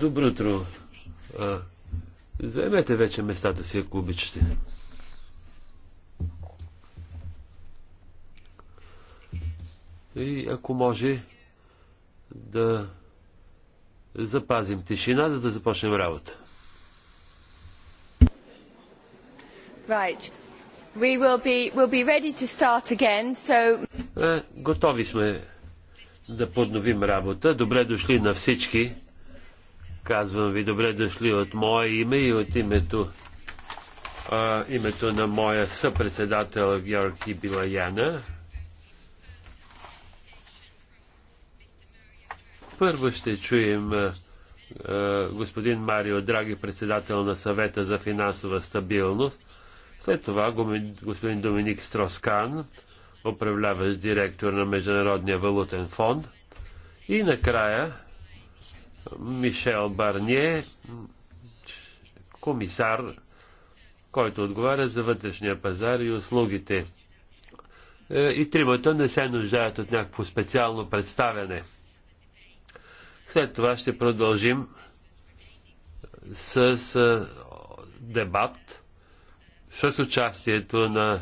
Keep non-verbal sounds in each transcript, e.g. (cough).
Добро утро. Заемете вече местата си, ако обичате. И ако може да запазим тишина, за да започнем работа. Right. We will be, be ready to start again, so... Е, готови сме да подновим работа. Добре дошли на всички. Казвам ви, добре дошли от мое име и от името, а, името на моя съпредседател Георги Билаяна. Първо ще чуем а, а, господин Марио Драги, председател на съвета за финансова стабилност. След това господин Доминик Строскан, управляващ директор на Международния валутен фонд. И накрая Мишел Барние, комисар, който отговаря за вътрешния пазар и услугите. Е, и тримата не се нуждаят от някакво специално представяне. След това ще продължим с дебат с участието на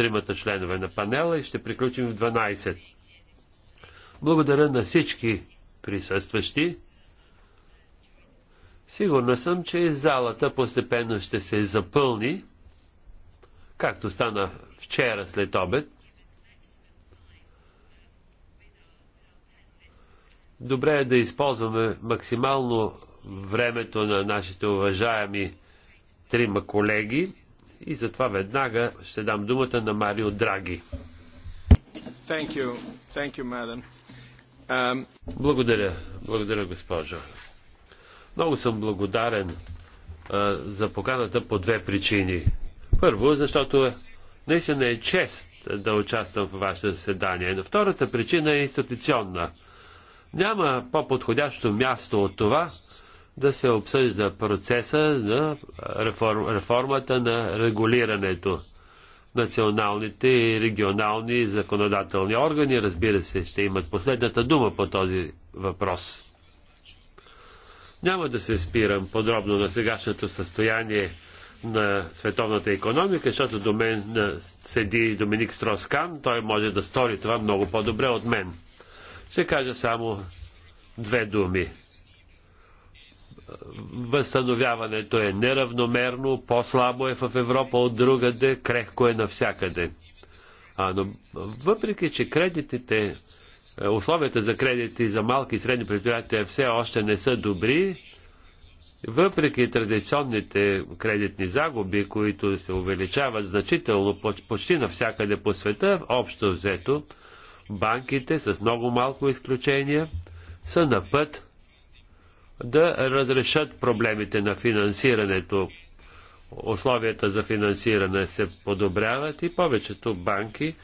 тримата членове на панела и ще приключим в 12. Благодаря на всички присъстващи. Сигурна съм, че залата постепенно ще се запълни, както стана вчера след обед. Добре е да използваме максимално времето на нашите уважаеми трима колеги. И затова веднага ще дам думата на Марио Драги. Thank you. Thank you, um... Благодаря. Благодаря, госпожо. Много съм благодарен а, за поканата по две причини. Първо, защото наистина е чест да участвам в вашето заседание. Но втората причина е институционна. Няма по-подходящо място от това, да се обсъжда процеса на реформ, реформата на регулирането. Националните и регионални законодателни органи, разбира се, ще имат последната дума по този въпрос. Няма да се спирам подробно на сегашното състояние на световната економика, защото до мен седи Доминик Строскан. Той може да стори това много по-добре от мен. Ще кажа само две думи възстановяването е неравномерно, по-слабо е в Европа от другаде, крехко е навсякъде. А, но въпреки, че кредитите, е, условията за кредити за малки и средни предприятия все още не са добри, въпреки традиционните кредитни загуби, които се увеличават значително почти навсякъде по света, общо взето, банките с много малко изключение са на път да разрешат проблемите на финансирането. Условията за финансиране се подобряват и повечето банки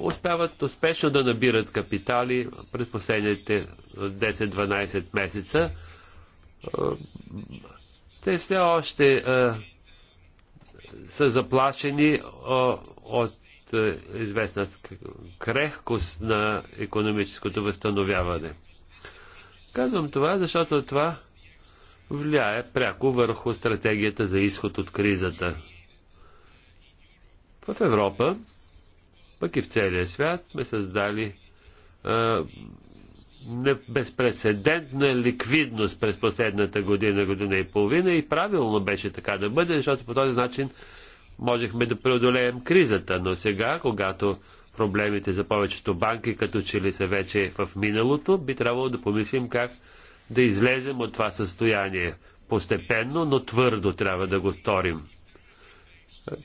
успяват успешно да набират капитали през последните 10-12 месеца. Те все още са заплашени от известна крехкост на економическото възстановяване. Казвам това, защото това влияе пряко върху стратегията за изход от кризата. В Европа, пък и в целия свят, сме създали а, безпредседентна ликвидност през последната година, година и половина и правилно беше така да бъде, защото по този начин можехме да преодолеем кризата. Но сега, когато проблемите за повечето банки, като че ли са вече в миналото, би трябвало да помислим как да излезем от това състояние. Постепенно, но твърдо трябва да го сторим.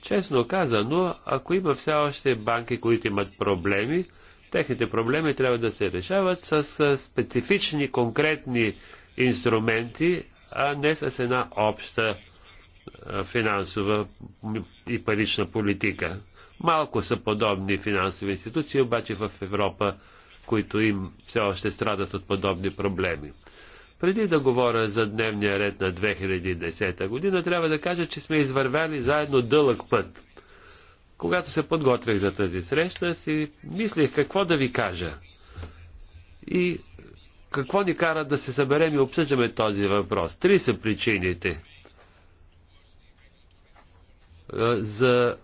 Честно казано, ако има все още банки, които имат проблеми, техните проблеми трябва да се решават с специфични, конкретни инструменти, а не с една обща финансова и парична политика. Малко са подобни финансови институции, обаче в Европа, които им все още страдат от подобни проблеми. Преди да говоря за дневния ред на 2010 година, трябва да кажа, че сме извървяли заедно дълъг път. Когато се подготвях за тази среща, си мислих какво да ви кажа. И какво ни кара да се съберем и обсъждаме този въпрос? Три са причините – за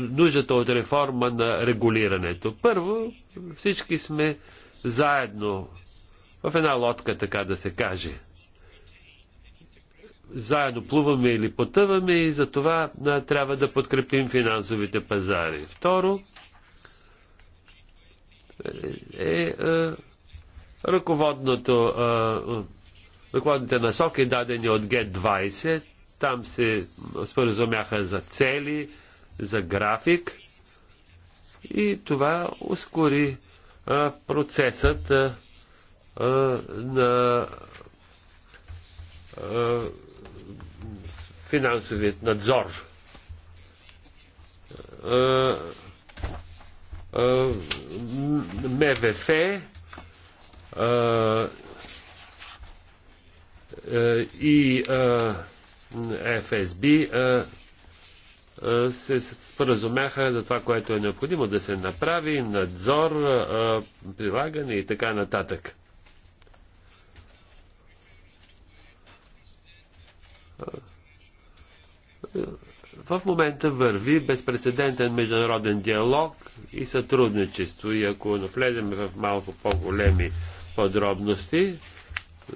нуждата от реформа на регулирането. Първо, всички сме заедно в една лодка, така да се каже. Заедно плуваме или потъваме и за това трябва да подкрепим финансовите пазари. Второ, е, е, е ръководното, е, ръководните насоки, дадени от Г20, там се споразумяха за цели, за график и това ускори а, процесът а, а, на а, финансовият надзор. А, а, МВФ а, и а, ФСБ се споразумяха за това, което е необходимо да се направи, надзор, прилагане и така нататък. В момента върви безпредседентен международен диалог и сътрудничество. И ако навледем в малко по-големи подробности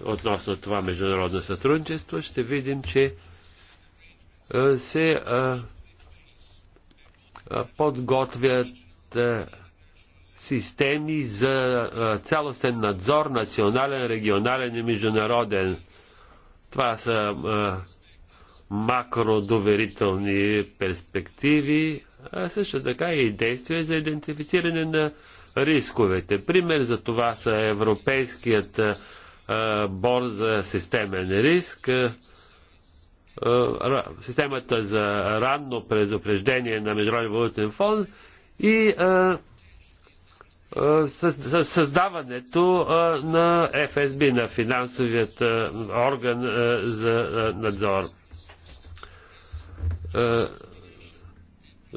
относно това международно сътрудничество, ще видим, че се подготвят системи за цялостен надзор, национален, регионален и международен. Това са макродоверителни перспективи, а също така и действия за идентифициране на рисковете. Пример за това са Европейският борт за системен риск, е, системата за ранно предупреждение на Международния валутен фонд и е, е, създаването на ФСБ, на финансовият орган за надзор.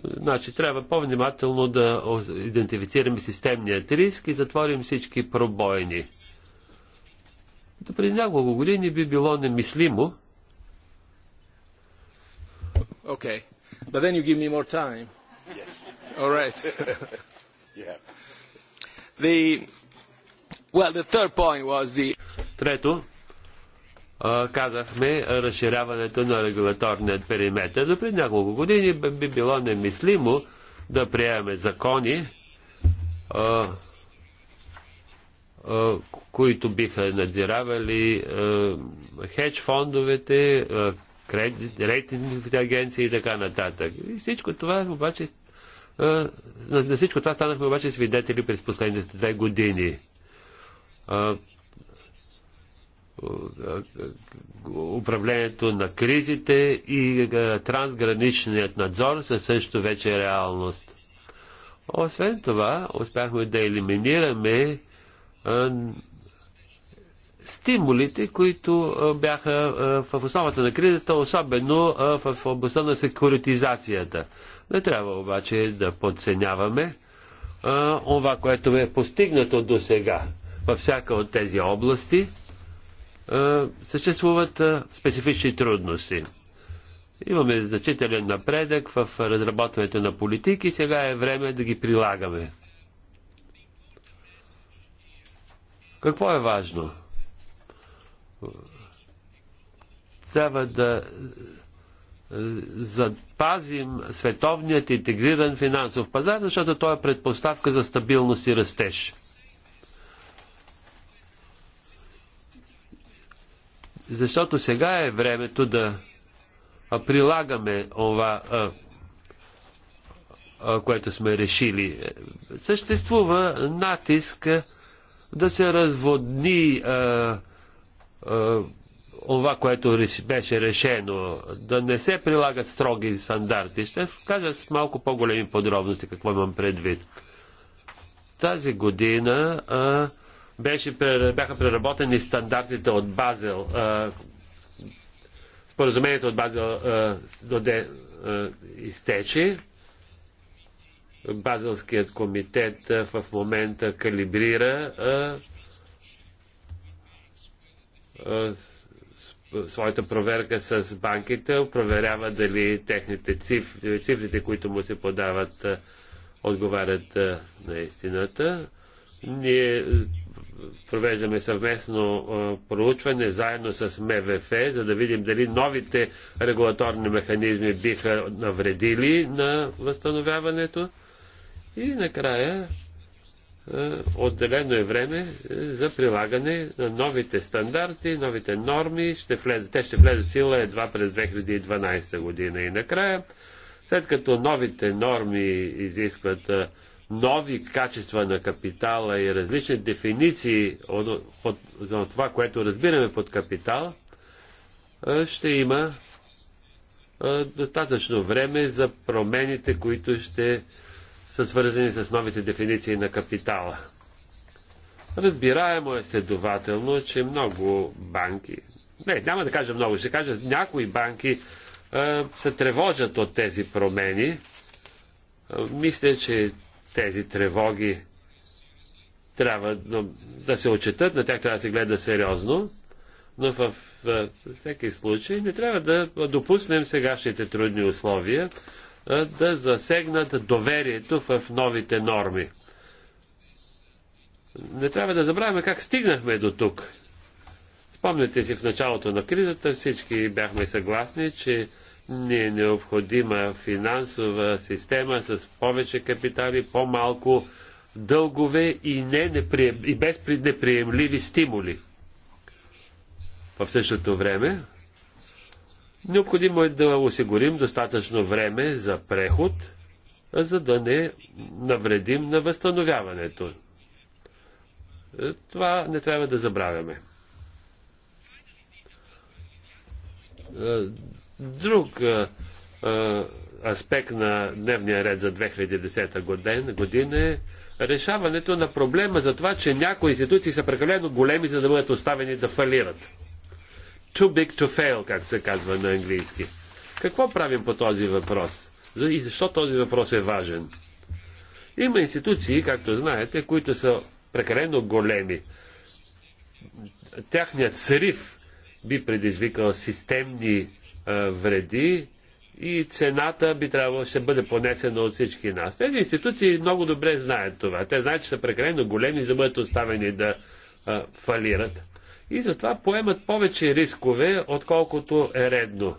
значи, трябва по-внимателно да идентифицираме системният риск и затворим всички пробойни. Преди няколко години би било немислимо Okay. But then you give me more time. Yes. All right. (laughs) yeah. The, well, the third point was the... Трето, казахме разширяването на регулаторният периметр. За пред няколко години би било немислимо да приемаме закони, които биха надзиравали хедж фондовете, рейтинговите агенции и така нататък. И всичко това обаче на всичко това станахме обаче свидетели през последните две години. Управлението на кризите и трансграничният надзор са също вече реалност. Освен това, успяхме да елиминираме стимулите, които бяха в основата на кризата, особено в областта на секуритизацията. Не трябва обаче да подценяваме това, което е постигнато до сега във всяка от тези области. Съществуват специфични трудности. Имаме значителен напредък в разработването на политики, сега е време да ги прилагаме. Какво е важно? трябва да е, запазим световният интегриран финансов пазар, защото той е предпоставка за стабилност и растеж. Защото сега е времето да прилагаме това, което сме решили. Съществува натиск да се разводни а, това, е, което беше решено, да не се прилагат строги стандарти. Ще кажа с малко по-големи подробности какво имам предвид. Тази година а, е, беше, бяха преработени стандартите от Базел, а, е, споразумението от Базел а, доде а, изтече. Базелският комитет а, в момента калибрира а, своята проверка с банките, проверява дали техните цифри, цифрите, които му се подават, отговарят на истината. Ние провеждаме съвместно проучване заедно с МВФ, за да видим дали новите регулаторни механизми биха навредили на възстановяването. И накрая е, отделено е време е, за прилагане на новите стандарти, новите норми. Ще влез, те ще влезат в сила едва през 2012 година. И накрая, след като новите норми изискват е, нови качества на капитала и различни дефиниции от, от, за това, което разбираме под капитал, ще има достатъчно време за промените, които ще са свързани с новите дефиниции на капитала. Разбираемо е следователно, че много банки, не, няма да кажа много, ще кажа, някои банки а, е, се тревожат от тези промени. А, е, мисля, че тези тревоги трябва но, да се отчитат, на тях трябва да се гледа сериозно, но в в е, всеки случай не трябва да допуснем сегашните трудни условия да засегнат доверието в новите норми. Не трябва да забравяме как стигнахме до тук. Спомняте си в началото на кризата всички бяхме съгласни, че ни е необходима финансова система с повече капитали, по-малко дългове и, не неприем... и без неприемливи стимули. В същото време Необходимо е да осигурим достатъчно време за преход, за да не навредим на възстановяването. Е, това не трябва да забравяме. Е, друг е, аспект на дневния ред за 2010 година, година е решаването на проблема за това, че някои институции са прекалено големи, за да бъдат оставени да фалират too big to fail, как се казва на английски. Какво правим по този въпрос? И защо този въпрос е важен? Има институции, както знаете, които са прекалено големи. Тяхният срив би предизвикал системни а, вреди и цената би трябвало ще бъде понесена от всички нас. Тези институции много добре знаят това. Те знаят, че са прекалено големи, за да бъдат оставени да а, фалират и затова поемат повече рискове, отколкото е редно.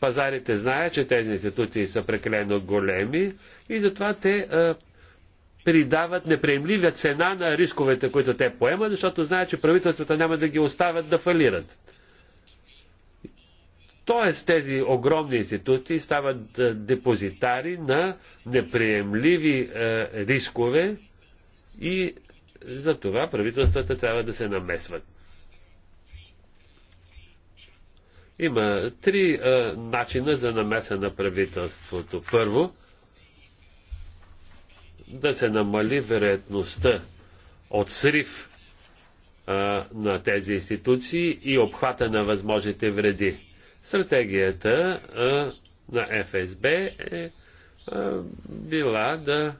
Пазарите знаят, че тези институции са прекалено големи и затова те а, придават неприемливия цена на рисковете, които те поемат, защото знаят, че правителствата няма да ги оставят да фалират. Тоест тези огромни институции стават депозитари на неприемливи а, рискове и за това правителствата трябва да се намесват. Има три а, начина за намеса на правителството. Първо, да се намали вероятността от срив а, на тези институции и обхвата на възможните вреди. Стратегията а, на ФСБ е а, била да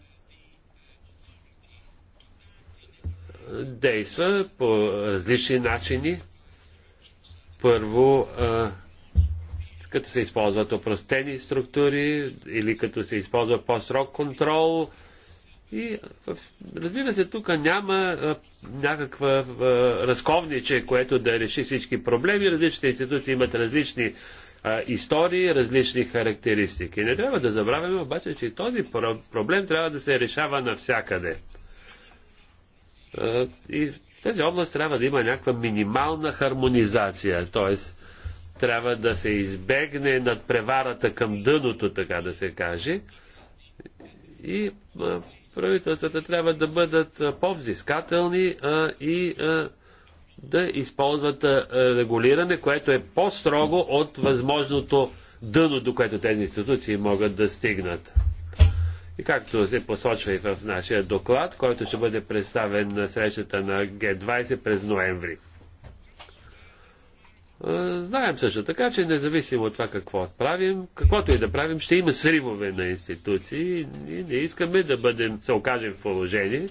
действа по различни начини първо, като се използват опростени структури или като се използва по-строг контрол. И разбира се, тук няма а, някаква а, разковниче, което да реши всички проблеми. Различните институции имат различни а, истории, различни характеристики. Не трябва да забравяме обаче, че този проблем трябва да се решава навсякъде. И тази област трябва да има някаква минимална хармонизация, т.е. трябва да се избегне над преварата към дъното, така да се каже, и правителствата трябва да бъдат по-взискателни и а, да използват а, регулиране, което е по-строго от възможното дъно, до което тези институции могат да стигнат. И както се посочва и в нашия доклад, който ще бъде представен на срещата на Г20 през ноември. Знаем също така, че независимо от това какво правим, каквото и да правим, ще има сривове на институции и не искаме да бъдем, се окажем в положение,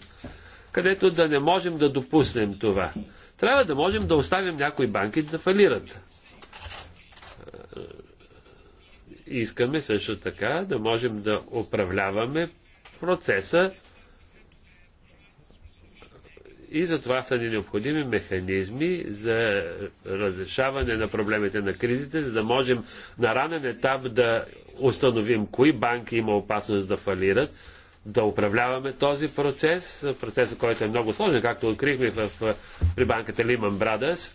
където да не можем да допуснем това. Трябва да можем да оставим някои банки да фалират. Искаме също така да можем да управляваме процеса и за това са ни необходими механизми за разрешаване на проблемите на кризите, за да можем на ранен етап да установим кои банки има опасност да фалират, да управляваме този процес, процеса, който е много сложен, както открихме в, при банката Lehman Brothers,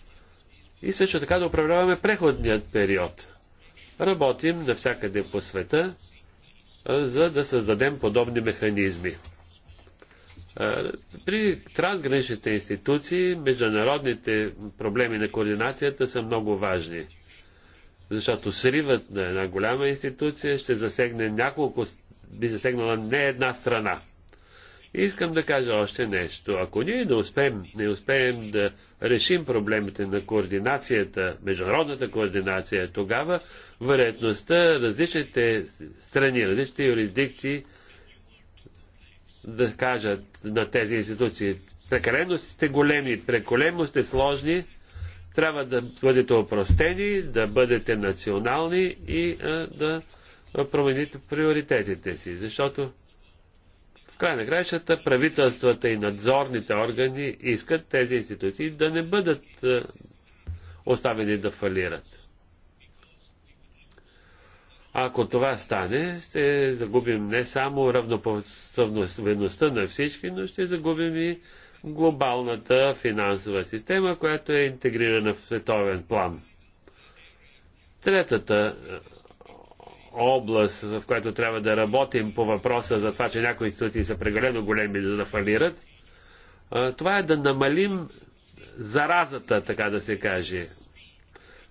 и също така да управляваме преходният период. Работим навсякъде по света, за да създадем подобни механизми. При трансграничните институции международните проблеми на координацията са много важни, защото сривът на една голяма институция ще засегне няколко, би засегнала не една страна. Искам да кажа още нещо. Ако ние не успеем, не успеем да решим проблемите на координацията, международната координация, тогава вероятността различните страни, различните юрисдикции да кажат на тези институции, прекалено сте големи, прекалено сте сложни, трябва да бъдете опростени, да бъдете национални и а, да промените приоритетите си, защото Край на краищата правителствата и надзорните органи искат тези институции да не бъдат е, оставени да фалират. Ако това стане, ще загубим не само равнопоставеността на всички, но ще загубим и глобалната финансова система, която е интегрирана в световен план. Третата е, област, в която трябва да работим по въпроса за това, че някои институции са прекалено големи за да фалират, това е да намалим заразата, така да се каже.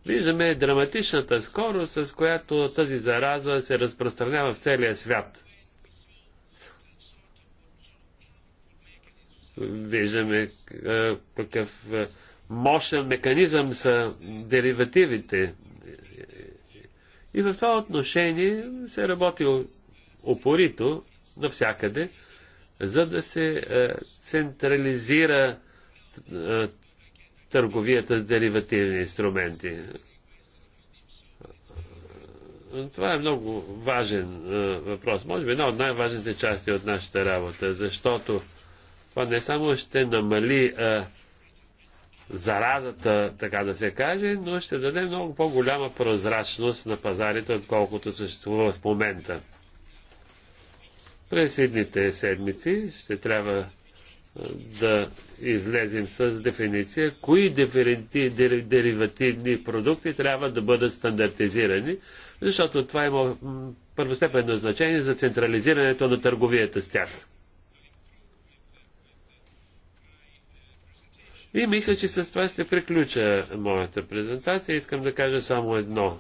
Виждаме драматичната скорост, с която тази зараза се разпространява в целия свят. Виждаме какъв мощен механизъм са деривативите, и в това отношение се е работи опорито навсякъде, за да се е, централизира е, търговията с деривативни инструменти. Това е много важен въпрос. Може би една от най-важните части от нашата работа, защото това не само ще намали заразата, така да се каже, но ще даде много по-голяма прозрачност на пазарите, отколкото съществува в момента. През едните седмици ще трябва да излезем с дефиниция, кои деривативни продукти трябва да бъдат стандартизирани, защото това има първостепенно значение за централизирането на търговията с тях. И мисля, че с това ще приключа моята презентация. Искам да кажа само едно.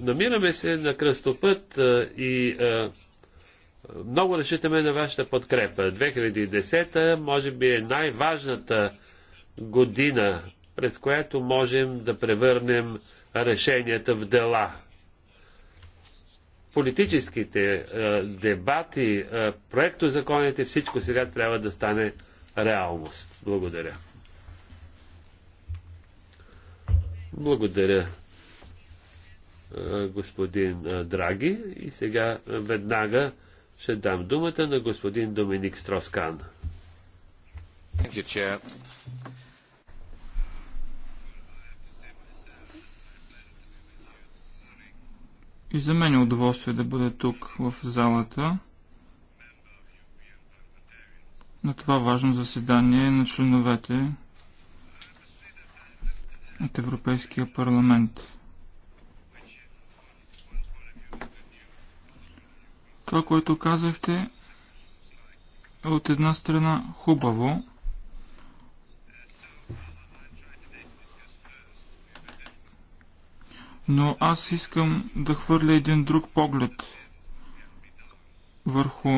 Намираме се на кръстопът и много разчитаме на вашата подкрепа. 2010 може би е най-важната година, през която можем да превърнем решенията в дела политическите е, дебати, е, проектозаконите, всичко сега трябва да стане реалност. Благодаря. Благодаря, е, господин Драги. И сега веднага ще дам думата на господин Доминик Строскан. Thank you, И за мен е удоволствие да бъда тук в залата на това важно заседание на членовете от Европейския парламент. Това, което казахте, е от една страна хубаво, но аз искам да хвърля един друг поглед върху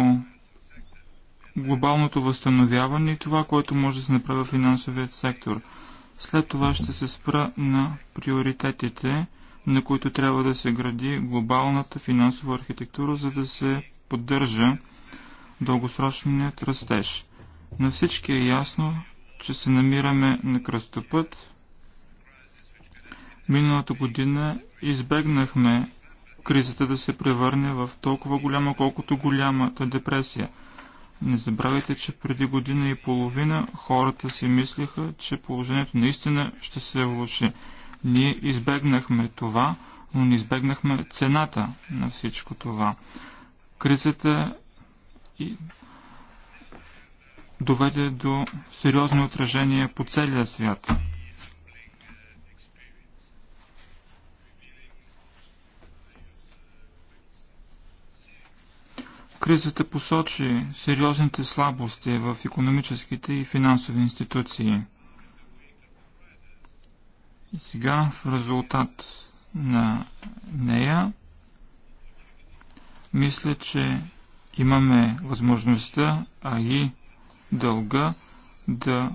глобалното възстановяване и това, което може да се направи в финансовият сектор. След това ще се спра на приоритетите, на които трябва да се гради глобалната финансова архитектура, за да се поддържа дългосрочният растеж. На всички е ясно, че се намираме на кръстопът Миналата година избегнахме кризата да се превърне в толкова голяма, колкото голямата депресия. Не забравяйте, че преди година и половина хората си мислиха, че положението наистина ще се влуши. Ние избегнахме това, но не избегнахме цената на всичко това. Кризата и доведе до сериозни отражения по целия свят. Кризата посочи сериозните слабости в економическите и финансови институции. И сега в резултат на нея мисля, че имаме възможността, а и дълга да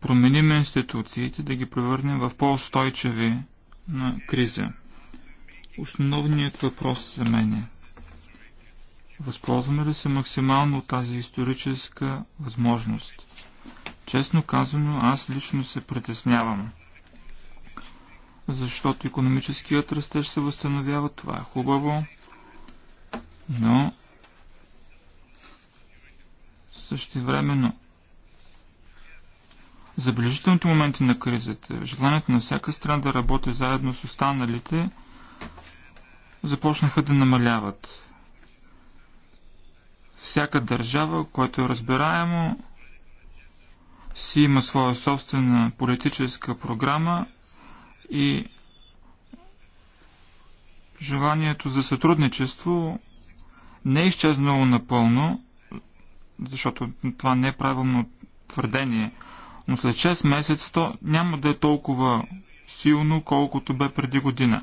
променим институциите, да ги превърнем в по-устойчиви на криза. Основният въпрос за мен е Възползваме ли се максимално от тази историческа възможност? Честно казано, аз лично се притеснявам. Защото економическият растеж се възстановява, това е хубаво, но същевременно забележителните моменти на кризата, желанието на всяка страна да работи заедно с останалите, започнаха да намаляват. Всяка държава, което е разбираемо, си има своя собствена политическа програма и желанието за сътрудничество не е изчезнало напълно, защото това не е правилно твърдение, но след 6 месеца то няма да е толкова силно, колкото бе преди година.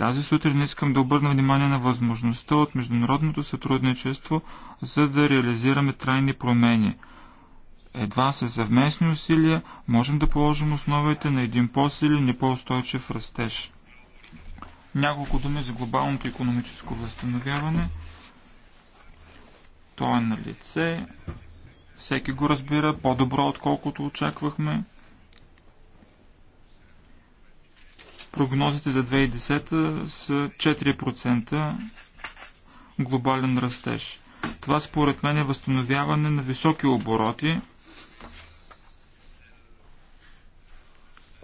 Тази сутрин искам да обърна внимание на възможността от международното сътрудничество, за да реализираме трайни промени. Едва с съвместни усилия можем да положим основите на един по-силен и по-устойчив растеж. Няколко думи за глобалното економическо възстановяване. То е на лице. Всеки го разбира по-добро, отколкото очаквахме. Прогнозите за 2010 са 4% глобален растеж. Това според мен е възстановяване на високи обороти,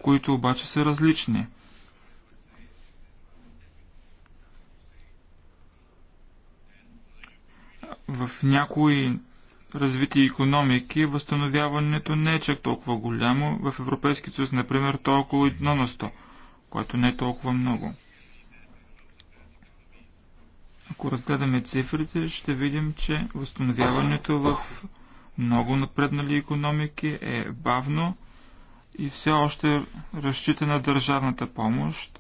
които обаче са различни. В някои развити економики възстановяването не е чак толкова голямо. В Европейския съюз, например, то е около 1 на 100 което не е толкова много. Ако разгледаме цифрите, ще видим, че възстановяването в много напреднали економики е бавно и все още разчита на държавната помощ.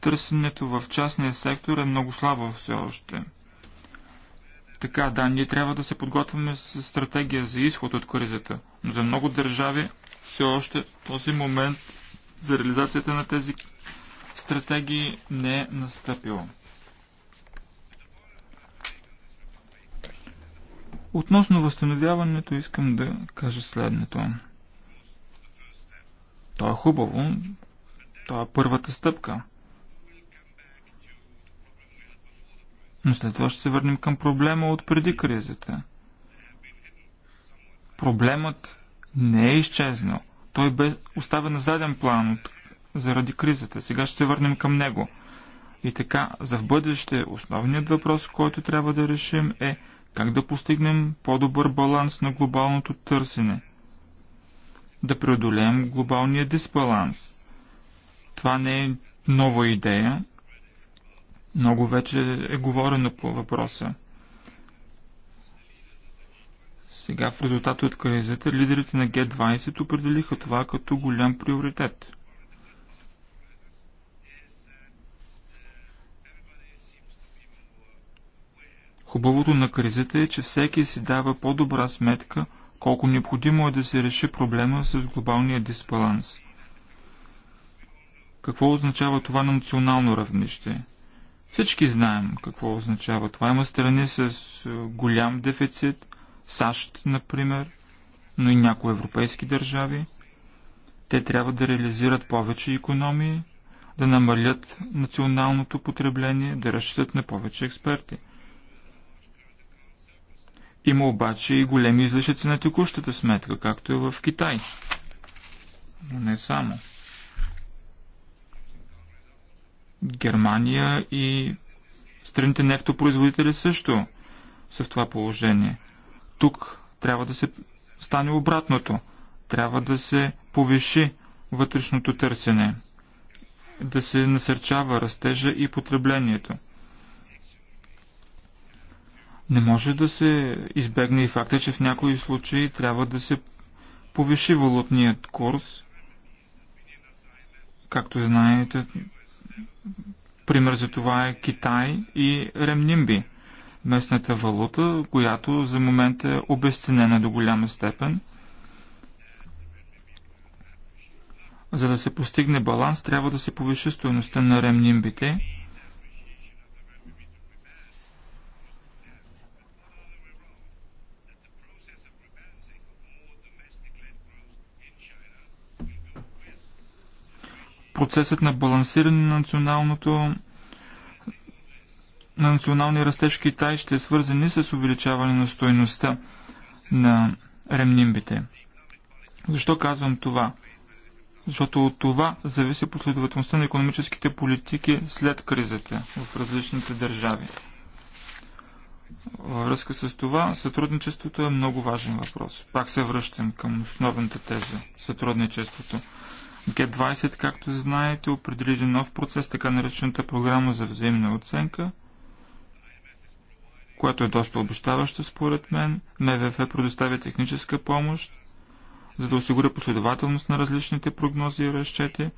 Търсенето в частния сектор е много слабо все още. Така, да, ние трябва да се подготвяме с стратегия за изход от кризата, но за много държави все още този момент за реализацията на тези стратегии не е настъпило. Относно възстановяването искам да кажа следното. То е хубаво, то е първата стъпка. Но след това ще се върнем към проблема от преди кризата. Проблемът не е изчезнал. Той бе оставен на заден план от, заради кризата. Сега ще се върнем към него. И така, за в бъдеще основният въпрос, който трябва да решим е как да постигнем по-добър баланс на глобалното търсене. Да преодолеем глобалния дисбаланс. Това не е нова идея. Много вече е говорено по въпроса. Сега в резултат от кризата лидерите на Г-20 определиха това като голям приоритет. Хубавото на кризата е, че всеки си дава по-добра сметка колко необходимо е да се реши проблема с глобалния дисбаланс. Какво означава това на национално равнище? Всички знаем какво означава това. Има страни с голям дефицит, САЩ, например, но и някои европейски държави. Те трябва да реализират повече економии, да намалят националното потребление, да разчитат на повече експерти. Има обаче и големи излишъци на текущата сметка, както е в Китай. Но не само. Германия и страните нефтопроизводители също са в това положение. Тук трябва да се стане обратното. Трябва да се повиши вътрешното търсене, да се насърчава растежа и потреблението. Не може да се избегне и факта, че в някои случаи трябва да се повиши валутният курс. Както знаете, пример за това е Китай и Ремнимби – местната валута, която за момента е обесценена до голяма степен. За да се постигне баланс, трябва да се повиши стоеността на ремнимбите. Процесът на балансиране на националното на националния растеж в Китай ще е свързани с увеличаване на стойността на ремнимбите. Защо казвам това? Защото от това зависи последователността на економическите политики след кризата в различните държави. Във връзка с това, сътрудничеството е много важен въпрос. Пак се връщам към основната теза – сътрудничеството. Г20, както знаете, определи нов процес, така наречената програма за взаимна оценка – което е доста обещаващо според мен. МВФ предоставя техническа помощ, за да осигуря последователност на различните прогнози и разчети.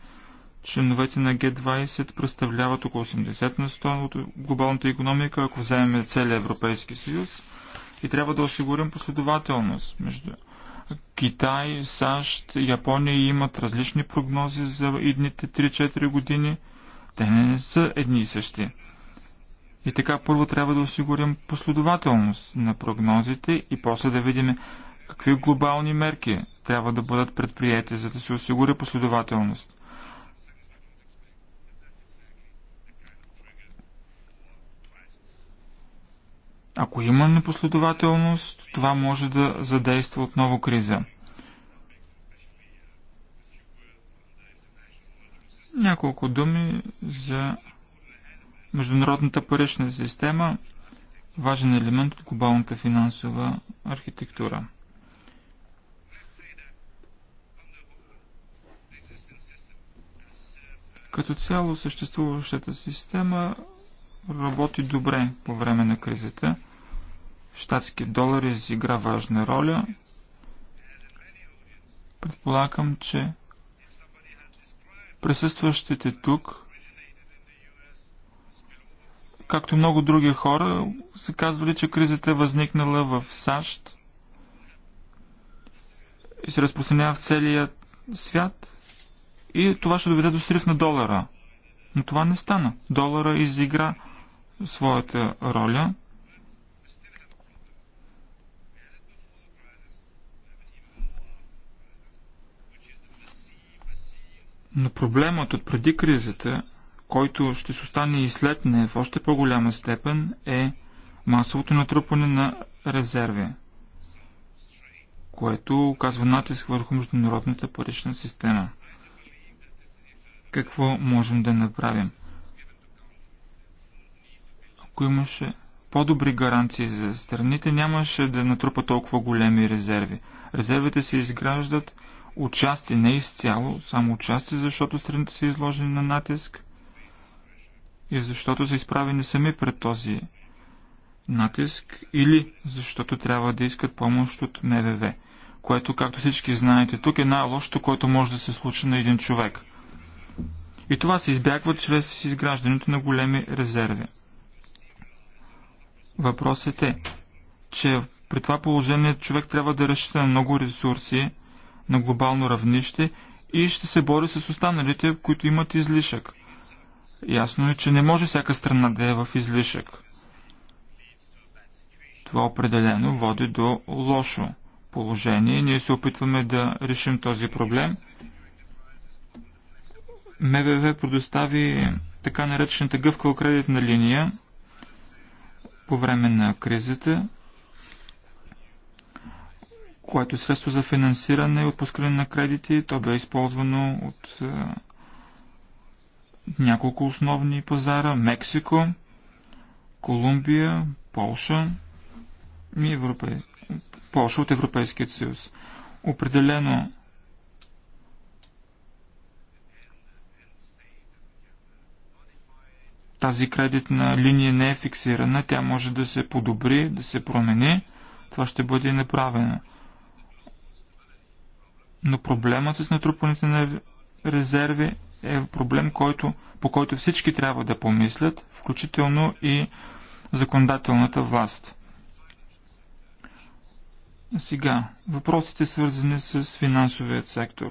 Членовете на Г-20 представляват около 80 на 100 от глобалната економика, ако вземем целия Европейски съюз. И трябва да осигурим последователност между Китай, САЩ, Япония имат различни прогнози за идните 3-4 години. Те не са едни и същи. И така първо трябва да осигурим последователност на прогнозите и после да видим какви глобални мерки трябва да бъдат предприяти, за да се осигури последователност. Ако има непоследователност, това може да задейства отново криза. Няколко думи за Международната парична система – важен елемент от глобалната финансова архитектура. Като цяло съществуващата система работи добре по време на кризата. Штатски долар изигра важна роля. Предполагам, че присъстващите тук Както и много други хора, се казвали, че кризата е възникнала в САЩ и се разпространява в целия свят и това ще доведе до срив на долара. Но това не стана. Долара изигра своята роля. Но проблемът от преди кризата който ще се остане и след нея в още по-голяма степен, е масовото натрупване на резерви, което оказва натиск върху международната парична система. Какво можем да направим? Ако имаше по-добри гаранции за страните, нямаше да натрупа толкова големи резерви. Резервите се изграждат отчасти, не изцяло, само отчасти, защото страните са изложени на натиск – и защото са изправени сами пред този натиск или защото трябва да искат помощ от МВВ, което, както всички знаете тук, е най-лошото, което може да се случи на един човек. И това се избягва чрез изграждането на големи резерви. Въпросът е, че при това положение човек трябва да разчита на много ресурси на глобално равнище и ще се бори с останалите, които имат излишък. Ясно е, че не може всяка страна да е в излишък. Това определено води до лошо положение. Ние се опитваме да решим този проблем. МВВ предостави така наречената гъвкава кредитна линия по време на кризата, което е средство за финансиране и отпускане на кредити. То бе използвано от няколко основни пазара – Мексико, Колумбия, Полша и Европей... Полша от Европейския съюз. Определено тази кредитна линия не е фиксирана, тя може да се подобри, да се промени. Това ще бъде направено. Но проблемът с натрупаните на резерви е проблем, който, по който всички трябва да помислят, включително и законодателната власт. Сега, въпросите свързани с финансовият сектор.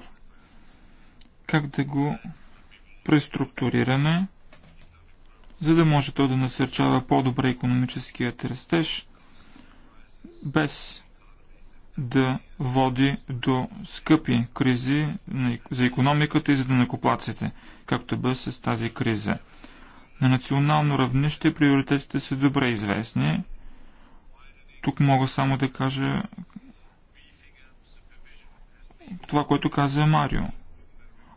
Как да го преструктурираме, за да може то да насърчава по-добре економическият растеж, без да води до скъпи кризи за економиката и за данакоплаците, както бе с тази криза. На национално равнище приоритетите са добре известни. Тук мога само да кажа това, което каза Марио.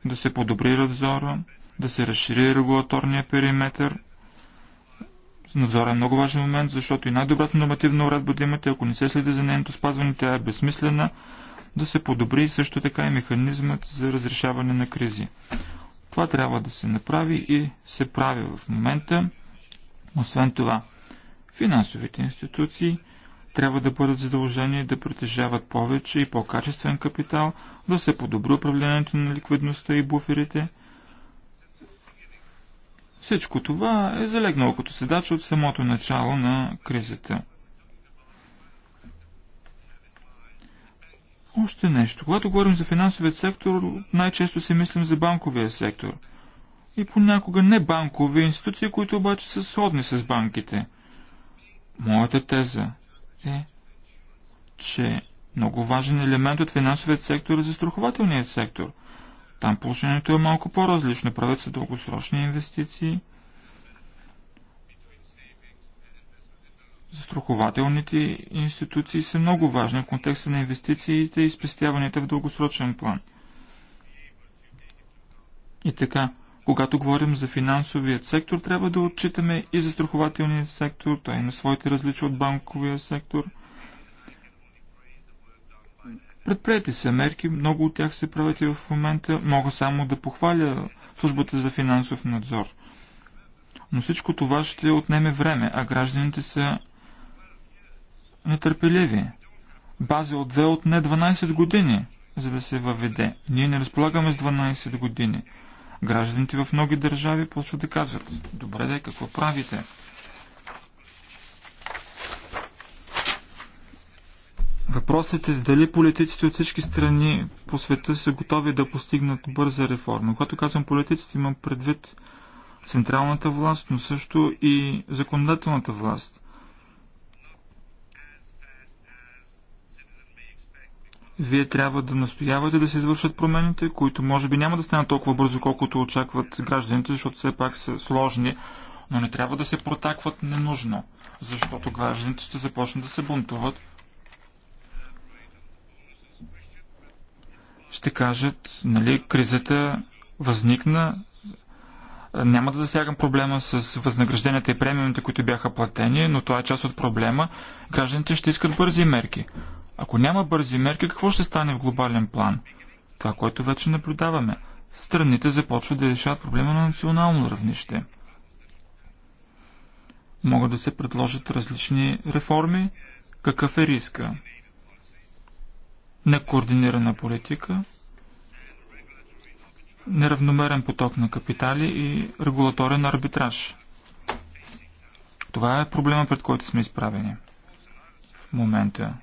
Да се подобри надзора, да се разшири регулаторния периметр – Надзора е много важен момент, защото и най-добрата нормативна уредба да имате, ако не се следи за нейното спазване, тя е безсмислена да се подобри също така и механизмът за разрешаване на кризи. Това трябва да се направи и се прави в момента. Освен това, финансовите институции трябва да бъдат задължени да притежават повече и по-качествен капитал, да се подобри управлението на ликвидността и буферите – всичко това е залегнало като седач от самото начало на кризата. Още нещо. Когато говорим за финансовият сектор, най-често си мислим за банковия сектор. И понякога не банкови институции, които обаче са сходни с банките. Моята теза е, че много важен елемент от финансовият сектор е застрахователният сектор – там положението е малко по-различно. Правят се дългосрочни инвестиции. Застрахователните институции са много важни в контекста на инвестициите и спестяванията в дългосрочен план. И така, когато говорим за финансовият сектор, трябва да отчитаме и застрахователният сектор, той има е своите различия от банковия сектор – Предприяти се, мерки, много от тях се правят и в момента. Мога само да похваля службата за финансов надзор. Но всичко това ще отнеме време, а гражданите са нетърпеливи. База от 2 отне 12 години, за да се въведе. Ние не разполагаме с 12 години. Гражданите в много държави почват да казват, добре де, какво правите? Въпросът е дали политиците от всички страни по света са готови да постигнат бърза реформа. Когато казвам политиците, имам предвид централната власт, но също и законодателната власт. Вие трябва да настоявате да се извършат промените, които може би няма да станат толкова бързо, колкото очакват гражданите, защото все пак са сложни, но не трябва да се протакват ненужно, защото гражданите ще започнат да се бунтуват – ще кажат, нали, кризата възникна. Няма да засягам проблема с възнагражденията и премиумите, които бяха платени, но това е част от проблема. Гражданите ще искат бързи мерки. Ако няма бързи мерки, какво ще стане в глобален план? Това, което вече наблюдаваме. Страните започват да решават проблема на национално равнище. Могат да се предложат различни реформи. Какъв е риска? на координирана политика, неравномерен поток на капитали и регулаторен арбитраж. Това е проблема, пред който сме изправени в момента.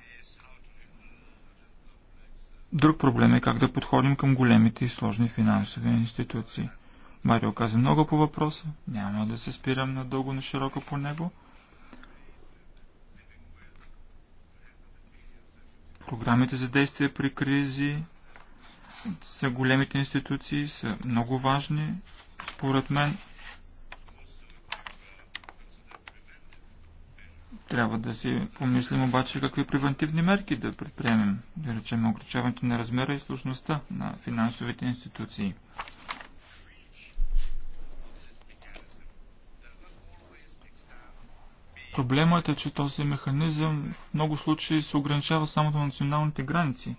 Друг проблем е как да подходим към големите и сложни финансови институции. Марио каза много по въпроса, няма да се спирам надълго на широко по него. Програмите за действие при кризи са големите институции, са много важни, според мен. Трябва да си помислим обаче какви превентивни мерки да предприемем, да речем ограничаването на размера и сложността на финансовите институции. Проблемът е, че този механизъм в много случаи се ограничава само до националните граници.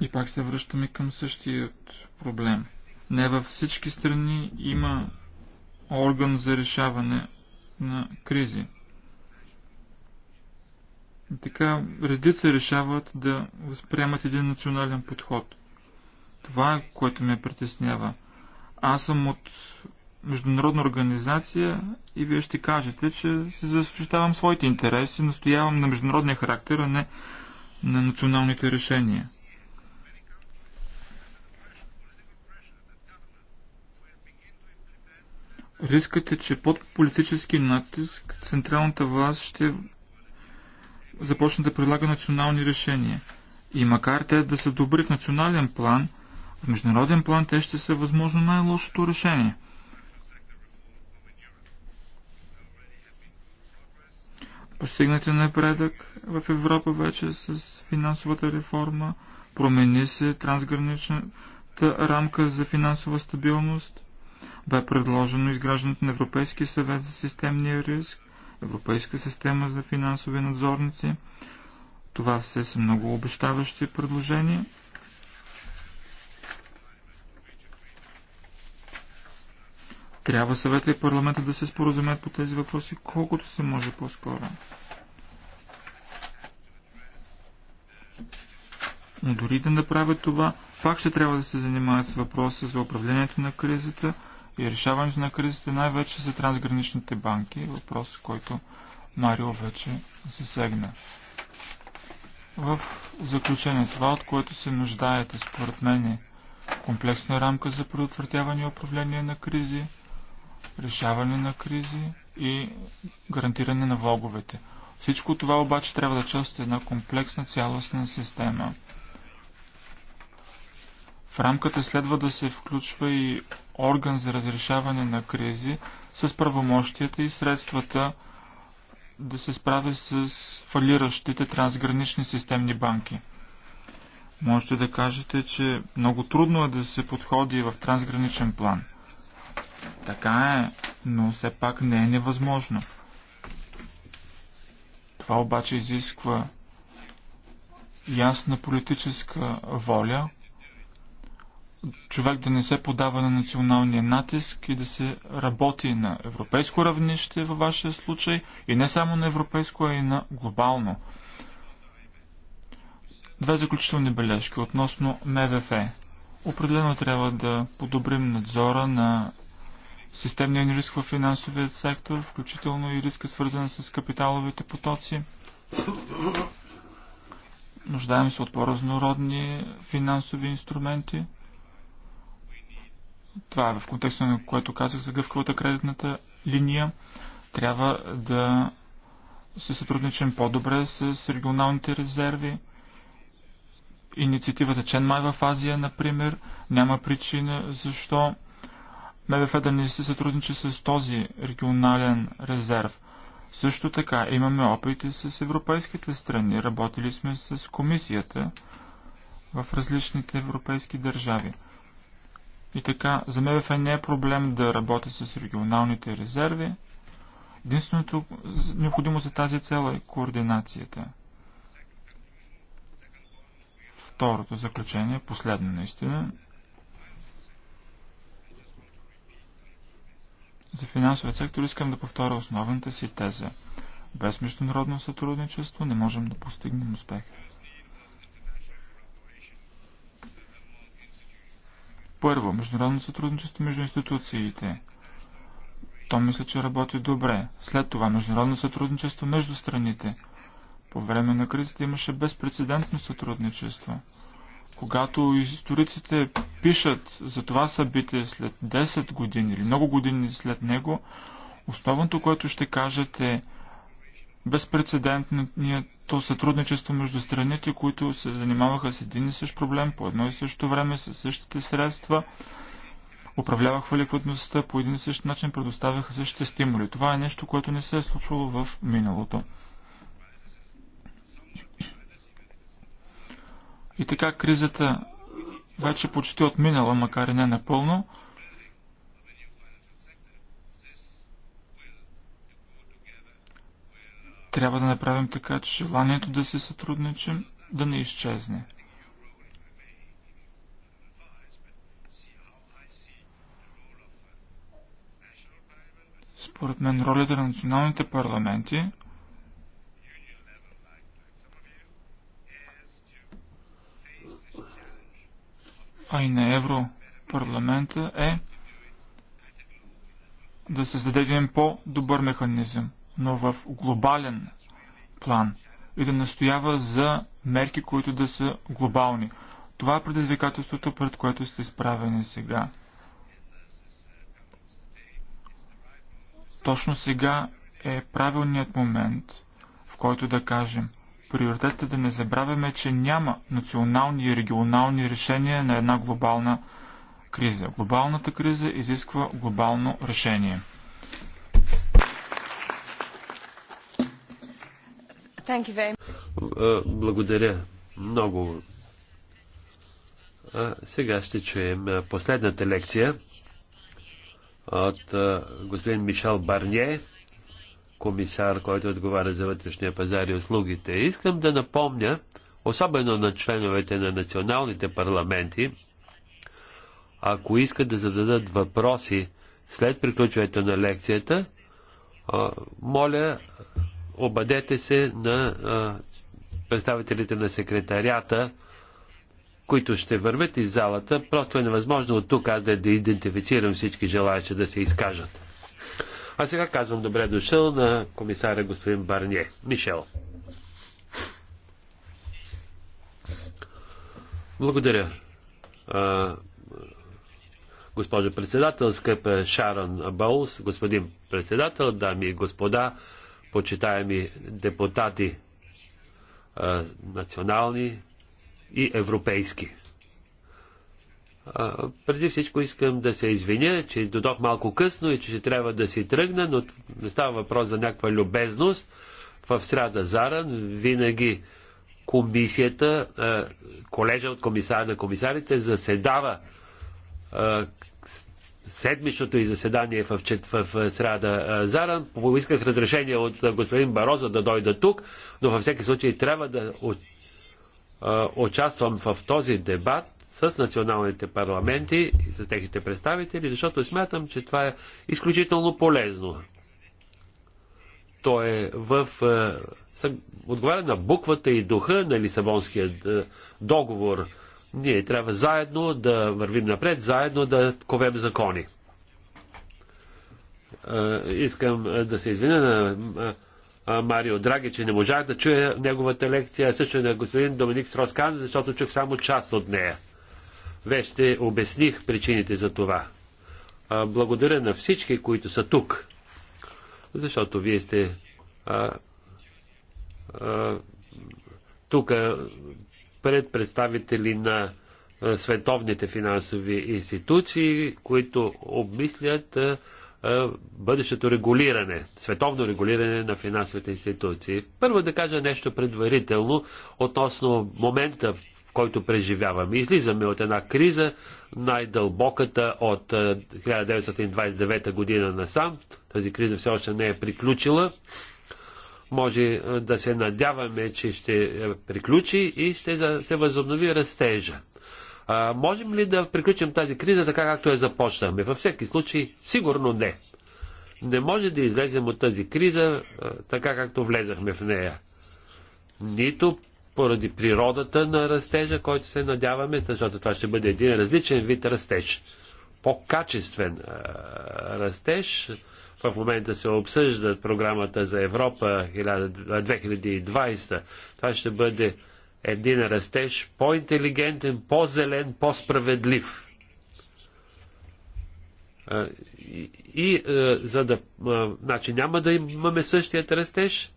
И пак се връщаме към същият проблем. Не във всички страни има орган за решаване на кризи. И така, редица решават да възприемат един национален подход. Това е, което ме притеснява. Аз съм от международна организация и вие ще кажете, че се защитавам своите интереси, настоявам на международния характер, а не на националните решения. Рискът е, че под политически натиск централната власт ще започне да предлага национални решения. И макар те да са добри в национален план, в международен план те ще са възможно най-лошото решение – постигнати напредък в Европа вече с финансовата реформа, промени се трансграничната рамка за финансова стабилност, бе предложено изграждането на Европейски съвет за системния риск, Европейска система за финансови надзорници. Това все са много обещаващи предложения. Трябва съвета и парламента да се споразумеят по тези въпроси колкото се може по-скоро. Но дори да направят това, пак ще трябва да се занимават с въпроса за управлението на кризата и решаването на кризата, най-вече за трансграничните банки, въпрос, който Марио вече засегна. В заключение това, от което се нуждаете, според мен, е комплексна рамка за предотвратяване и управление на кризи – решаване на кризи и гарантиране на влоговете. Всичко това обаче трябва да е част една комплексна цялостна система. В рамката следва да се включва и орган за разрешаване на кризи с правомощията и средствата да се справи с фалиращите трансгранични системни банки. Можете да кажете, че много трудно е да се подходи в трансграничен план – така е, но все пак не е невъзможно. Това обаче изисква ясна политическа воля, човек да не се подава на националния натиск и да се работи на европейско равнище във вашия случай и не само на европейско, а и на глобално. Две заключителни бележки относно МВФ. Определено трябва да подобрим надзора на системния риск в финансовия сектор, включително и риска свързан с капиталовите потоци. Нуждаем се от по-разнородни финансови инструменти. Това е в контекста на което казах за гъвкавата кредитната линия. Трябва да се сътрудничим по-добре с регионалните резерви. Инициативата Ченмай в Азия, например, няма причина защо МВФ да не се сътрудничи с този регионален резерв. Също така имаме опити с европейските страни. Работили сме с комисията в различните европейски държави. И така, за МВФ не е проблем да работя с регионалните резерви. Единственото необходимо за тази цел е координацията. Второто заключение, последно наистина, За финансовия сектор искам да повторя основната си теза. Без международно сътрудничество не можем да постигнем успех. Първо, международно сътрудничество между институциите. То мисля, че работи добре. След това международно сътрудничество между страните. По време на кризата имаше безпредседентно сътрудничество. Когато историците пишат за това събитие след 10 години или много години след него, основното, което ще кажат е безпредседентното сътрудничество между страните, които се занимаваха с един и същ проблем по едно и също време, с същите средства, управляваха ликвидността по един и същ начин, предоставяха същите стимули. Това е нещо, което не се е случвало в миналото. И така кризата вече почти отминала, макар и не напълно. Трябва да направим така, че желанието да се сътрудничим да не изчезне. Според мен ролята на националните парламенти а и на Европарламента е да създаде един по-добър механизъм, но в глобален план и да настоява за мерки, които да са глобални. Това е предизвикателството, пред което сте изправени сега. Точно сега е правилният момент, в който да кажем – приоритет е да не забравяме, че няма национални и регионални решения на една глобална криза. Глобалната криза изисква глобално решение. Благодаря много. А сега ще чуем последната лекция от господин Мишел Барние комисар, който отговаря за вътрешния пазар и услугите. Искам да напомня, особено на членовете на националните парламенти, ако искат да зададат въпроси след приключването на лекцията, моля, обадете се на представителите на секретарията, които ще вървят из залата. Просто е невъзможно от тук аз да идентифицирам всички желаящи да се изкажат. А сега казвам добре дошъл на комисаря господин Барние. Мишел. Благодаря. Госпожо председател, скъпа е Шарон Баус, господин председател, дами и господа, почитаеми депутати национални и европейски преди всичко искам да се извиня, че додох малко късно и че ще трябва да си тръгна, но не става въпрос за някаква любезност. В среда заран винаги комисията, колежа от комисар на комисарите заседава седмичното и заседание в, чет, в среда заран. Поисках разрешение от господин Бароза да дойда тук, но във всеки случай трябва да участвам в този дебат с националните парламенти и с техните представители, защото смятам, че това е изключително полезно. То е в. Е, отговаря на буквата и духа на Лисабонския е, договор. Ние трябва заедно да вървим напред, заедно да ковем закони. Е, искам да се извиня на Марио Драги, че не можах да чуя неговата лекция, също на господин Доминик Строскан, защото чух само част от нея вече обясних причините за това. А, благодаря на всички, които са тук, защото вие сте а, а, тук пред представители на световните финансови институции, които обмислят а, а, бъдещето регулиране, световно регулиране на финансовите институции. Първо да кажа нещо предварително относно момента, който преживяваме. Излизаме от една криза, най-дълбоката от 1929 е, година насам. Тази криза все още не е приключила. Може е, да се надяваме, че ще приключи и ще се възобнови растежа. А, можем ли да приключим тази криза така, както я започнахме? Във всеки случай, сигурно не. Не може да излезем от тази криза така, както влезахме в нея. Нито поради природата на растежа, който се надяваме, защото това ще бъде един различен вид растеж. По-качествен растеж. В момента се обсъждат програмата за Европа 2020. Това ще бъде един растеж по-интелигентен, по-зелен, по-справедлив. И, и за да. Значи няма да имаме същият растеж,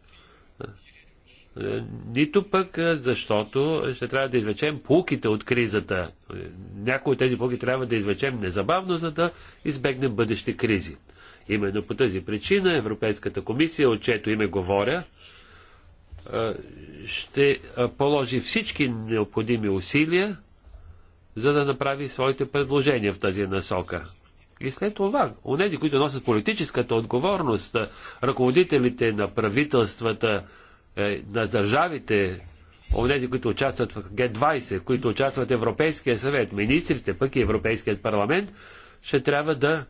е, нито пък е, защото ще трябва да извлечем пулките от кризата. Е, някои от тези пулки трябва да извлечем незабавно, за да избегнем бъдещи кризи. Именно по тази причина Европейската комисия, от чето име говоря, ще положи всички необходими усилия, за да направи своите предложения в тази насока. И след това, онези, които носят политическата отговорност, ръководителите на правителствата, е, на държавите, онези, които участват в Г-20, които участват в Европейския съвет, министрите, пък и Европейският парламент, ще трябва да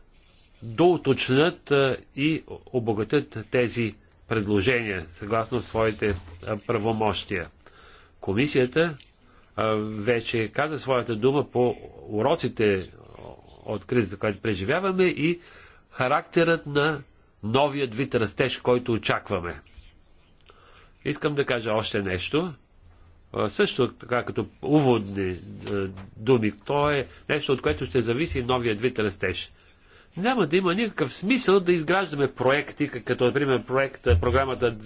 доуточнат е, и обогатят тези предложения, съгласно своите е, правомощия. Комисията вече каза своята дума по уроците от кризата, която преживяваме и характерът на новият вид растеж, който очакваме. Искам да кажа още нещо. Също така като уводни думи, то е нещо, от което ще зависи новият вид растеж. Няма да има никакъв смисъл да изграждаме проекти, като например проект, програмата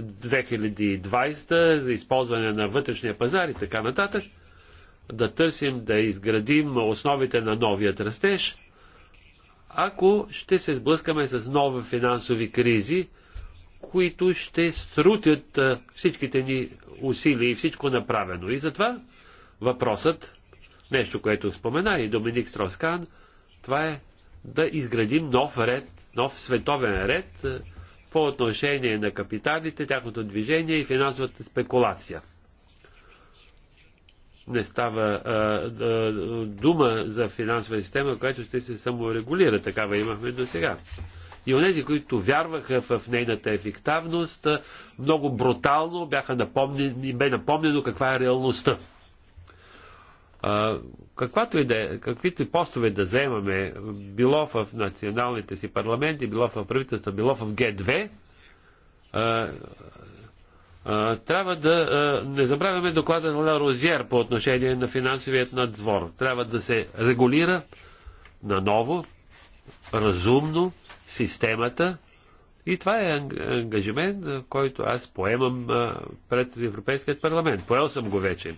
2020 за използване на вътрешния пазар и така нататък. Да търсим да изградим основите на новият растеж, ако ще се сблъскаме с нови финансови кризи, които ще срутят всичките ни усилия и всичко направено. И затова въпросът, нещо, което спомена и Доминик Строскан, това е да изградим нов ред, нов световен ред по отношение на капиталите, тяхното движение и финансовата спекулация. Не става а, а, дума за финансова система, която ще се саморегулира. Такава имахме до сега. И онези, които вярваха в нейната ефективност, много брутално бяха напомнени, бе напомнено каква е реалността. каквато и да, е, каквито и постове да вземаме, било в националните си парламенти, било в правителства, било в Г2, трябва да не забравяме доклада на Розиер по отношение на финансовият надзор. Трябва да се регулира наново, разумно, системата. И това е ангажимент, който аз поемам пред Европейският парламент. Поел съм го вече.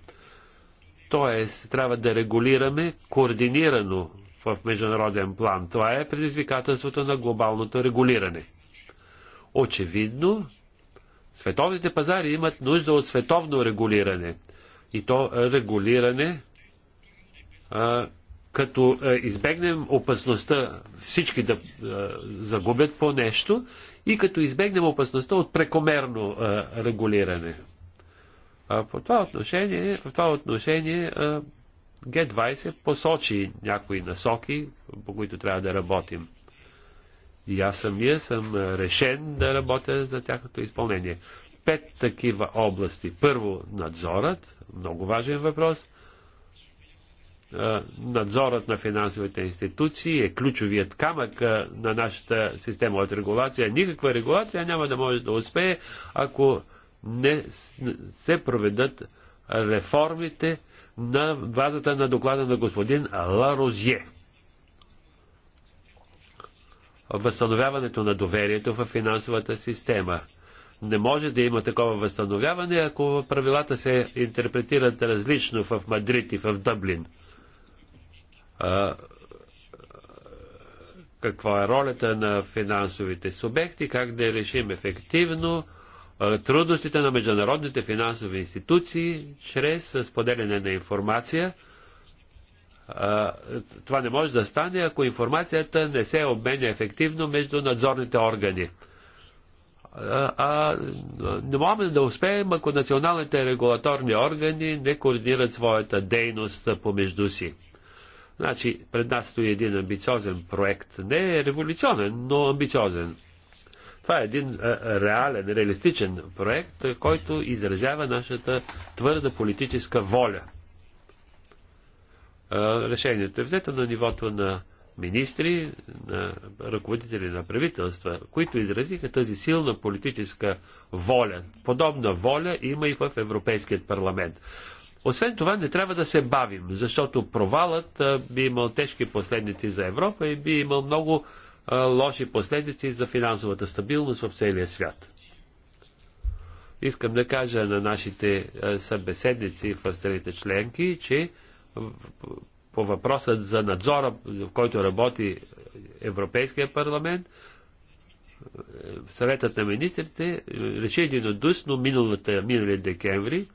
Тоест, трябва да регулираме координирано в международен план. Това е предизвикателството на глобалното регулиране. Очевидно, световните пазари имат нужда от световно регулиране. И то регулиране, като е, избегнем опасността всички да е, загубят по нещо и като избегнем опасността от прекомерно е, регулиране. По това отношение, в това отношение G20 посочи някои насоки, по които трябва да работим. И аз самия съм решен да работя за тяхното изпълнение. Пет такива области. Първо, надзорът, много важен въпрос – надзорът на финансовите институции е ключовият камък на нашата система от регулация. Никаква регулация няма да може да успее, ако не се проведат реформите на базата на доклада на господин Ларозие. Възстановяването на доверието в финансовата система. Не може да има такова възстановяване, ако правилата се интерпретират различно в Мадрид и в Дъблин – каква е ролята на финансовите субекти, как да решим ефективно трудностите на международните финансови институции чрез споделяне на информация. Това не може да стане, ако информацията не се обменя ефективно между надзорните органи. А не можем да успеем, ако националните регулаторни органи не координират своята дейност помежду си. Значи, пред нас стои един амбициозен проект. Не е революционен, но амбициозен. Това е един е, е, реален, реалистичен проект, е, който изразява нашата твърда политическа воля. решението е взето на нивото на министри, на ръководители на правителства, които изразиха тази силна политическа воля. Подобна воля има и в Европейският парламент. Освен това, не трябва да се бавим, защото провалът би имал тежки последници за Европа и би имал много лоши последици за финансовата стабилност в целия свят. Искам да кажа на нашите събеседници в страните членки, че по въпросът за надзора, в който работи Европейския парламент, съветът на министрите реши единодушно миналата, миналия декември,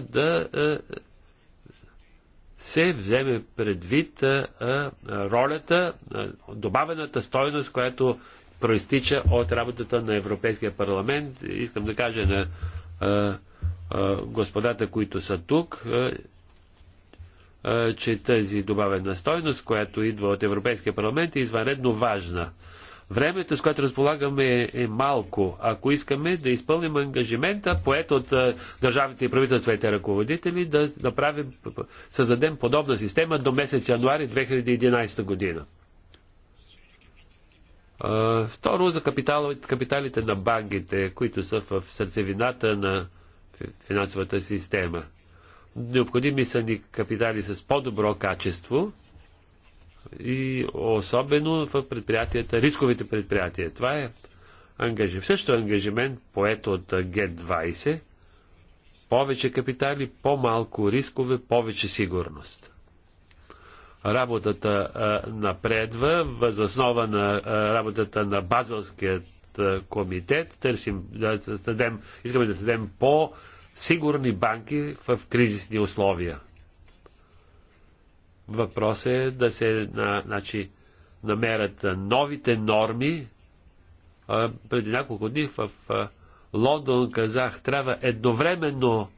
да се вземе предвид ролята, добавената стойност, която проистича от работата на Европейския парламент. Искам да кажа на господата, които са тук, че тази добавена стойност, която идва от Европейския парламент е извънредно важна. Времето, с което разполагаме е, малко. Ако искаме да изпълним ангажимента, поет от държавните и правителствените ръководители, да направим, създадем подобна система до месец януари 2011 година. второ, за капиталите на банките, които са в сърцевината на финансовата система. Необходими са ни капитали с по-добро качество, и особено в предприятията, рисковите предприятия. Това е ангажимент. Също ангажимент поет от Г20. Повече капитали, по-малко рискове, повече сигурност. Работата а, напредва възоснова на а, работата на Базълският а, комитет. Търсим да създадем, искаме да създадем по-сигурни банки в кризисни условия. Въпрос е да се на, значи, намерят новите норми. А, преди няколко дни в а, Лондон казах, трябва едновременно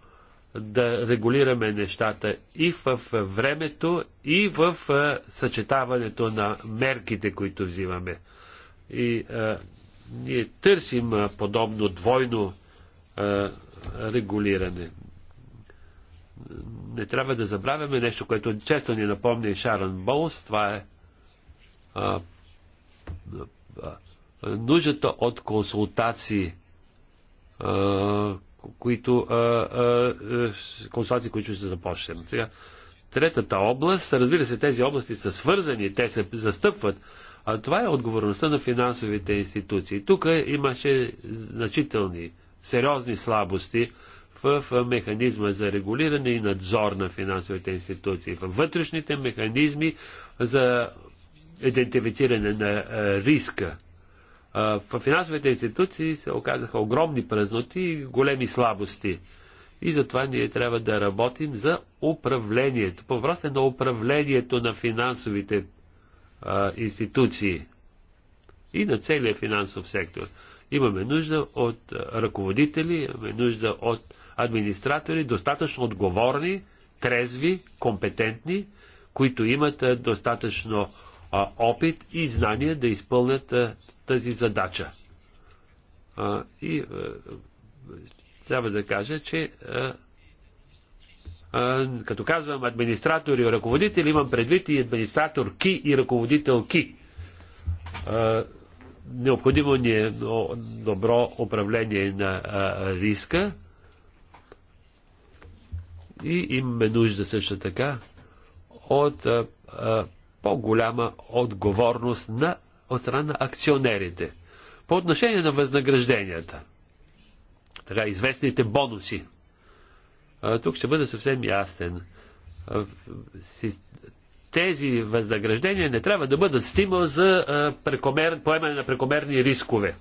да регулираме нещата и в времето, и в а, съчетаването на мерките, които взимаме. И а, ние търсим а, подобно двойно а, регулиране не трябва да забравяме нещо, което често ни напомня и Шарон Боус. Това е а, а, нуждата от консултации, а, които, а, а, консултации, които ще започнем. Сега, третата област, разбира се, тези области са свързани, те се застъпват, а това е отговорността на финансовите институции. Тук имаше значителни, сериозни слабости в механизма за регулиране и надзор на финансовите институции, в вътрешните механизми за идентифициране на риска. В финансовите институции се оказаха огромни празноти и големи слабости. И затова ние трябва да работим за управлението. По въпроса на управлението на финансовите а, институции и на целия финансов сектор. Имаме нужда от ръководители, имаме нужда от администратори достатъчно отговорни, трезви, компетентни, които имат достатъчно опит и знания да изпълнят тази задача. И трябва да кажа, че като казвам администратори и ръководители, имам предвид и администратор ки и ръководител ки. Необходимо ни е добро управление на риска, и имаме нужда също така от по-голяма отговорност на, от страна на акционерите. По отношение на възнагражденията, така известните бонуси, а, тук ще бъда съвсем ясен. А, си, тези възнаграждения не трябва да бъдат стимул за а, прекомер, поемане на прекомерни рискове.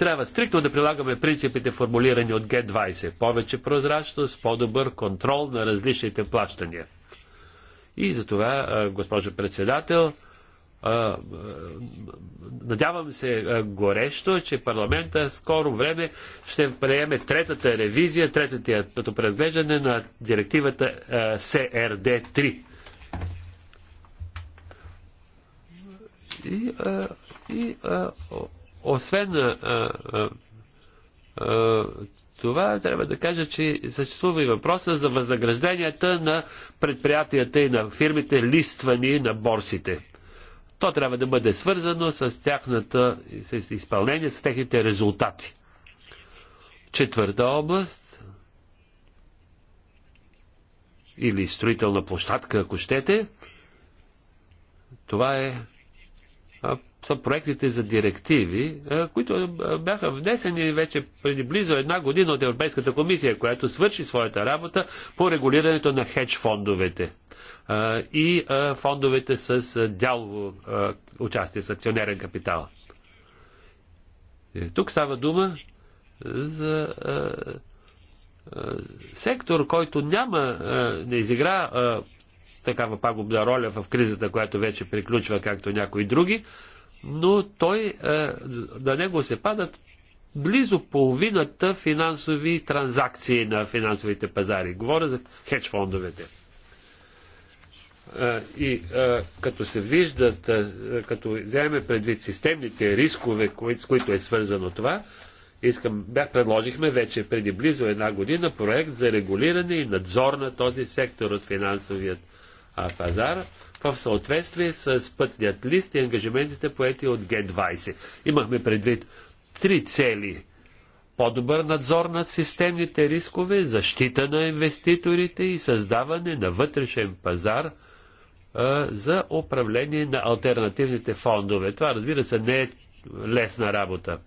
Трябва стриктно да прилагаме принципите, формулирани от Г20. Повече прозрачност, по-добър контрол на различните плащания. И за това, госпожо председател, надявам се горещо, че парламента скоро време ще приеме третата ревизия, третото преразглеждане на директивата СРД-3. И, и, и освен а, а, а, това, трябва да кажа, че съществува и въпроса за възнагражденията на предприятията и на фирмите, листвани на борсите. То трябва да бъде свързано с тяхната с изпълнение, с техните резултати. Четвърта област или строителна площадка, ако щете, това е са проектите за директиви, които бяха внесени вече преди близо една година от Европейската комисия, която свърши своята работа по регулирането на хедж фондовете и фондовете с дялово участие с акционерен капитал. тук става дума за сектор, който няма, не изигра такава пагубна роля в кризата, която вече приключва, както някои други, но той, е, на него се падат близо половината финансови транзакции на финансовите пазари. Говоря за хедж фондовете. Е, и е, като се виждат, като вземе предвид системните рискове, с които е свързано това, искам, бях, предложихме вече преди близо една година проект за регулиране и надзор на този сектор от финансовият пазар в съответствие с пътният лист и ангажиментите поети от Г20. Имахме предвид три цели. По-добър надзор над системните рискове, защита на инвеститорите и създаване на вътрешен пазар а, за управление на альтернативните фондове. Това, разбира се, не е лесна работа.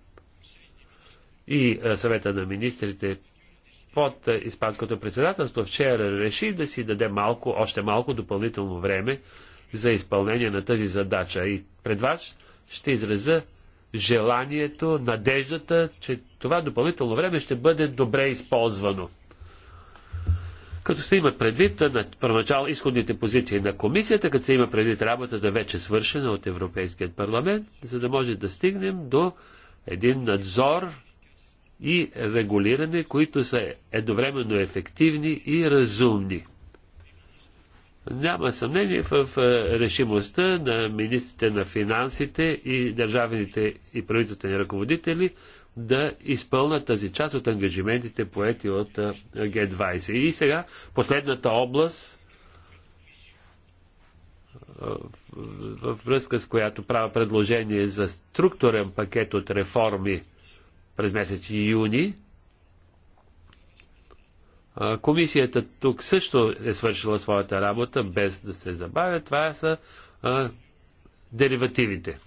И а, съвета на министрите под Испанското председателство вчера реши да си даде малко, още малко допълнително време за изпълнение на тази задача. И пред вас ще изреза желанието, надеждата, че това допълнително време ще бъде добре използвано. Като се има предвид на първоначално изходните позиции на комисията, като се има предвид работата вече свършена от Европейският парламент, за да може да стигнем до един надзор, и регулиране, които са едновременно ефективни и разумни. Няма съмнение в е, решимостта на министрите на финансите и държавните и правителствени ръководители да изпълнат тази част от ангажиментите поети от е, Г20. И сега последната област, във е, връзка с която правя предложение за структурен пакет от реформи през месец юни. Комисията тук също е свършила своята работа без да се забавя. Това са а, деривативите.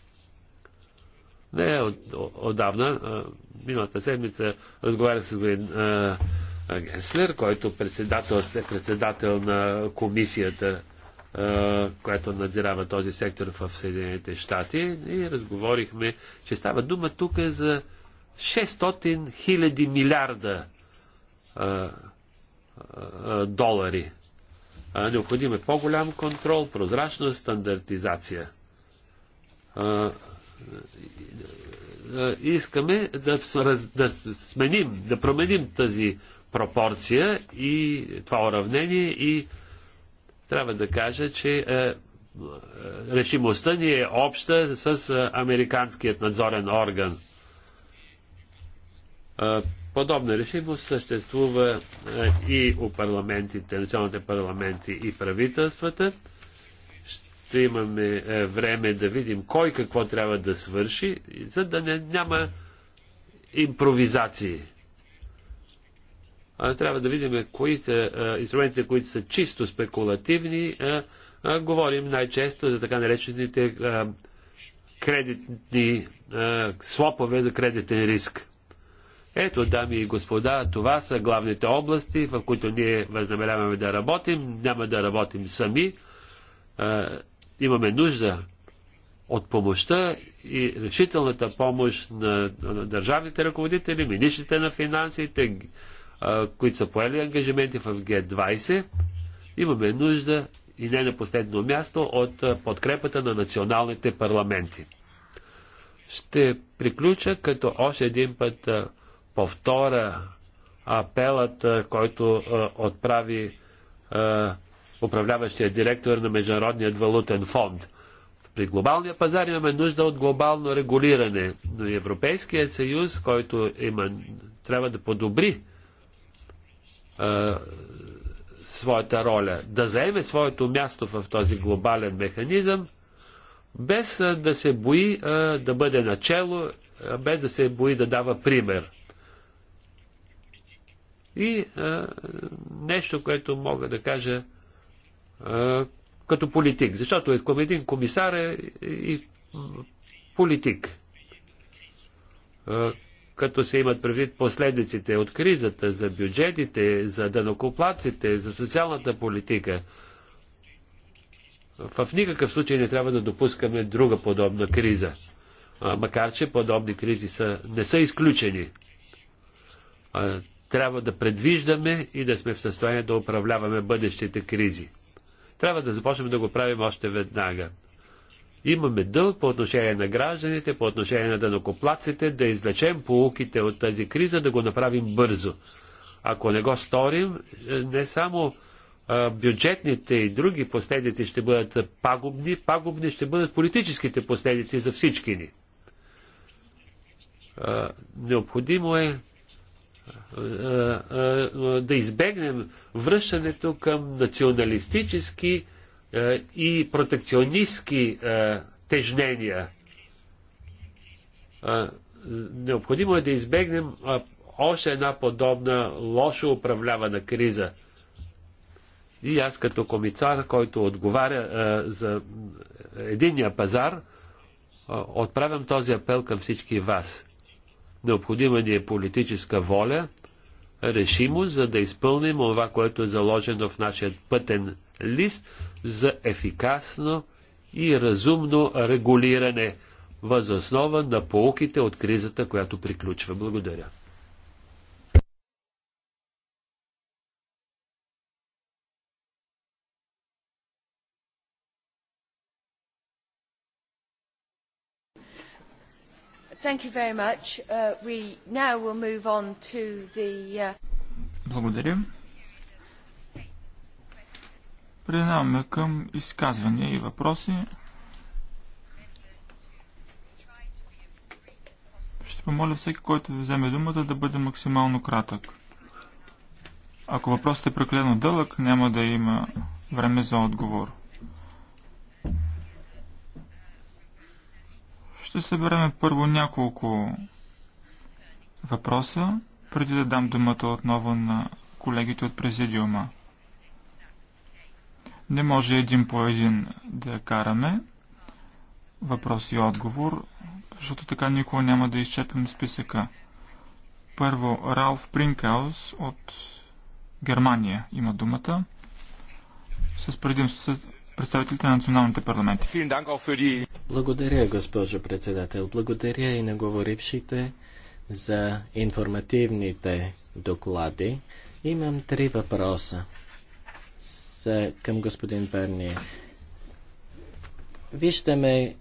Не, от, отдавна, а, миналата седмица, разговарях с господин Генслер, който председател, е председател на комисията, а, която надзирава този сектор в Съединените щати. И разговорихме, че става дума тук за 600 хиляди милиарда а, а, долари. А, необходим е по-голям контрол, прозрачност, стандартизация. А, искаме да, да сменим, да променим тази пропорция и това уравнение и трябва да кажа, че е, е решимостта ни е обща с е, американският надзорен орган – Подобна решимост съществува и у парламентите, националните парламенти и правителствата. Ще имаме време да видим кой какво трябва да свърши, за да не, няма импровизации. А, трябва да видим кои са инструментите, които са чисто спекулативни. А, а, говорим най-често за така наречените а, кредитни а, слопове за кредитен риск. Ето, дами и господа, това са главните области, в които ние възнамеряваме да работим. Няма да работим сами. Имаме нужда от помощта и решителната помощ на държавните ръководители, министрите на финансите, които са поели ангажименти в Г20. Имаме нужда и не на последно място от подкрепата на националните парламенти. Ще приключа като още един път повторя апелът, който отправи управляващия директор на Международният валутен фонд. При глобалния пазар имаме нужда от глобално регулиране, но Европейският съюз, който има, трябва да подобри своята роля, да заеме своето място в този глобален механизъм, без да се бои да бъде начало, без да се бои да дава пример. И а, е, нещо, което мога да кажа а, е, като политик, защото е един комисар е и политик. А, е, като се имат предвид последиците от кризата за бюджетите, за данокоплаците, за социалната политика, в никакъв случай не трябва да допускаме друга подобна криза. А, макар, че подобни кризи са, не са изключени. А, трябва да предвиждаме и да сме в състояние да управляваме бъдещите кризи. Трябва да започнем да го правим още веднага. Имаме дълг по отношение на гражданите, по отношение на дънокоплаците, да излечем полуките от тази криза, да го направим бързо. Ако не го сторим, не само бюджетните и други последици ще бъдат пагубни, пагубни ще бъдат политическите последици за всички ни. Необходимо е да избегнем връщането към националистически е, и протекционистски е, тежнения. Е, необходимо е да избегнем още една подобна лошо управлявана криза. И аз като комицар, който отговаря за единния пазар, отправям този апел към всички вас. Необходима ни е политическа воля, решимост, за да изпълним това, което е заложено в нашия пътен лист за ефикасно и разумно регулиране възоснова на поуките от кризата, която приключва. Благодаря. Thank you very much. Uh, we now will move on to the... Uh... Благодаря. Преднаваме към изказвания и въпроси. Ще помоля всеки, който вземе думата, да бъде максимално кратък. Ако въпросът е преклено дълъг, няма да има време за отговор. Ще съберем първо няколко въпроса, преди да дам думата отново на колегите от президиума. Не може един по един да караме въпрос и отговор, защото така никога няма да изчепим списъка. Първо, Ралф Принкаус от Германия има думата. С предимство представителите на националните парламенти. Благодаря, госпожо председател. Благодаря и на говорившите за информативните доклади. Имам три въпроса с, към господин Берни. Виждаме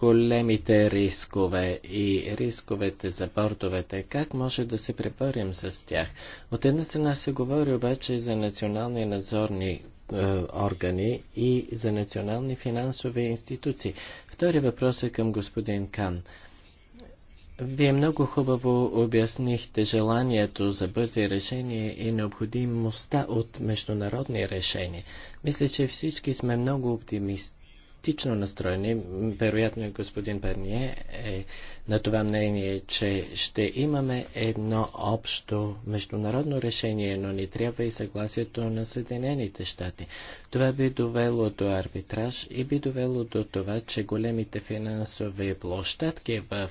големите рискове и рисковете за бордовете, как може да се препарим с тях? От една страна се говори обаче за национални надзорни е, органи и за национални финансови институции. Втори въпрос е към господин Кан. Вие много хубаво обяснихте желанието за бързи решения и необходимостта от международни решения. Мисля, че всички сме много оптимисти скептично настроени. Вероятно и господин Перние е на това мнение, че ще имаме едно общо международно решение, но ни трябва и съгласието на Съединените щати. Това би довело до арбитраж и би довело до това, че големите финансови площадки в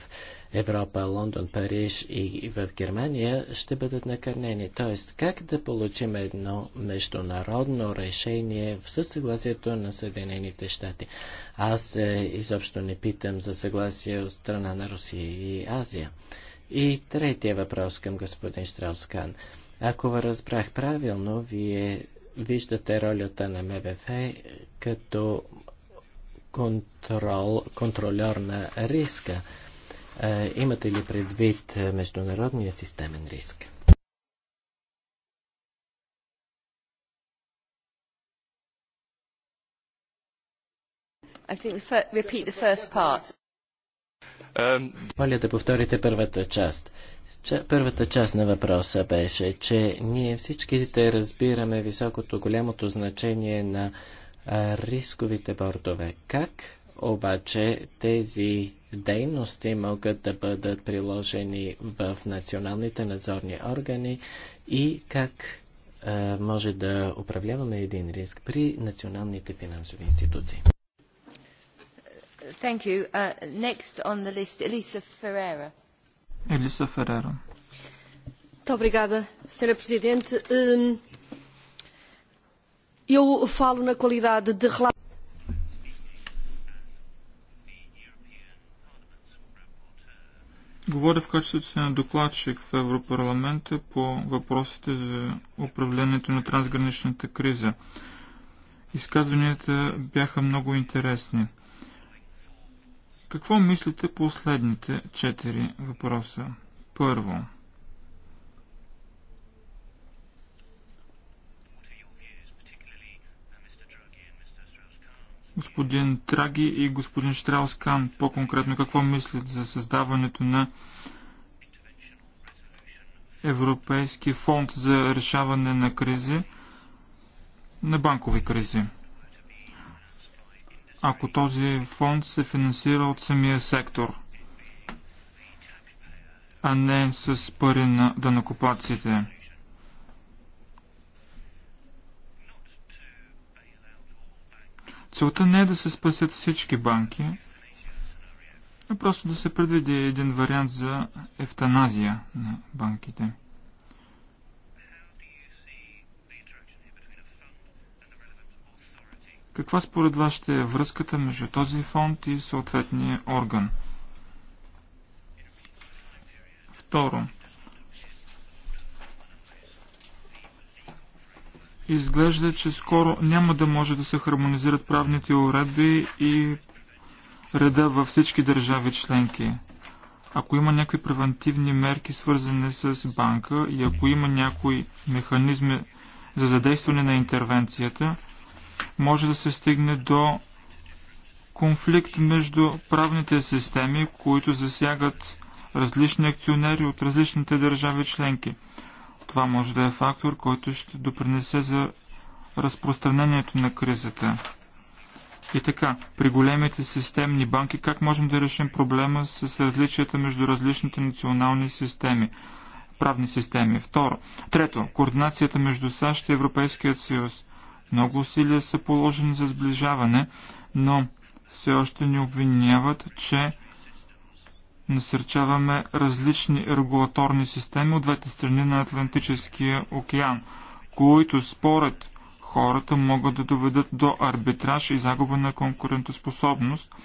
Европа, Лондон, Париж и в Германия ще бъдат накърнени. Тоест, как да получим едно международно решение в съгласието на Съединените щати? Аз е, изобщо не питам за съгласие от страна на Русия и Азия. И третия въпрос към господин Штраускан. Ако ви разбрах правилно, вие виждате ролята на МВФ като контрол, контролер на риска. Е, имате ли предвид е, международния системен риск? Моля да повторите първата част. първата част на въпроса беше, че ние всичките разбираме високото, голямото значение на е, рисковите бордове. Как обаче тези дейности могат да бъдат приложени в националните надзорни органи и как може да управляваме един риск при националните финансови институции. Thank you. Uh, next on the list, Elisa Ferreira. Elisa Ferreira. Muito obrigada, Sra. Presidente. Um, eu falo na qualidade de relator. говоря в качеството си на докладчик в Европарламента по въпросите за управлението на трансграничната криза. Изказванията бяха много интересни. Какво мислите по следните четири въпроса? Първо – господин Траги и господин Штраускан по-конкретно какво мислят за създаването на Европейски фонд за решаване на кризи, на банкови кризи. Ако този фонд се финансира от самия сектор, а не с пари на данокоплаците. Целта не е да се спасят всички банки, а просто да се предвиди един вариант за ефтаназия на банките. Каква според вас ще е връзката между този фонд и съответния орган? Второ, Изглежда, че скоро няма да може да се хармонизират правните уредби и реда във всички държави членки. Ако има някакви превентивни мерки, свързани с банка и ако има някои механизми за задействане на интервенцията, може да се стигне до конфликт между правните системи, които засягат различни акционери от различните държави членки. Това може да е фактор, който ще допринесе за разпространението на кризата. И така, при големите системни банки как можем да решим проблема с различията между различните национални системи, правни системи? Второ. Трето, координацията между САЩ и Европейският съюз. Много усилия са положени за сближаване, но все още ни обвиняват, че насърчаваме различни регулаторни системи от двете страни на Атлантическия океан, които според хората могат да доведат до арбитраж и загуба на конкурентоспособност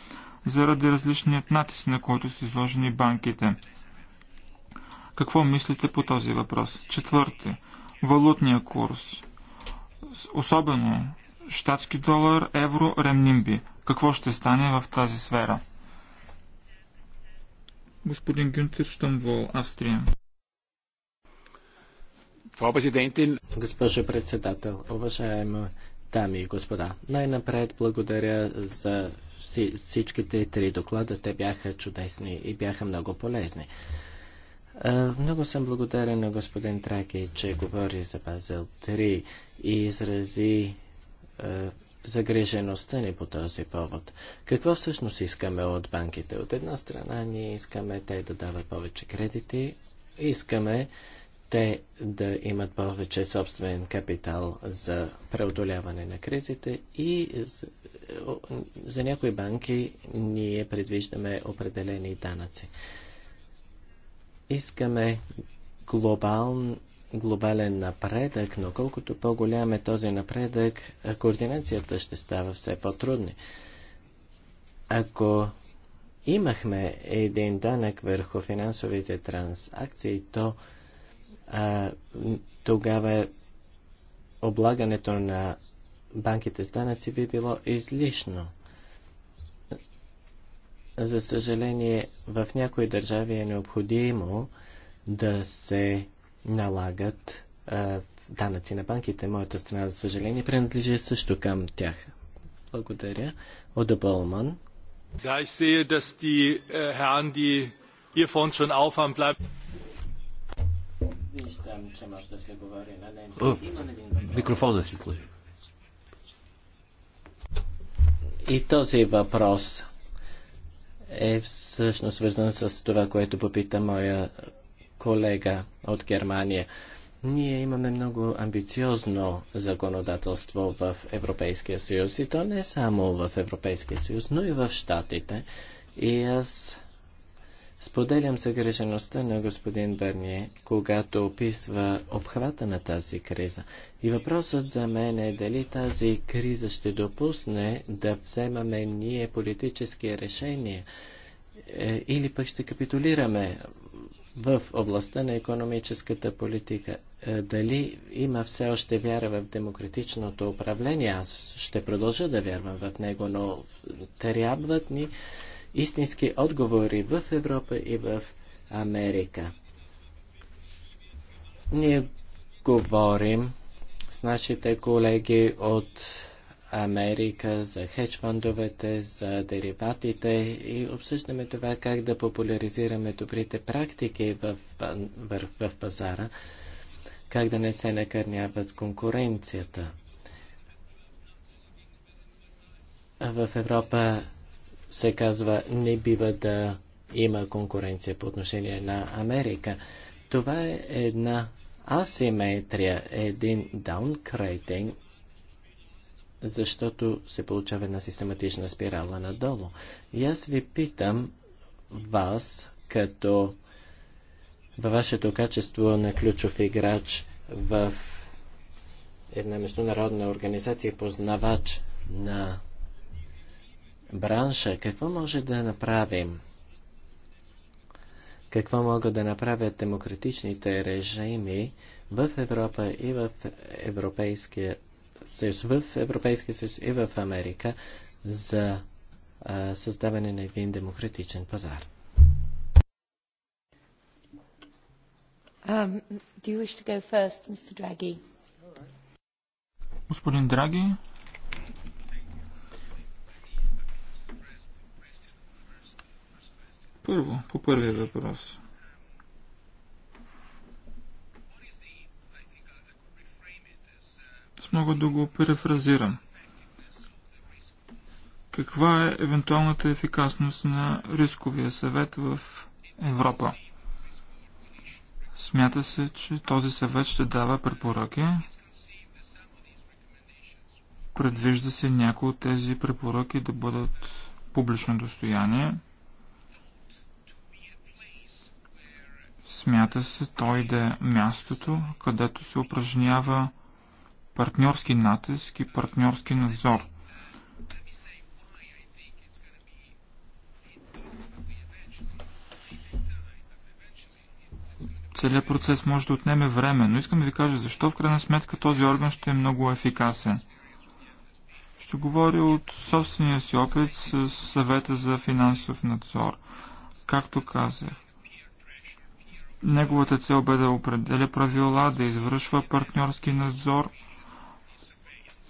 заради различният натиск, на който са изложени банките. Какво мислите по този въпрос? Четвърти. Валутния курс. Особено щатски долар, евро, ремнимби. Какво ще стане в тази сфера? Господин Гюнтер Штамвол, Австрия. Госпожо председател, уважаема дами и господа, най-напред благодаря за всичките три доклада. Те бяха чудесни и бяха много полезни. Много съм благодарен на господин Траки, че говори за Базел 3 и изрази загрежеността ни по този повод. Какво всъщност искаме от банките? От една страна ние искаме те да дават повече кредити, искаме те да имат повече собствен капитал за преодоляване на кризите и за, за някои банки ние предвиждаме определени данъци. Искаме глобално глобален напредък, но колкото по-голям е този напредък, координацията ще става все по-трудни. Ако имахме един данък върху финансовите трансакции, то а, тогава облагането на банките с данъци би било излишно. За съжаление, в някои държави е необходимо да се налагат а, данъци на банките. Моята страна, за съжаление, принадлежи също към тях. Благодаря. Ода Болман. Да, и се, dass die е, херан, ди die е фонд шон aufhaben, плаб. Виждам, че може да се говори на немски. Микрофона си служи. И този въпрос е всъщност свързан с това, което попита моя колега от Германия. Ние имаме много амбициозно законодателство в Европейския съюз и то не само в Европейския съюз, но и в Штатите. И аз споделям загрежеността на господин Берние, когато описва обхвата на тази криза. И въпросът за мен е дали тази криза ще допусне да вземаме ние политически решения е, или пък ще капитулираме в областта на економическата политика. Е, дали има все още вяра в демократичното управление? Аз ще продължа да вярвам в него, но трябват ни истински отговори в Европа и в Америка. Ние говорим с нашите колеги от Америка, за хедж-фондовете, за дериватите и обсъждаме това как да популяризираме добрите практики в, в, в пазара, как да не се накърняват конкуренцията. А в Европа се казва не бива да има конкуренция по отношение на Америка. Това е една асиметрия, един даункрейтинг защото се получава една систематична спирала надолу. И аз ви питам вас, като във вашето качество на ключов играч в една международна организация, познавач на бранша, какво може да направим? Какво могат да направят демократичните режими в Европа и в Европейския съюз, в Европейския съюз и в Америка за а, създаване на един демократичен пазар. Um, do you wish to go first, Mr. Draghi? Господин Драги, първо, по първия въпрос. мога да го перефразирам. Каква е евентуалната ефикасност на рисковия съвет в Европа? Смята се, че този съвет ще дава препоръки. Предвижда се някои от тези препоръки да бъдат публично достояние. Смята се той да е мястото, където се упражнява партньорски натиск и партньорски надзор. Целият процес може да отнеме време, но искам да ви кажа защо в крайна сметка този орган ще е много ефикасен. Ще говоря от собствения си опит с съвета за финансов надзор. Както казах, неговата цел бе да определя правила, да извършва партньорски надзор –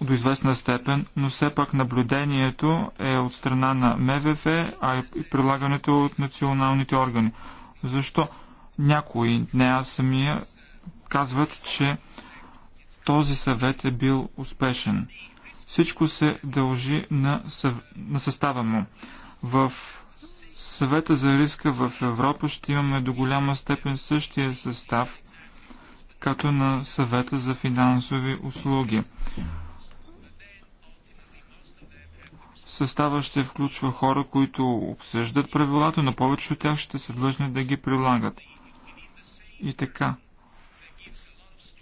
до известна степен, но все пак наблюдението е от страна на МВФ, а и прилагането от националните органи. Защо? Някои, не аз самия, казват, че този съвет е бил успешен. Всичко се дължи на, съв... на състава му. В съвета за риска в Европа ще имаме до голяма степен същия състав, като на съвета за финансови услуги. Състава ще включва хора, които обсъждат правилата, но повече от тях ще се длъжни да ги прилагат. И така.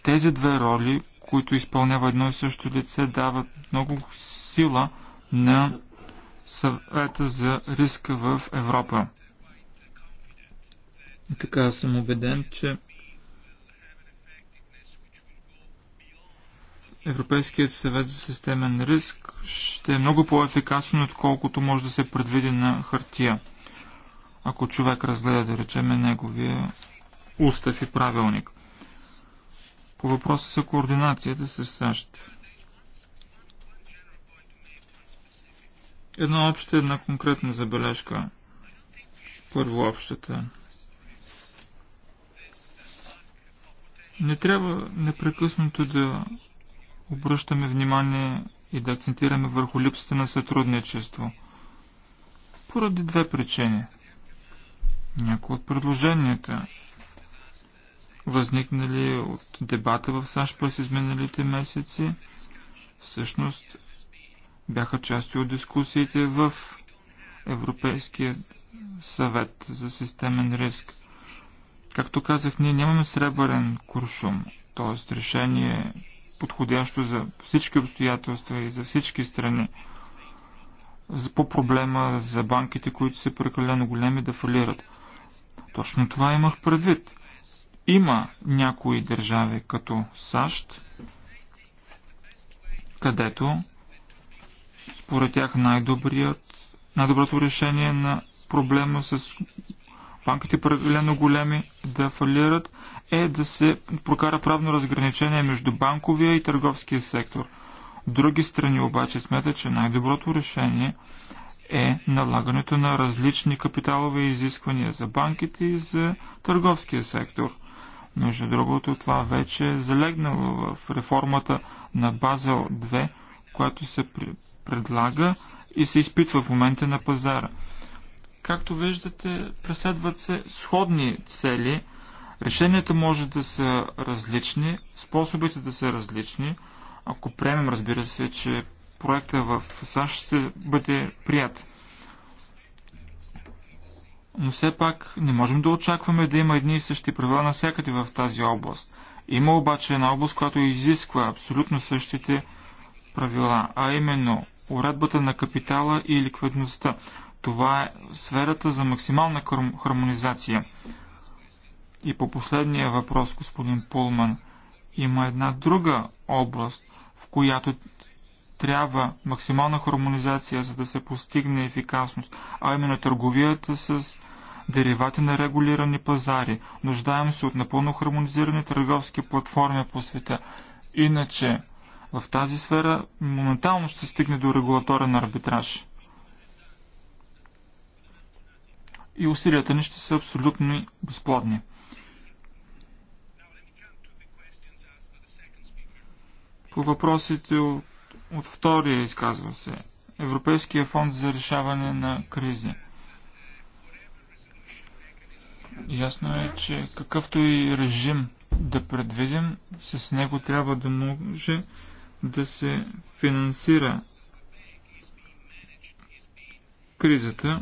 Тези две роли, които изпълнява едно и също лице, дават много сила на съвета за риска в Европа. И така съм убеден, че Европейският съвет за системен риск ще е много по-ефикасен, отколкото може да се предвиди на хартия. Ако човек разгледа, да речеме, неговия устав и правилник. По въпроса за координацията с САЩ. Една обща, една конкретна забележка. Първо общата. Не трябва непрекъснато да обръщаме внимание и да акцентираме върху липсата на сътрудничество. Поради две причини. Някои от предложенията, възникнали от дебата в САЩ през изминалите месеци, всъщност бяха части от дискусиите в Европейския съвет за системен риск. Както казах, ние нямаме сребърен куршум, т.е. решение подходящо за всички обстоятелства и за всички страни. По проблема за банките, които са прекалено големи да фалират. Точно това имах предвид. Има някои държави, като САЩ, където според тях най-добрият, най-доброто решение на проблема с банките прекалено големи да фалират е да се прокара правно разграничение между банковия и търговския сектор. Други страни обаче смятат, че най-доброто решение е налагането на различни капиталови изисквания за банките и за търговския сектор. Между другото, това вече е залегнало в реформата на Базел 2, която се предлага и се изпитва в момента на пазара. Както виждате, преследват се сходни цели – Решенията може да са различни, способите да са различни, ако приемем, разбира се, че проекта в САЩ ще бъде прият. Но все пак не можем да очакваме да има едни и същи правила навсякъде в тази област. Има обаче една област, която изисква абсолютно същите правила, а именно уредбата на капитала и ликвидността. Това е сферата за максимална хармонизация. И по последния въпрос, господин Пулман, има една друга област, в която трябва максимална хармонизация, за да се постигне ефикасност, а именно търговията с деривати на регулирани пазари. Нуждаем се от напълно хармонизирани търговски платформи по света. Иначе в тази сфера моментално ще стигне до регулаторен арбитраж. И усилията ни ще са абсолютно безплодни. По въпросите от, от втория изказвам се. Европейския фонд за решаване на кризи. Ясно е, че какъвто и режим да предвидим, с него трябва да може да се финансира кризата,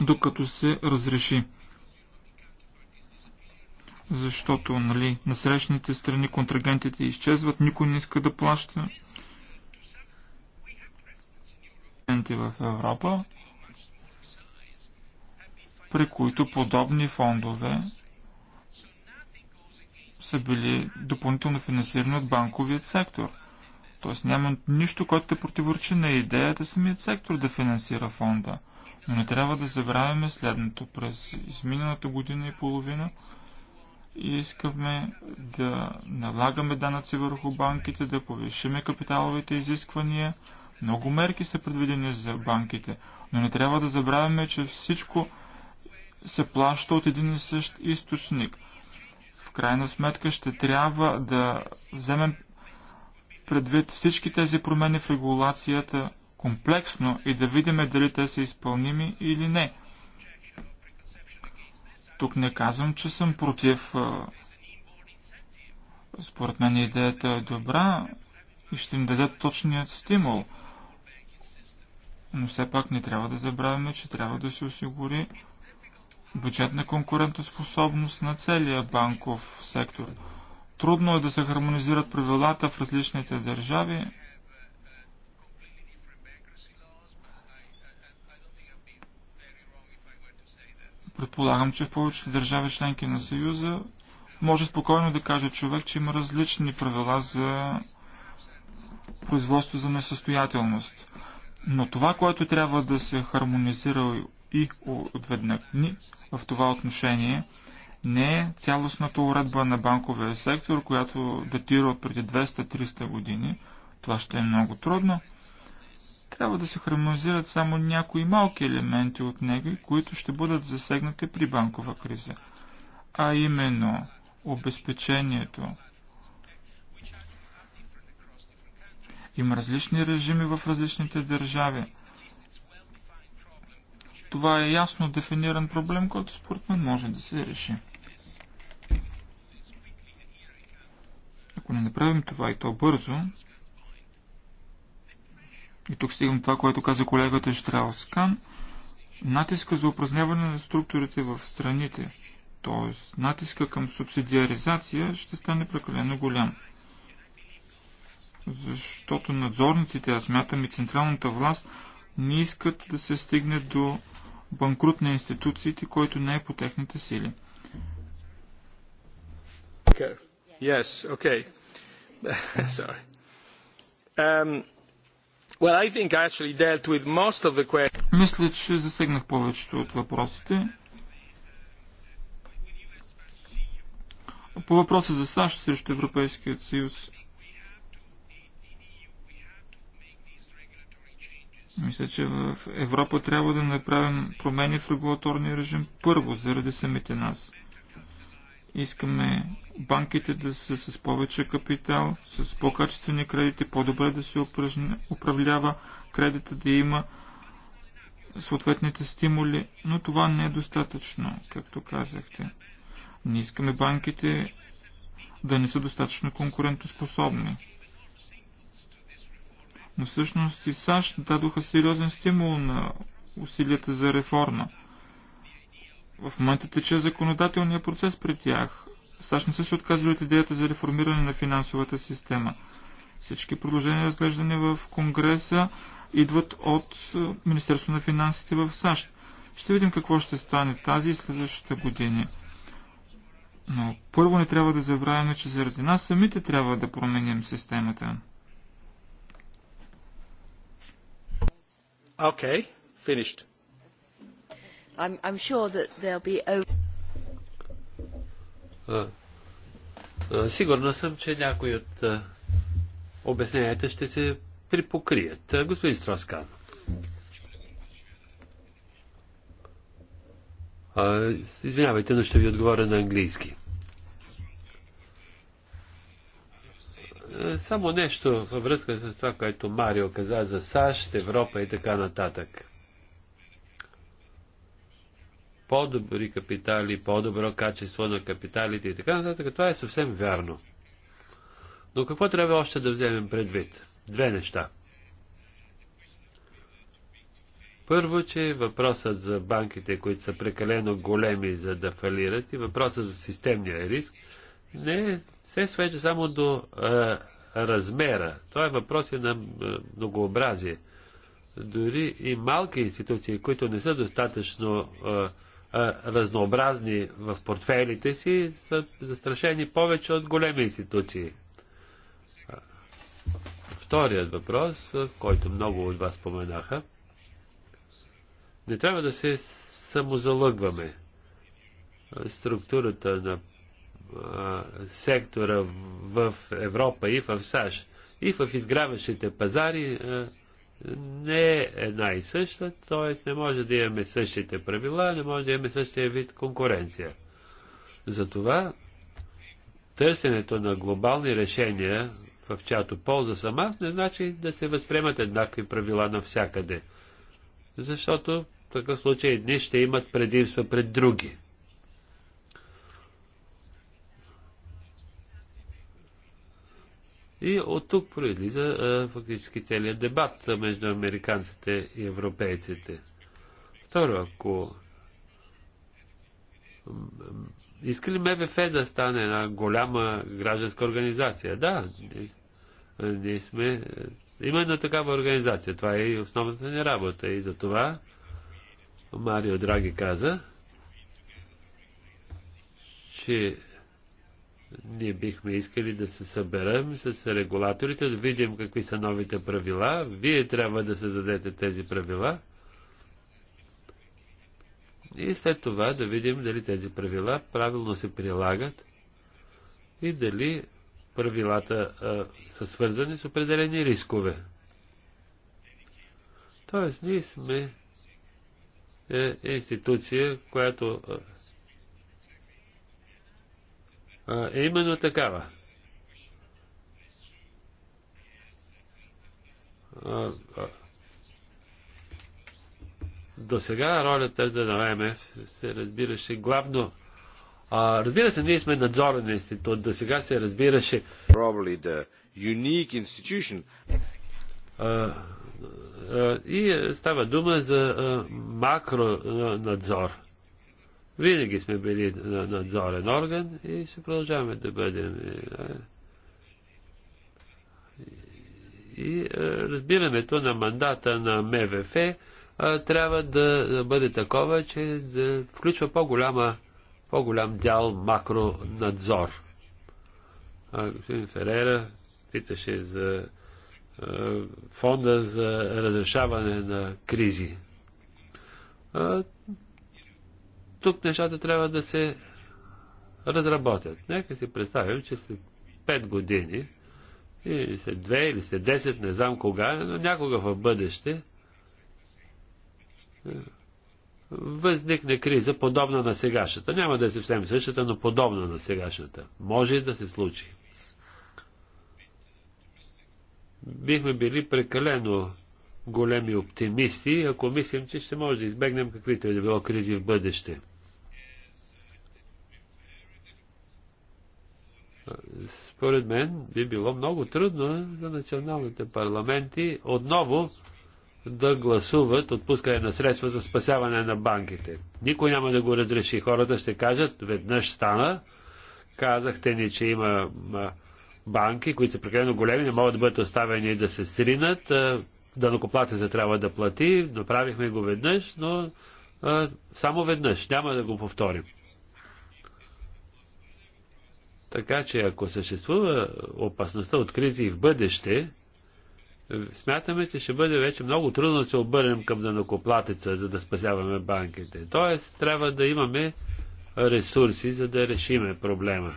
докато се разреши защото нали, на срещните страни контрагентите изчезват, никой не иска да плаща. в Европа, при които подобни фондове са били допълнително финансирани от банковият сектор. Тоест няма нищо, което да противоречи на идеята самият сектор да финансира фонда. Но не трябва да забравяме следното. През изминалата година и половина и искаме да налагаме данъци върху банките, да повишиме капиталовите изисквания. Много мерки са предвидени за банките, но не трябва да забравяме, че всичко се плаща от един и същ източник. В крайна сметка ще трябва да вземем предвид всички тези промени в регулацията комплексно и да видим дали те са изпълними или не. Тук не казвам, че съм против. Според мен идеята е добра и ще им дадат точният стимул. Но все пак не трябва да забравяме, че трябва да се осигури бюджетна конкурентоспособност на целия банков сектор. Трудно е да се хармонизират правилата в различните държави, Предполагам, че в повечето държави членки на Съюза може спокойно да каже човек, че има различни правила за производство за несъстоятелност. Но това, което трябва да се хармонизира и отведнъкни в това отношение, не е цялостната уредба на банковия сектор, която датира от преди 200-300 години. Това ще е много трудно. Трябва да се хармонизират само някои малки елементи от него, които ще бъдат засегнати при банкова криза. А именно обезпечението. Има различни режими в различните държави. Това е ясно дефиниран проблем, който според мен може да се реши. Ако не направим това и то бързо, и тук стигам това, което каза колегата Штраускан. Натиска за упражняване на структурите в страните, т.е. натиска към субсидиаризация ще стане прекалено голям. Защото надзорниците, аз мятам и централната власт, не искат да се стигне до банкрут на институциите, който не е по техните сили. Okay. Yes, okay. (laughs) Sorry. Um, мисля, че засегнах повечето от въпросите. По въпроса за САЩ срещу Европейският съюз, мисля, че в Европа трябва да направим промени в регулаторния режим първо, заради самите нас. Искаме банките да са с повече капитал, с по-качествени кредити, по-добре да се управлява кредита, да има съответните стимули, но това не е достатъчно, както казахте. Не искаме банките да не са достатъчно конкурентоспособни. Но всъщност и САЩ дадоха сериозен стимул на усилията за реформа. В момента тече законодателния процес при тях. САЩ не са се отказали от идеята за реформиране на финансовата система. Всички продължения, разглеждани в Конгреса, идват от е, Министерство на финансите в САЩ. Ще видим какво ще стане тази и следващата години. Но първо не трябва да забравяме, че заради нас самите трябва да променим системата. Okay, finished. I'm, I'm sure that there'll be over... Сигурна съм, че някои от обясненията ще се припокрият. Господин Строскан. Извинявайте, но ще ви отговоря на английски. Само нещо във връзка с това, което Марио каза за САЩ, Европа и така нататък по-добри капитали, по-добро качество на капиталите и така нататък. Това е съвсем вярно. Но какво трябва още да вземем предвид? Две неща. Първо, че въпросът за банките, които са прекалено големи за да фалират и въпросът за системния риск не се свежда само до а, размера. Това е въпрос и на многообразие. Дори и малки институции, които не са достатъчно а, разнообразни в портфейлите си, са застрашени повече от големи институции. Вторият въпрос, който много от вас споменаха, не трябва да се самозалъгваме. Структурата на сектора в Европа и в САЩ и в изграващите пазари не е една и съща, т.е. не може да имаме същите правила, не може да имаме същия вид конкуренция. Затова търсенето на глобални решения, в чиято полза съм аз, не значи да се възприемат еднакви правила навсякъде. Защото в такъв случай едни ще имат предимства пред други. И от тук произлиза а, фактически целият дебат между американците и европейците. Второ, ако иска ли МВФ да стане една голяма гражданска организация? Да, ние, ние сме именно такава организация. Това е и основната ни работа. И за това Марио Драги каза, че ние бихме искали да се съберем с регулаторите, да видим какви са новите правила. Вие трябва да създадете тези правила. И след това да видим дали тези правила правилно се прилагат и дали правилата а, са свързани с определени рискове. Тоест, ние сме е, институция, която е именно такава. До сега ролята на ВМФ се разбираше главно. А, разбира се, ние сме надзорен институт. До сега се разбираше. А, и става дума за макронадзор. Винаги сме били надзорен орган и ще продължаваме да бъдем. Е, и е, разбирането на мандата на МВФ е, трябва да бъде такова, че да включва по-голяма, по-голям дял макронадзор. Господин Ферера питаше за фонда за разрешаване на кризи. Тук нещата трябва да се разработят. Нека си представим, че след 5 години, или след 2, или след 10, не знам кога, но някога в бъдеще, е, възникне криза, подобна на сегашната. Няма да е съвсем същата, но подобна на сегашната. Може да се случи. Бихме били прекалено големи оптимисти, ако мислим, че ще може да избегнем каквито и е да било кризи в бъдеще. според мен би било много трудно за националните парламенти отново да гласуват отпускане на средства за спасяване на банките. Никой няма да го разреши. Хората ще кажат, веднъж стана, казахте ни, че има банки, които са прекалено големи, не могат да бъдат оставени да се сринат. Да накоплатеца трябва да плати. Направихме го веднъж, но само веднъж. Няма да го повторим. Така че ако съществува опасността от кризи в бъдеще, смятаме, че ще бъде вече много трудно да се обърнем към данокоплатеца, за да спасяваме банките. Тоест, трябва да имаме ресурси, за да решиме проблема.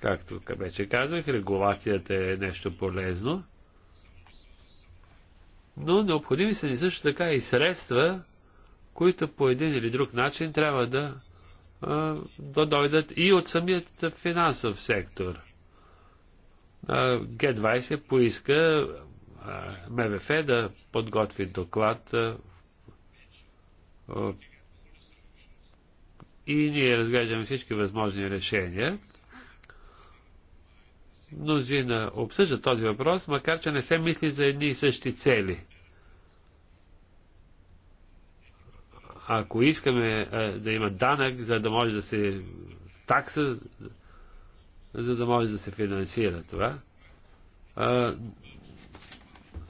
Както вече казах, регулацията е нещо полезно, но необходими са ни също така и средства, които по един или друг начин трябва да да дойдат и от самият финансов сектор. Г-20 поиска МВФ да подготви доклад и ние разглеждаме всички възможни решения. Мнозина обсъжда този въпрос, макар че не се мисли за едни и същи цели – Ако искаме да има данък, за да може да се такса, за да може да се финансира това,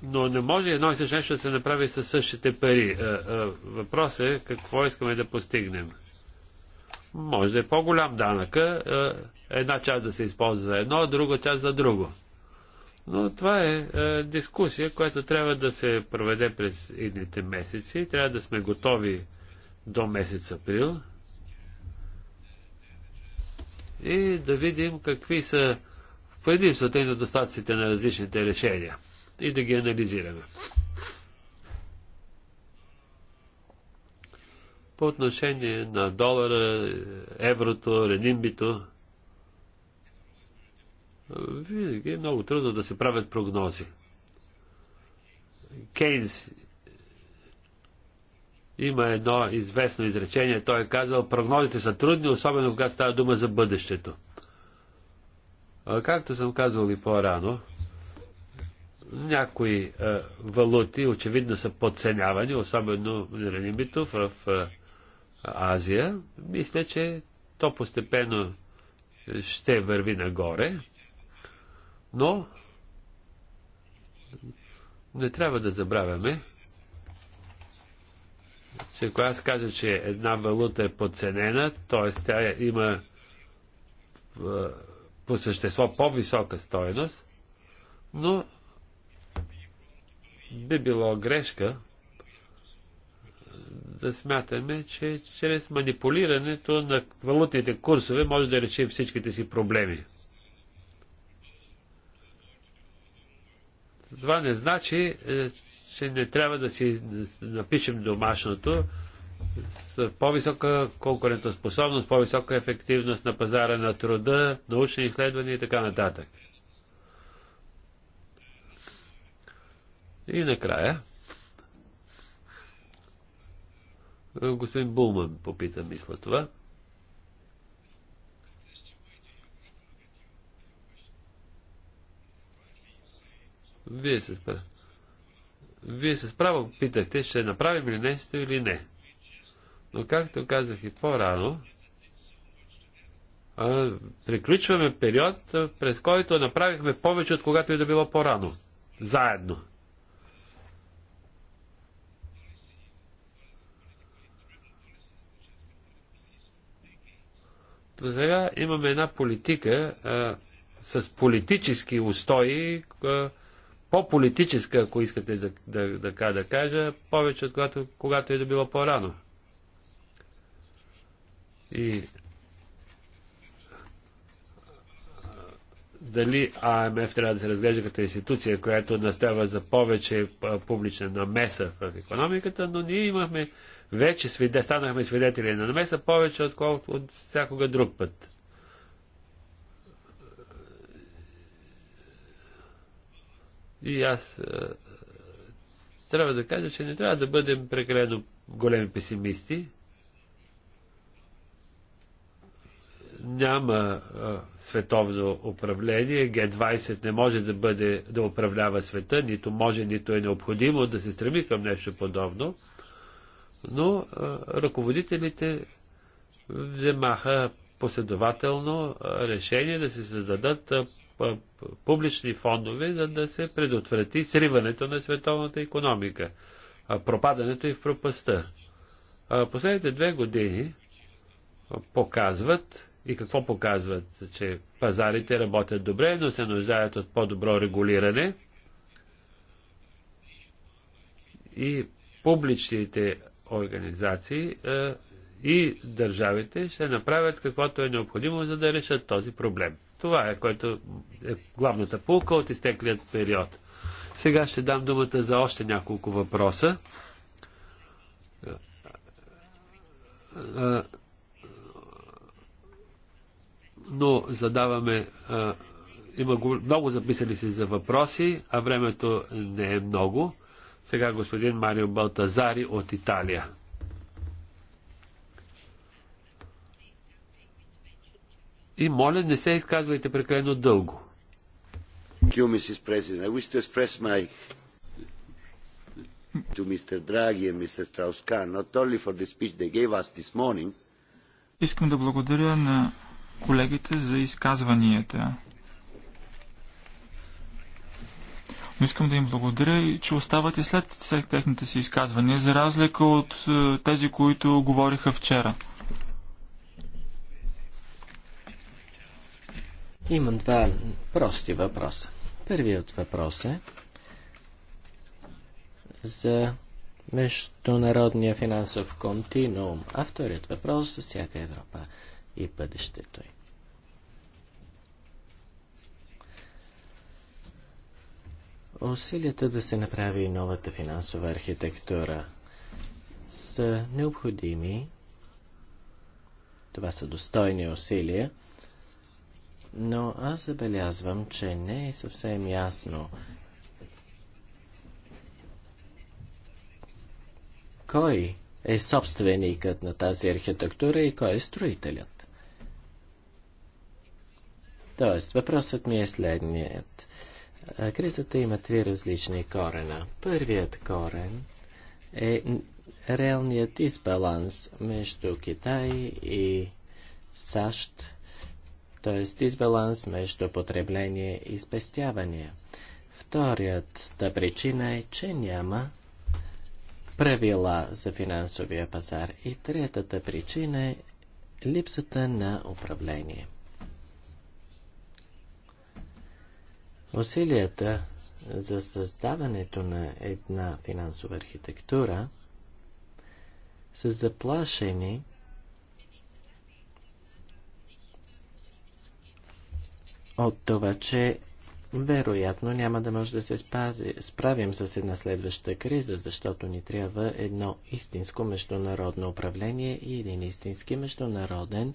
но не може едно и също нещо да се направи със същите пари. Въпросът е какво искаме да постигнем. Може да е по-голям данъка, една част да се използва за едно, друга част за друго. Но това е, е дискусия, която трябва да се проведе през едните месеци. Трябва да сме готови до месец април и да видим какви са предимствата и недостатъците на различните решения и да ги анализираме. По отношение на долара, еврото, ренимбито, винаги е много трудно да се правят прогнози. Кейнс има едно известно изречение, той е казал, прогнозите са трудни, особено когато става дума за бъдещето. Както съм казал и по-рано, някои а, валути очевидно са подценявани, особено ренибито в а, Азия. Мисля, че то постепенно ще върви нагоре, но не трябва да забравяме, че ако аз кажа, че една валута е подценена, т.е. тя има по същество по-висока стоеност, но би било грешка да смятаме, че чрез манипулирането на валутните курсове може да решим всичките си проблеми. Това не значи, е, че не трябва да си напишем домашното с по-висока конкурентоспособност, по-висока ефективност на пазара на труда, научни изследвания и така нататък. И накрая, господин Булман попита, мисля това. Вие се спрашвате. Вие се справо питате, ще направим ли нещо или не. Но както казах и по-рано, приключваме период, през който направихме повече, от когато и да било по-рано. Заедно. До сега имаме една политика а, с политически устои, а, по-политическа, ако искате да, да, да, да кажа, повече от когато, когато е да било по-рано. И дали АМФ трябва да се разглежда като институция, която настава за повече публична намеса в економиката, но ние имахме вече станахме свидетели на намеса повече, отколкото от всякога друг път. И аз е, трябва да кажа, че не трябва да бъдем прекалено големи песимисти. Няма е, световно управление. Г-20 не може да, бъде, да управлява света, нито може, нито е необходимо да се стреми към нещо подобно. Но е, ръководителите вземаха последователно е, решение да се създадат е, публични фондове, за да се предотврати сриването на световната економика, пропадането и в пропаста. Последните две години показват и какво показват, че пазарите работят добре, но се нуждаят от по-добро регулиране и публичните организации и държавите ще направят каквото е необходимо, за да решат този проблем. Това е, което е главната полка от изтеклият период. Сега ще дам думата за още няколко въпроса. Но задаваме. Има много записали се за въпроси, а времето не е много. Сега господин Марио Балтазари от Италия. И моля, не се изказвайте прекалено дълго. Искам да благодаря на колегите за изказванията. Но искам да им благодаря и че остават и след техните си изказвания, за разлика от е, тези, които говориха вчера. Имам два прости въпроса. Първият въпрос е за международния финансов континуум, а вторият въпрос за всяка Европа и бъдещето й. Усилията да се направи новата финансова архитектура са необходими. Това са достойни усилия но аз забелязвам, че не е съвсем ясно кой е собственикът на тази архитектура и кой е строителят. Тоест, въпросът ми е следният. Кризата има три различни корена. Първият корен е реалният дисбаланс между Китай и САЩ т.е. дисбаланс между потребление и спестяване. Вторията причина е, че няма правила за финансовия пазар. И третата причина е липсата на управление. Усилията за създаването на една финансова архитектура са заплашени от това, че вероятно няма да може да се спази, справим с една следваща криза, защото ни трябва едно истинско международно управление и един истински международен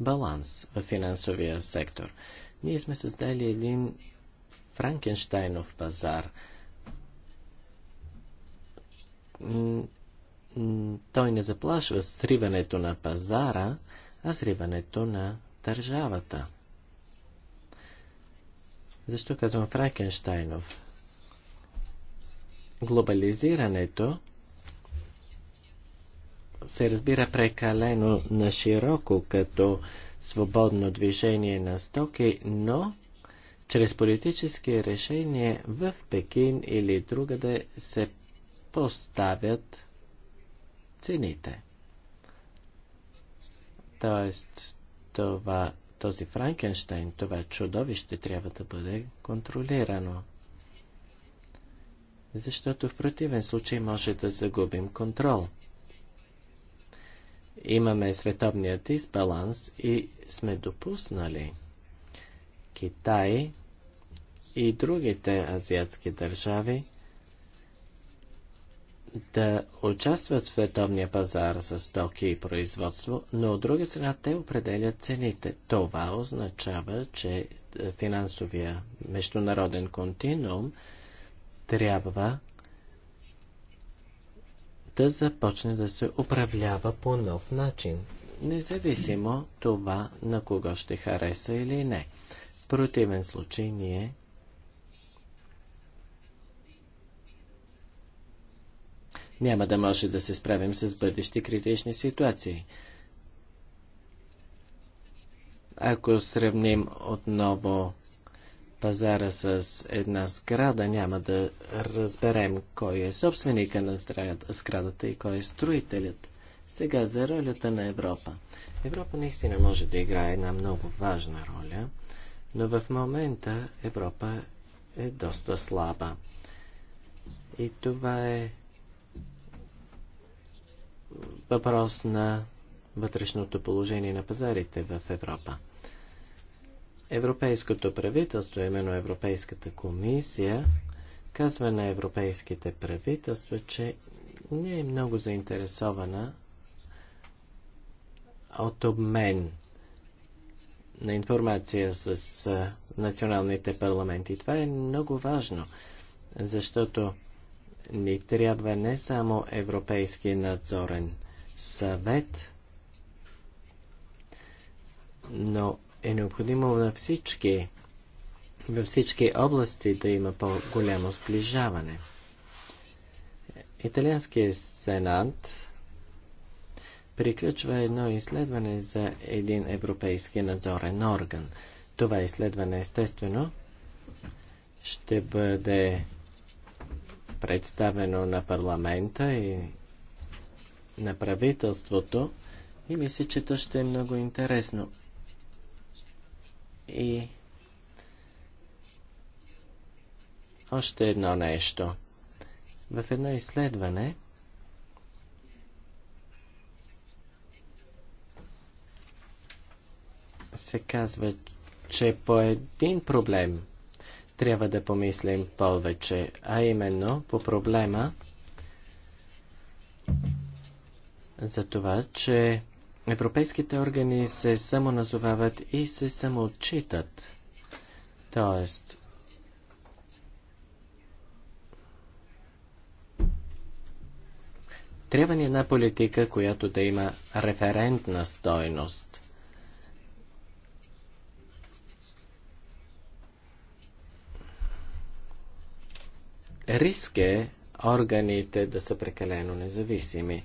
баланс в финансовия сектор. Ние сме създали един Франкенштайнов пазар. Той не заплашва сриването на пазара, а сриването на държавата. Защо казвам Франкенштайнов? Глобализирането се разбира прекалено на широко като свободно движение на стоки, но чрез политически решения в Пекин или другаде се поставят цените. Тоест, това този Франкенштайн, това чудовище трябва да бъде контролирано. Защото в противен случай може да загубим контрол. Имаме световния дисбаланс и сме допуснали Китай и другите азиатски държави да участват в световния пазар с стоки и производство, но от друга страна те определят цените. Това означава, че е, финансовия международен континуум трябва да започне да се управлява по нов начин, независимо това на кого ще хареса или не. В противен случай ние няма да може да се справим с бъдещи критични ситуации. Ако сравним отново пазара с една сграда, няма да разберем кой е собственика на сградата и кой е строителят. Сега за ролята на Европа. Европа наистина може да играе една много важна роля, но в момента Европа е доста слаба. И това е въпрос на вътрешното положение на пазарите в Европа. Европейското правителство, именно Европейската комисия, казва на европейските правителства, че не е много заинтересована от обмен на информация с националните парламенти. Това е много важно, защото ни трябва не само Европейски надзорен съвет, но е необходимо на всички, във всички области да има по-голямо сближаване. Италианският сенат приключва едно изследване за един европейски надзорен орган. Това изследване, естествено, ще бъде представено на парламента и на правителството и мисля, че то ще е много интересно. И още едно нещо. В едно изследване се казва, че по един проблем – трябва да помислим повече, а именно по проблема за това, че европейските органи се самоназовават и се самоотчитат. Тоест, трябва ни една политика, която да има референтна стойност. Риск е органите да са прекалено независими.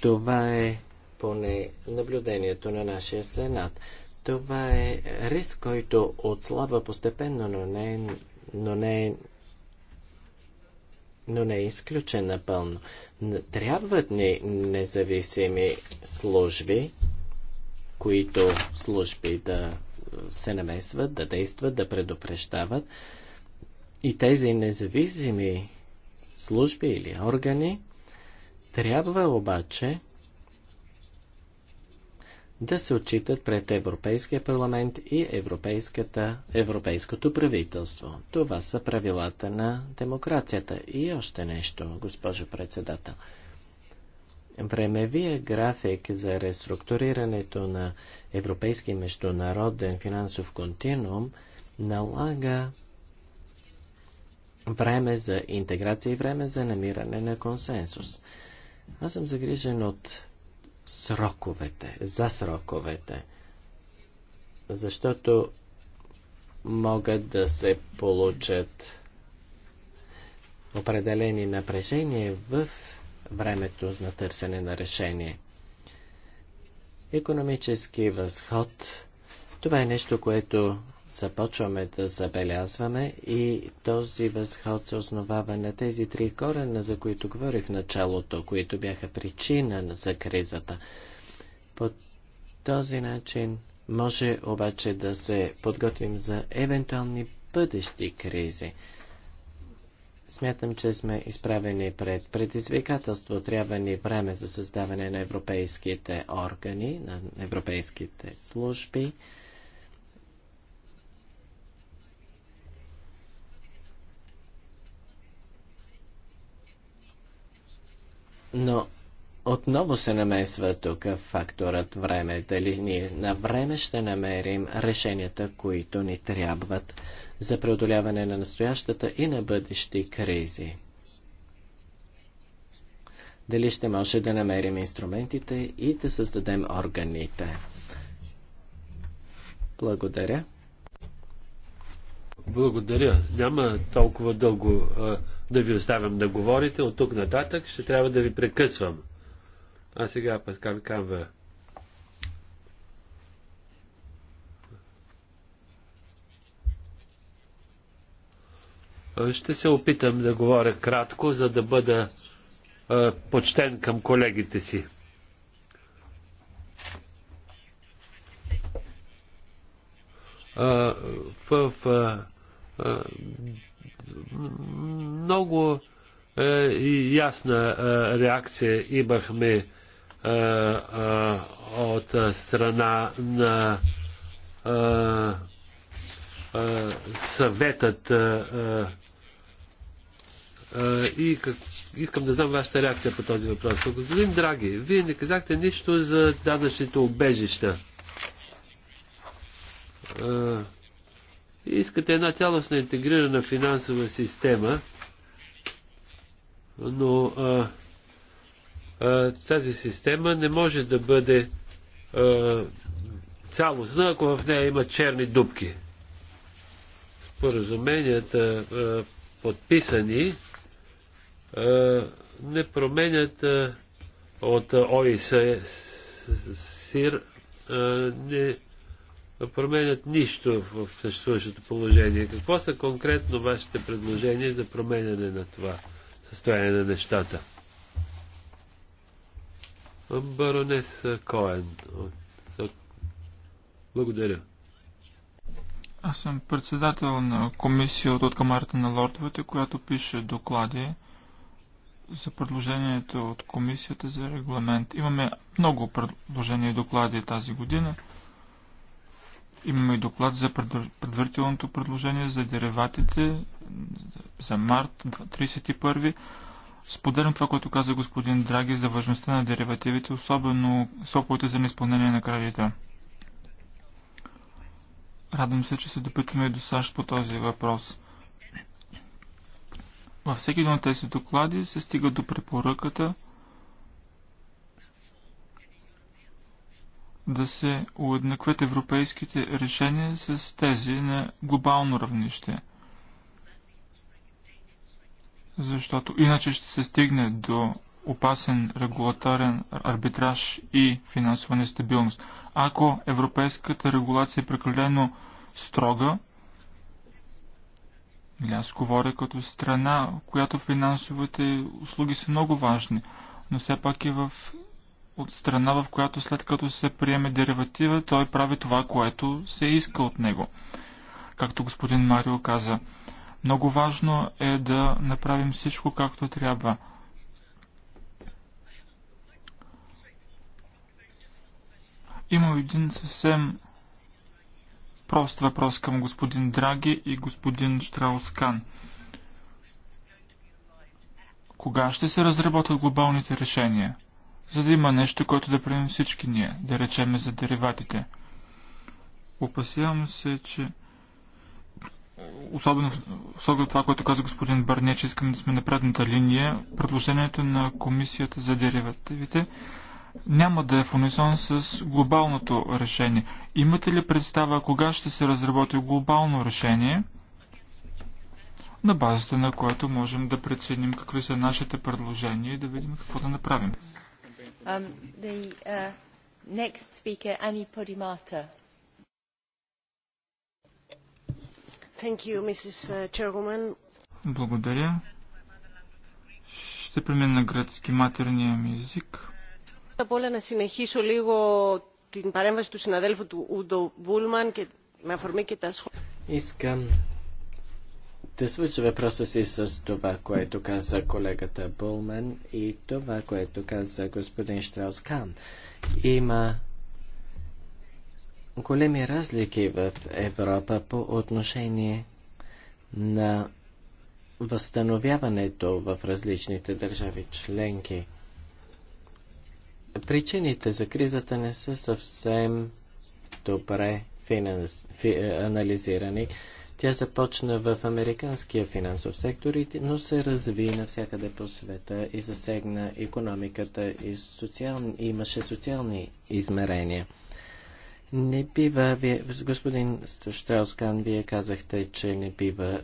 Това е поне наблюдението на нашия Сенат. Това е риск, който отслабва постепенно, но не, но не, но не е изключен напълно. Трябват ни независими служби, които служби да се намесват, да действат, да предупрещават, и тези независими служби или органи трябва обаче да се отчитат пред Европейския парламент и Европейската, Европейското правителство. Това са правилата на демокрацията. И още нещо, госпожо председател. Времевия график за реструктурирането на Европейски международен финансов континуум налага време за интеграция и време за намиране на консенсус. Аз съм загрижен от сроковете, за сроковете, защото могат да се получат определени напрежения в времето на търсене на решение. Економически възход – това е нещо, което започваме да забелязваме и този възход се основава на тези три корена, за които говорих в началото, които бяха причина за кризата. По този начин може обаче да се подготвим за евентуални бъдещи кризи. Смятам, че сме изправени пред предизвикателство. Трябва ни време за създаване на европейските органи, на европейските служби. Но отново се намесва тук факторът време. Дали ние на време ще намерим решенията, които ни трябват за преодоляване на настоящата и на бъдещи кризи. Дали ще може да намерим инструментите и да създадем органите. Благодаря. Благодаря. Няма толкова дълго да ви оставям да говорите. От тук нататък ще трябва да ви прекъсвам. А сега Паскал Камбе. Ще се опитам да говоря кратко, за да бъда е, почтен към колегите си. Е, в е, много е, и ясна е, реакция имахме е, от страна на съветът и как... искам да знам вашата реакция по този въпрос. Господин Драги, вие не казахте нищо за данъчните убежища. Искате една цялостна интегрирана финансова система, но а, а, тази система не може да бъде а, цялостна, ако в нея има черни дубки. Споразуменията, а, подписани, а, не променят а, от ОИС сир, а, не променят нищо в съществуващото положение. Какво са конкретно вашите предложения за променяне на това състояние на нещата? Баронес Коен. Благодаря. Аз съм председател на комисия от Камарата на лордовете, която пише доклади за предложението от комисията за регламент. Имаме много предложения и доклади тази година. Имаме и доклад за предварителното предложение за дериватите за март 31. Споделям това, което каза господин Драги за важността на деривативите, особено соповете за неизпълнение на кредита. Радвам се, че се допитваме и до САЩ по този въпрос. Във всеки един от тези доклади се стига до препоръката – да се уеднаквят европейските решения с тези на глобално равнище. Защото иначе ще се стигне до опасен регулаторен арбитраж и финансова нестабилност. Ако европейската регулация е прекалено строга, или аз говоря като страна, която финансовите услуги са много важни, но все пак е в от страна, в която след като се приеме дериватива, той прави това, което се иска от него. Както господин Марио каза, много важно е да направим всичко както трябва. Има един съвсем прост въпрос към господин Драги и господин Штраускан. Кога ще се разработят глобалните решения? за да има нещо, което да правим всички ние, да речеме за дериватите. Опасявам се, че особено с оглед това, което каза господин Барне, че искаме да сме на предната линия, предложението на комисията за деривативите няма да е в унисон с глобалното решение. Имате ли представа кога ще се разработи глобално решение, на базата на което можем да преценим какви са нашите предложения и да видим какво да направим? the uh, next speaker, Annie Podimata. Thank you, Mrs. Chairwoman. Благодаря. Ще премина на гръцки матерния ми език. Απ' όλα να συνεχίσω λίγο την παρέμβαση του συναδέλφου του Ούντο Μπούλμαν και με αφορμή και τα σχόλια. Искам да свържа въпроса си с това, което каза колегата Булман и това, което каза господин Штраус Кан. Има големи разлики в Европа по отношение на възстановяването в различните държави членки. Причините за кризата не са съвсем добре финанс... фи... анализирани. Тя започна в американския финансов сектор, но се разви навсякъде по света и засегна економиката и, социал... и имаше социални измерения. Не бива, вие, господин Штраускан, вие казахте, че не бива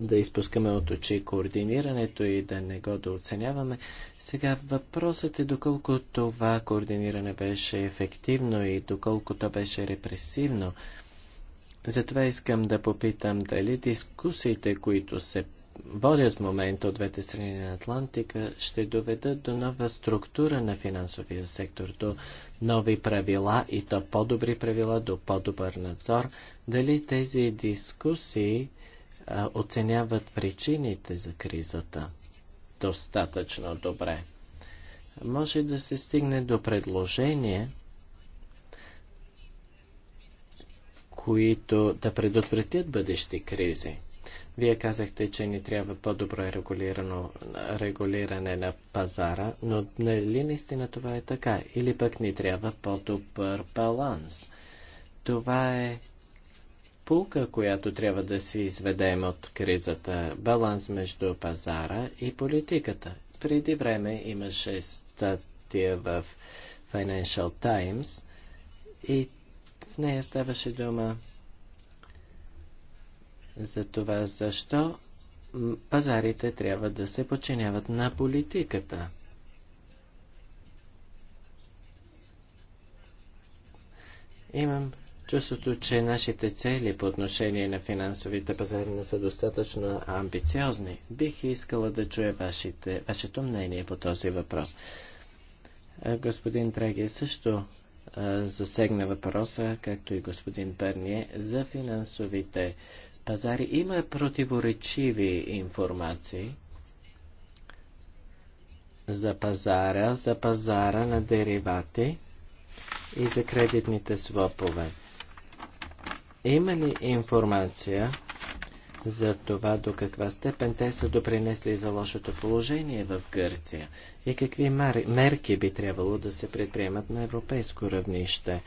да изпускаме от очи координирането и да не го дооценяваме. Сега въпросът е доколко това координиране беше ефективно и доколко то беше репресивно. Затова искам да попитам дали дискусиите, които се водят в момента от двете страни на Атлантика, ще доведат до нова структура на финансовия сектор, до нови правила и то по-добри правила, до по-добър надзор. Дали тези дискусии а, оценяват причините за кризата достатъчно добре? Може да се стигне до предложение – които да предотвратят бъдещи кризи. Вие казахте, че ни трябва по-добро регулирано, регулиране на пазара, но нали наистина това е така? Или пък ни трябва по-добър баланс? Това е пулка, която трябва да си изведем от кризата. Баланс между пазара и политиката. Преди време имаше статия в Financial Times и в нея ставаше дума за това, защо пазарите трябва да се подчиняват на политиката. Имам чувството, че нашите цели по отношение на финансовите пазари не са достатъчно амбициозни. Бих искала да чуя вашите, вашето мнение по този въпрос. Господин Драги също засегна въпроса, както и господин Берние, за финансовите пазари. Има противоречиви информации за пазара, за пазара на деривати и за кредитните слопове. Има ли информация за това до каква степен те са допринесли за лошото положение в Гърция и какви мерки би трябвало да се предприемат на европейско равнище,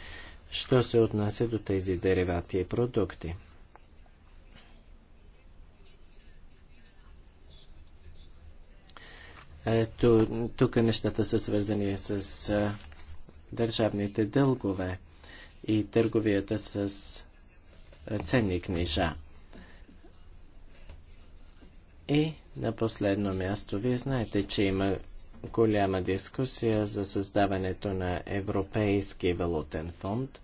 що се отнася до тези деривати и продукти. Ето, тук нещата са свързани с а, държавните дългове и търговията с а, ценни книжа. И на последно място, вие знаете, че има голяма дискусия за създаването на Европейски валутен фонд.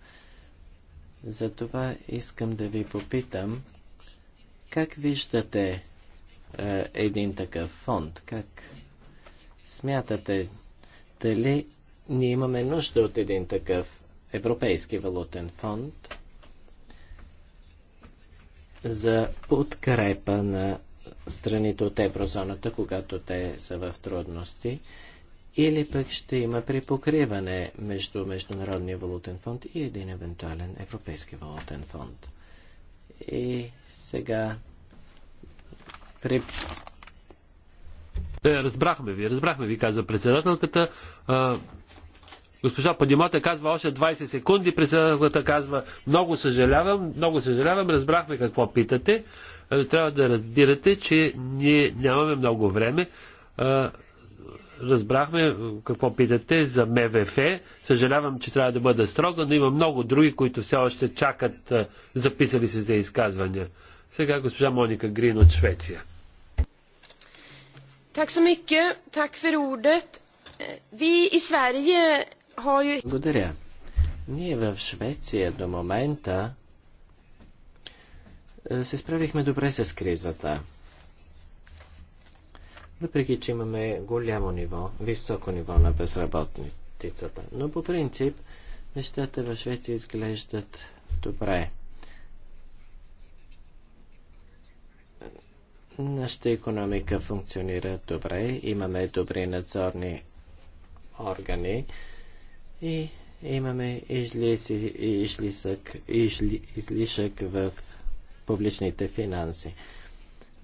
Затова искам да ви попитам, как виждате е, един такъв фонд? Как смятате, дали ние имаме нужда от един такъв Европейски валутен фонд за подкрепа на страните от еврозоната, когато те са в трудности, или пък ще има припокриване между Международния валутен фонд и един евентуален Европейски валутен фонд. И сега при... Е, разбрахме ви, разбрахме ви, каза председателката. А, госпожа Падимата казва още 20 секунди, председателката казва много съжалявам, много съжалявам, разбрахме какво питате. Е, трябва да разбирате, че ние нямаме много време. Е, разбрахме е, какво питате за МВФ. Съжалявам, че трябва да бъда строга, но има много други, които все още чакат, записали се за изказвания. Сега госпожа Моника Грин от Швеция. Так са мике, так för Ви и i Благодаря. Ние в Швеция до момента е, се справихме добре с кризата. Въпреки, че имаме голямо ниво, високо ниво на безработницата. Но по принцип, нещата в Швеция изглеждат добре. Нашата економика функционира добре, имаме добри надзорни органи и имаме излисък, излишък в публичните финанси.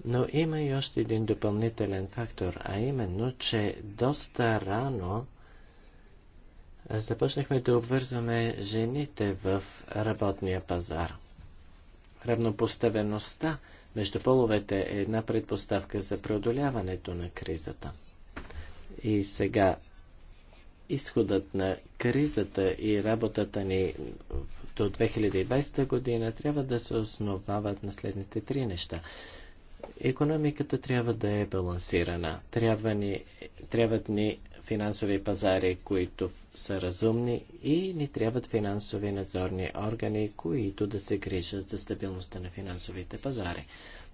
Но има и още един допълнителен фактор, а именно, че доста рано започнахме да обвързваме жените в работния пазар. Равнопоставеността между половете е една предпоставка за преодоляването на кризата. И сега изходът на кризата и работата ни в до 2020 година трябва да се основават на следните три неща. Економиката трябва да е балансирана. Трябва ни, трябват ни финансови пазари, които са разумни и ни трябват финансови надзорни органи, които да се грижат за стабилността на финансовите пазари.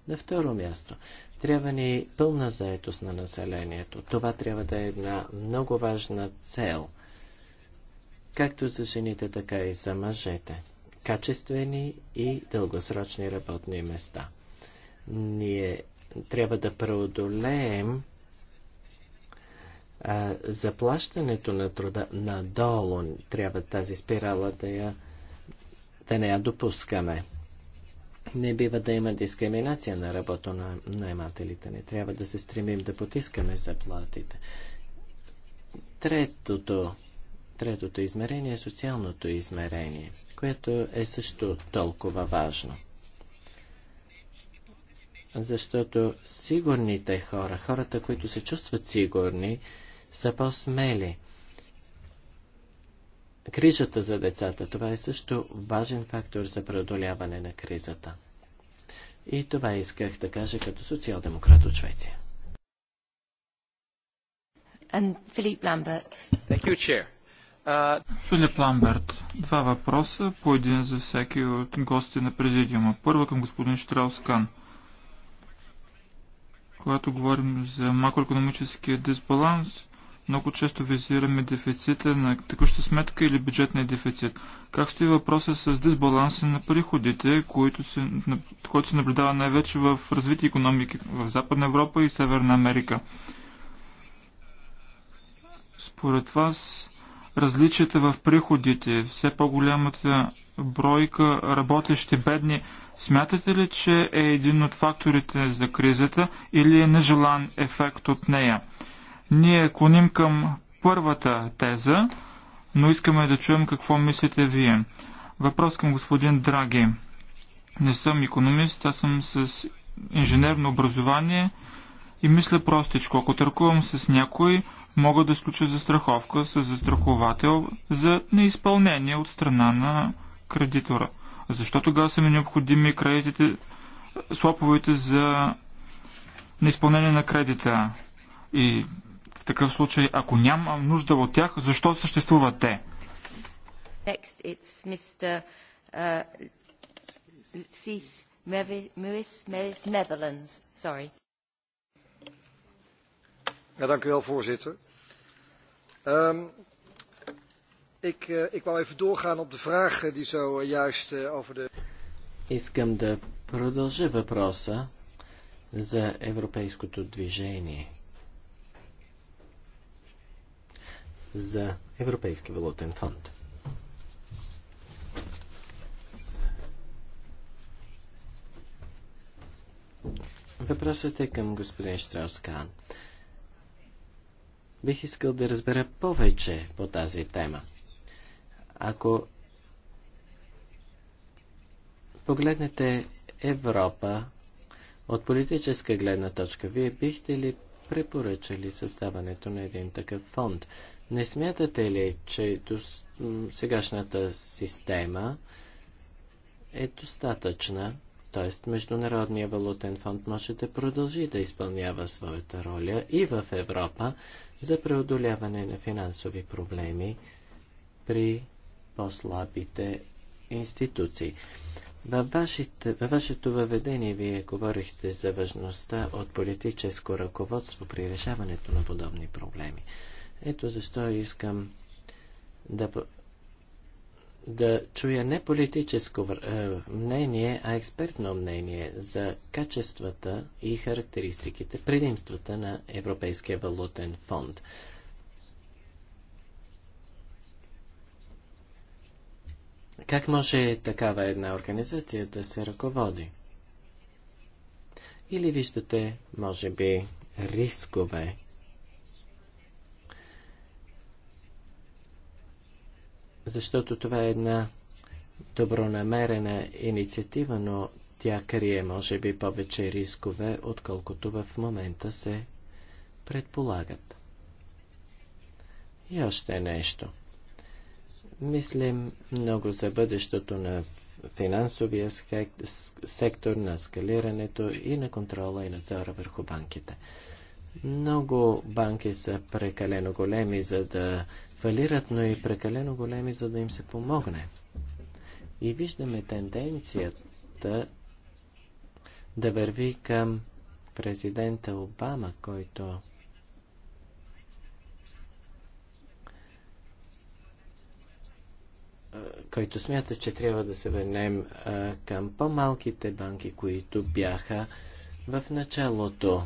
На второ място, трябва ни пълна заетост на населението. Това трябва да е една много важна цел – както за жените, така и за мъжете. Качествени и дългосрочни работни места. Ние трябва да преодолеем а, заплащането на труда надолу. Трябва тази спирала да, я, да не я допускаме. Не бива да има дискриминация на работа на наемателите. Не трябва да се стремим да потискаме заплатите. Третото Третото измерение е социалното измерение, което е също толкова важно. Защото сигурните хора, хората, които се чувстват сигурни, са по-смели. Крижата за децата, това е също важен фактор за преодоляване на кризата. И това исках да кажа като социал-демократ от Швеция. And Philippe Lambert. Thank you, Chair. Филип Ламберт, два въпроса, по един за всеки от гости на президиума. Първо към господин Кан. Когато говорим за макроекономическия дисбаланс, много често визираме дефицита на текуща сметка или бюджетния дефицит. Как стои въпроса с дисбаланса на приходите, който се, който се наблюдава най-вече в развити економики в Западна Европа и Северна Америка? Според вас, различията в приходите, все по-голямата бройка работещи бедни, смятате ли, че е един от факторите за кризата или е нежелан ефект от нея? Ние клоним към първата теза, но искаме да чуем какво мислите вие. Въпрос към господин Драги. Не съм економист, аз съм с инженерно образование и мисля простичко. Ако търкувам с някой, могат да сключат застраховка с застраховател за неизпълнение от страна на кредитора. Защо тогава са ми необходими кредитите, слоповете за неизпълнение на кредита? И в такъв случай, ако няма нужда от тях, защо съществуват те? Next, it's Mr. Uh, Cease Mewis, Mewis, Mewis, Netherlands. Sorry voorzitter. Ehm, eh, ik, wou even doorgaan op de vraag die zojuist eh, eh, over de... Искам да продължа въпроса за европейското движение. За Европейски валутен фонд. Въпросът е към господин Штраускан. Бих искал да разбера повече по тази тема. Ако погледнете Европа от политическа гледна точка, вие бихте ли препоръчали създаването на един такъв фонд? Не смятате ли, че сегашната система е достатъчна т.е., Международния валутен фонд може да продължи да изпълнява своята роля и в Европа за преодоляване на финансови проблеми при по-слабите институции. Във, вашите, във вашето въведение вие говорихте за важността от политическо ръководство при решаването на подобни проблеми. Ето защо искам да да чуя не политическо е, мнение, а експертно мнение за качествата и характеристиките, предимствата на Европейския валутен фонд. Как може такава една организация да се ръководи? Или виждате, може би, рискове защото това е една добронамерена инициатива, но тя крие, може би, повече рискове, отколкото в момента се предполагат. И още нещо. Мислим много за бъдещето на финансовия сектор, на скалирането и на контрола и надзора върху банките. Много банки са прекалено големи, за да фалират, но и прекалено големи, за да им се помогне. И виждаме тенденцията да върви към президента Обама, който който смята, че трябва да се върнем а, към по-малките банки, които бяха в началото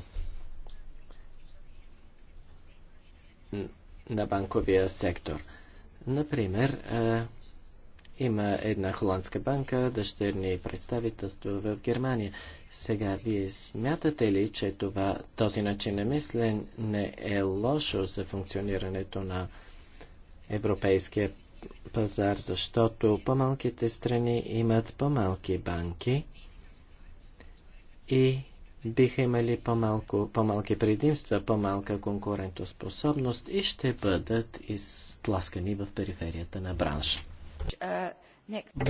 на банковия сектор. Например, е, има една холандска банка, дъщерни представителства в Германия. Сега, вие смятате ли, че това, този начин на мислен не е лошо за функционирането на европейския пазар, защото по-малките страни имат по-малки банки и биха имали по-малко, по-малки предимства, по-малка конкурентоспособност и ще бъдат изтласкани в периферията на бранша.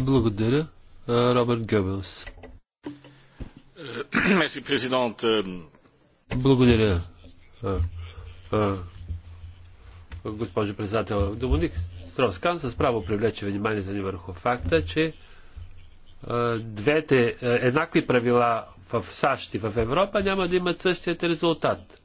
Благодаря. Робърт Гъбелс. Меси президент. Благодаря. Госпожо председател, Домоник Строскан с право привлече вниманието ни върху факта, че двете еднакви правила в САЩ и в Европа, няма да имат същият резултат.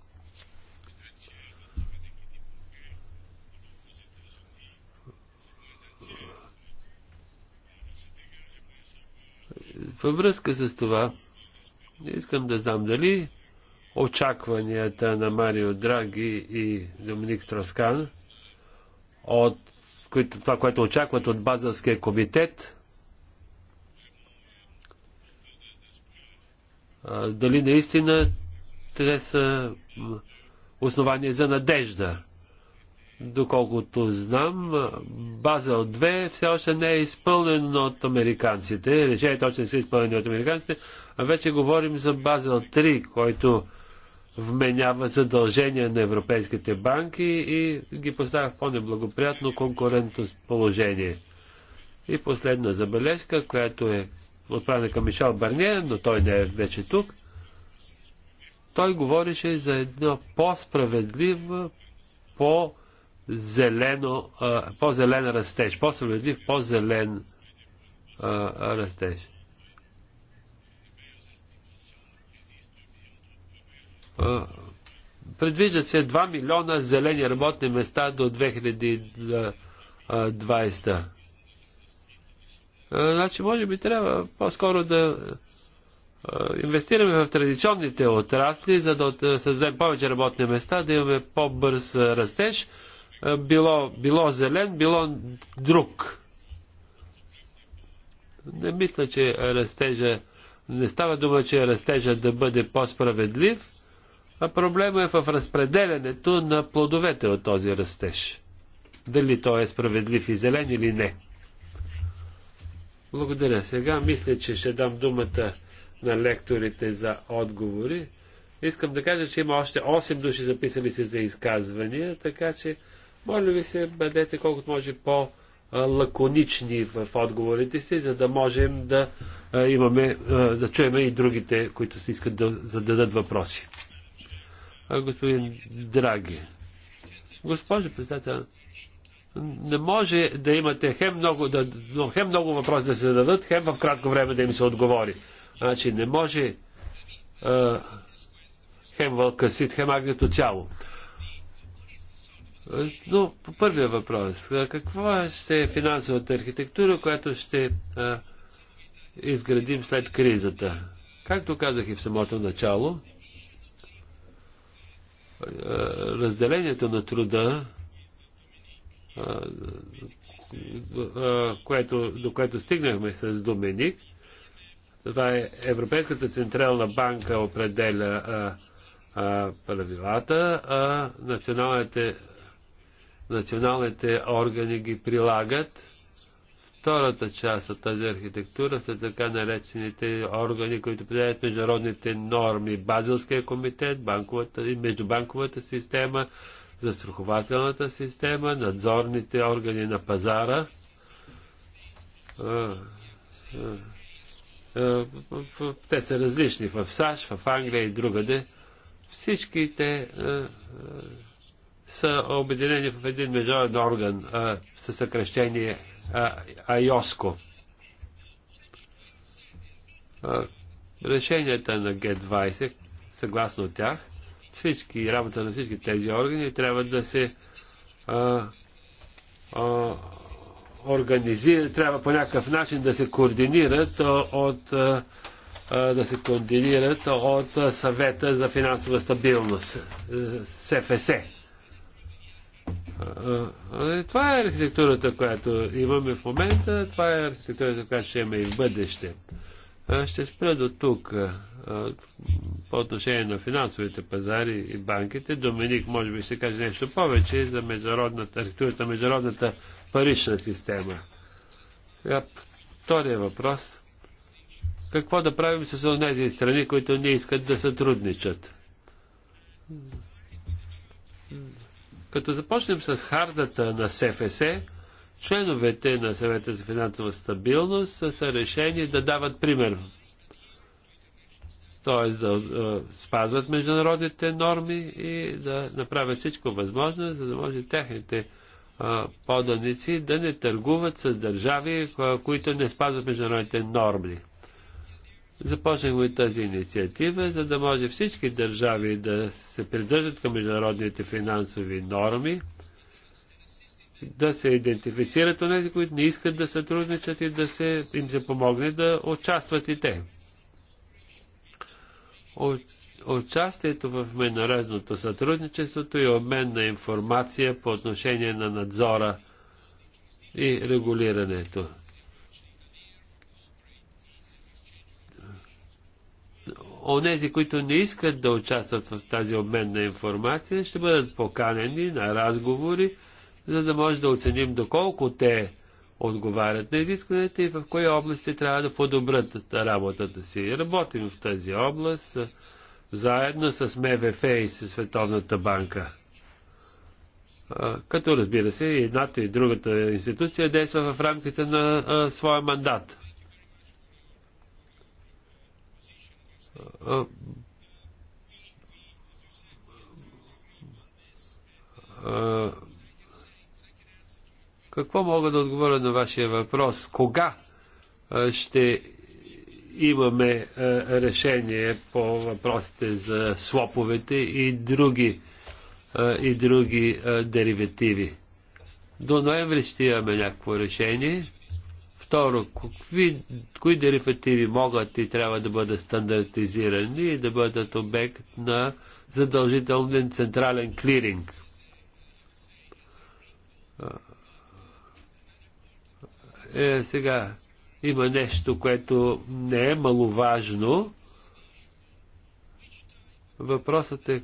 Във връзка с това, искам да знам дали очакванията на Марио Драги и Доминик Троскан от които, това, което очакват от базарския комитет, дали наистина те са основания за надежда. Доколкото знам, Базел 2 все още не е изпълнен от американците. Решението още не са изпълнени от американците. А вече говорим за Базел 3, който вменява задължения на европейските банки и ги поставя в по-неблагоприятно конкурентно положение. И последна забележка, която е отправена към Мишел Барне, но той не е вече тук. Той говореше за едно по-справедливо, по-зелено, по-зелен растеж, по-справедлив, по-зелен растеж. Предвижда се 2 милиона зелени работни места до 2020. Е, значи, може би трябва по-скоро да е, инвестираме в традиционните отрасли, за да създадем повече работни места, да имаме по-бърз е, растеж, било, било зелен, било друг. Не мисля, че растежа, не става дума, че растежа да бъде по-справедлив, а проблема е в разпределенето на плодовете от този растеж. Дали той е справедлив и зелен или не. Благодаря. Сега мисля, че ще дам думата на лекторите за отговори. Искам да кажа, че има още 8 души записали се за изказвания, така че моля ви се, бъдете колкото може по-лаконични в отговорите си, за да можем да имаме, да чуем и другите, които се искат да зададат въпроси. Господин Драги, госпожо председател, не може да имате хем много, да, хем много въпроси да се зададат, хем в кратко време да им се отговори. Значи не може а, хем вълкасит, хем агнето цяло. Но по първия въпрос, каква ще е финансовата архитектура, която ще а, изградим след кризата? Както казах и в самото начало, а, разделението на труда което, до което стигнахме с Доминик. Това е Европейската централна банка определя а, а, правилата, а националните, националните органи ги прилагат. Втората част от тази архитектура са така наречените органи, които прилагат международните норми. Базилския комитет, банковата, междубанковата система, застрахователната система, надзорните органи на пазара. Те са различни в САЩ, в Англия и другаде. Всички те са обединени в един международен орган със съкрещение АЙОСКО. Решенията на Г-20, съгласно тях, всички, работа на всички тези органи трябва да се а, а, организира, трябва по някакъв начин да се координират от а, да се координират от съвета за финансова стабилност, СФС. Е, това е архитектурата, която имаме в момента, това е архитектурата, която ще имаме и в бъдеще. Ще спра до тук по отношение на финансовите пазари и банките. Доминик, може би, ще каже нещо повече за международната, архитектурата международната парична система. Сега, втория въпрос. Какво да правим с тези страни, които не искат да сътрудничат? Като започнем с хардата на СФС, членовете на съвета за финансова стабилност са решени да дават пример т.е. да спазват международните норми и да направят всичко възможно, за да може техните поданици да не търгуват с държави, които не спазват международните норми. Започнахме тази инициатива, за да може всички държави да се придържат към международните финансови норми, да се идентифицират от тези, които не искат да сътрудничат и да се, им се помогне да участват и те участието в международното сътрудничеството и обмен на информация по отношение на надзора и регулирането. Онези, които не искат да участват в тази обмен на информация, ще бъдат поканени на разговори, за да може да оценим доколко те отговарят на изискванията и в кои области трябва да подобрят работата си. Работим в тази област заедно с МВФ и с Световната банка. Като разбира се, едната и другата институция действа в рамките на своя мандат. А, а, какво мога да отговоря на вашия въпрос? Кога ще имаме решение по въпросите за слоповете и други, и други деривативи? До ноември ще имаме някакво решение. Второ, кои, кои деривативи могат и трябва да бъдат стандартизирани и да бъдат обект на задължителен централен клиринг? е, сега има нещо, което не е маловажно. Въпросът е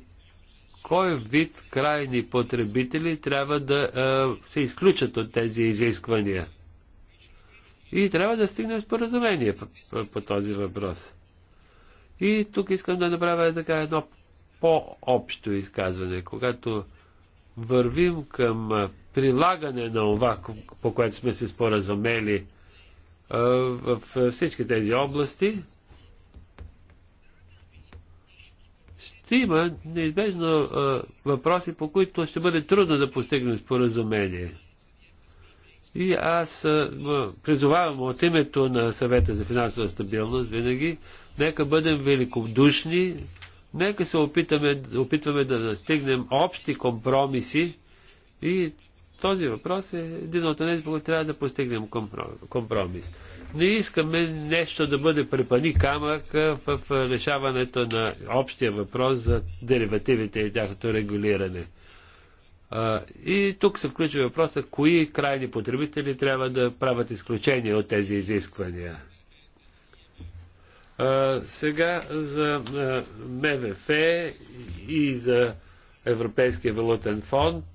кой вид крайни потребители трябва да е, се изключат от тези изисквания. И трябва да стигне споразумение по, по, по този въпрос. И тук искам да направя така едно по-общо изказване. Когато вървим към прилагане на това, по което сме се споразумели в всички тези области, ще има неизбежно въпроси, по които ще бъде трудно да постигнем споразумение. И аз призовавам от името на съвета за финансова стабилност винаги, нека бъдем великодушни, Нека се опитаме, опитваме да настигнем общи компромиси и този въпрос е един от тези, по трябва да постигнем компромис. Не искаме нещо да бъде препани камък в решаването на общия въпрос за деривативите и тяхното регулиране. И тук се включва въпроса, кои крайни потребители трябва да правят изключение от тези изисквания. Сега за МВФ и за Европейския валутен фонд.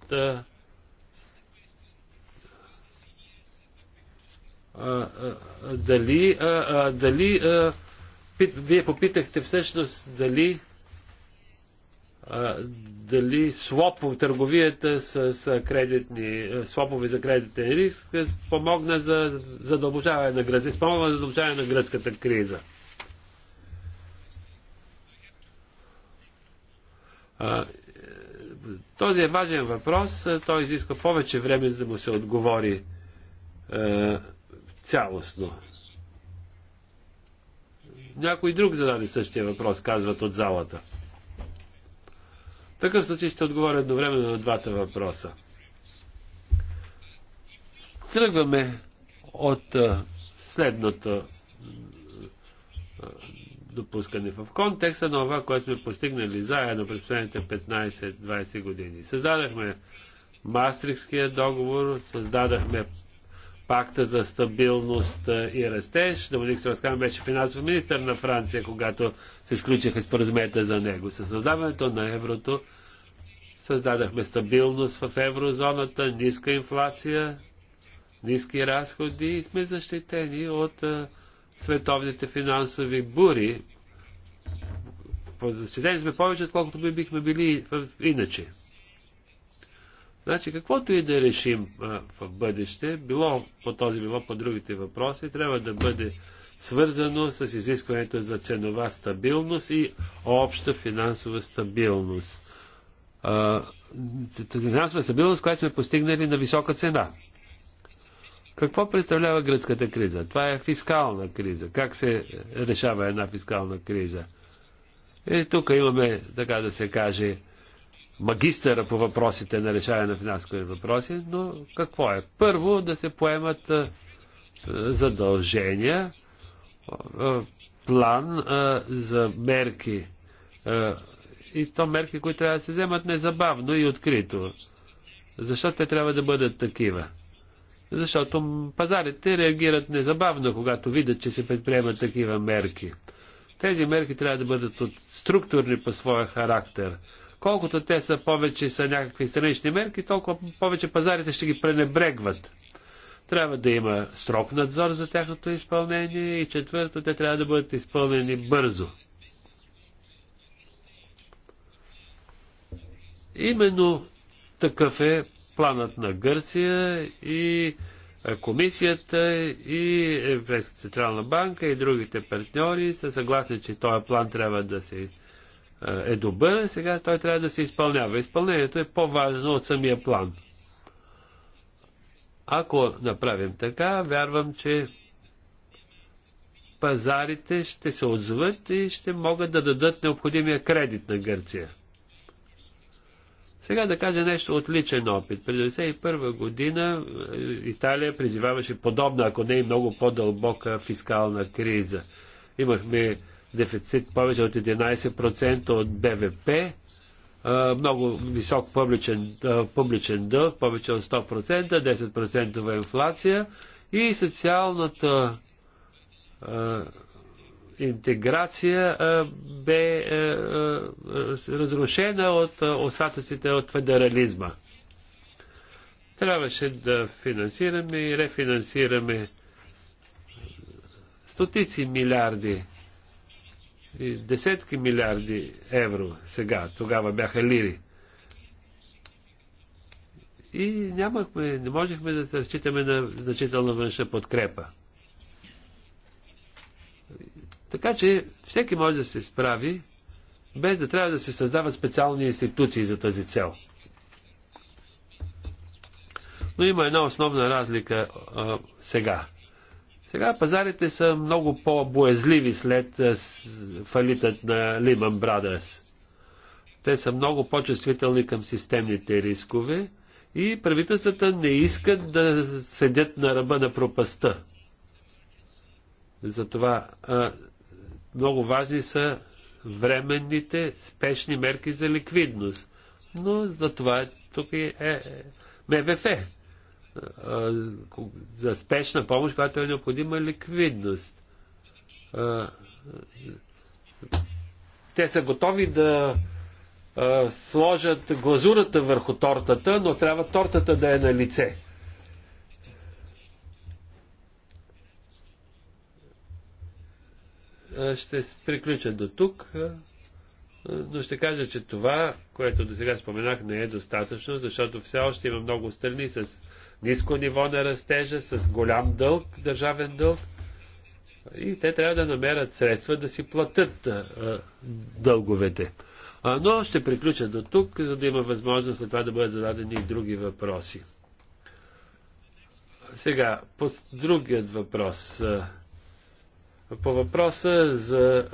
Дали, дали вие попитахте всъщност дали дали слопове, търговията с, с кредитни, слопове за кредитен риск помогна за задълбочаване на, за на гръцката криза. Е, този е важен въпрос. Е, той изисква повече време, за да му се отговори е, цялостно. Някой друг зададе същия въпрос, казват от залата. такъв случай ще отговоря едновременно на двата въпроса. Тръгваме от следното допускане в контекста на това, което сме постигнали заедно през последните 15-20 години. Създадахме Мастрихския договор, създадахме пакта за стабилност и растеж. Доминик Сраскан беше финансов министр на Франция, когато се изключиха споразумета за него. Със създаването на еврото създадахме стабилност в еврозоната, ниска инфлация, ниски разходи и сме защитени от световните финансови бури. Позаседени сме повече, отколкото би бихме били иначе. Значи, каквото и да решим в бъдеще, било по този, било по другите въпроси, трябва да бъде свързано с изискването за ценова стабилност и обща финансова стабилност. финансова стабилност, която сме постигнали на висока цена. Какво представлява гръцката криза? Това е фискална криза. Как се решава една фискална криза? И тук имаме, така да се каже, магистъра по въпросите на решаване на финансови въпроси, но какво е? Първо да се поемат задължения, план за мерки и то мерки, които трябва да се вземат незабавно и открито. Защо те трябва да бъдат такива? защото пазарите реагират незабавно, когато видят, че се предприемат такива мерки. Тези мерки трябва да бъдат от структурни по своя характер. Колкото те са повече са някакви странични мерки, толкова повече пазарите ще ги пренебрегват. Трябва да има строг надзор за тяхното изпълнение и четвърто, те трябва да бъдат изпълнени бързо. Именно такъв е планът на Гърция и е, комисията и Европейска централна банка и другите партньори са съгласни, че този план трябва да се е, е добър, сега той трябва да се изпълнява. Изпълнението е по-важно от самия план. Ако направим така, вярвам, че пазарите ще се отзват и ще могат да дадат необходимия кредит на Гърция. Сега да кажа нещо от личен опит. През 1991 година е, Италия призиваваше подобна, ако не и много по-дълбока фискална криза. Имахме дефицит повече от 11% от БВП, е, много висок публичен, е, публичен дълг, повече от 100%, 10% инфлация и социалната интеграция бе разрушена от остатъците от федерализма. Трябваше да финансираме и рефинансираме стотици милиарди и десетки милиарди евро сега, тогава бяха лири. И нямахме, не можехме да се разчитаме на значителна външна подкрепа. Така че всеки може да се справи, без да трябва да се създават специални институции за тази цел. Но има една основна разлика а, сега. Сега пазарите са много по-боязливи след а, с, фалитът на Lehman Brothers. Те са много по-чувствителни към системните рискове и правителствата не искат да седят на ръба на пропаста. Затова а, много важни са временните спешни мерки за ликвидност. Но за това е- тук е, е, е МВФ. За спешна помощ, която е необходима е ликвидност. Те са готови да сложат глазурата върху тортата, но трябва тортата да е на лице. Ще приключа до тук, но ще кажа, че това, което до сега споменах, не е достатъчно, защото все още има много страни с ниско ниво на растежа, с голям дълг, държавен дълг. И те трябва да намерят средства да си платят дълговете. но ще приключа до тук, за да има възможност след това да бъдат зададени и други въпроси. Сега, под другият въпрос по въпроса за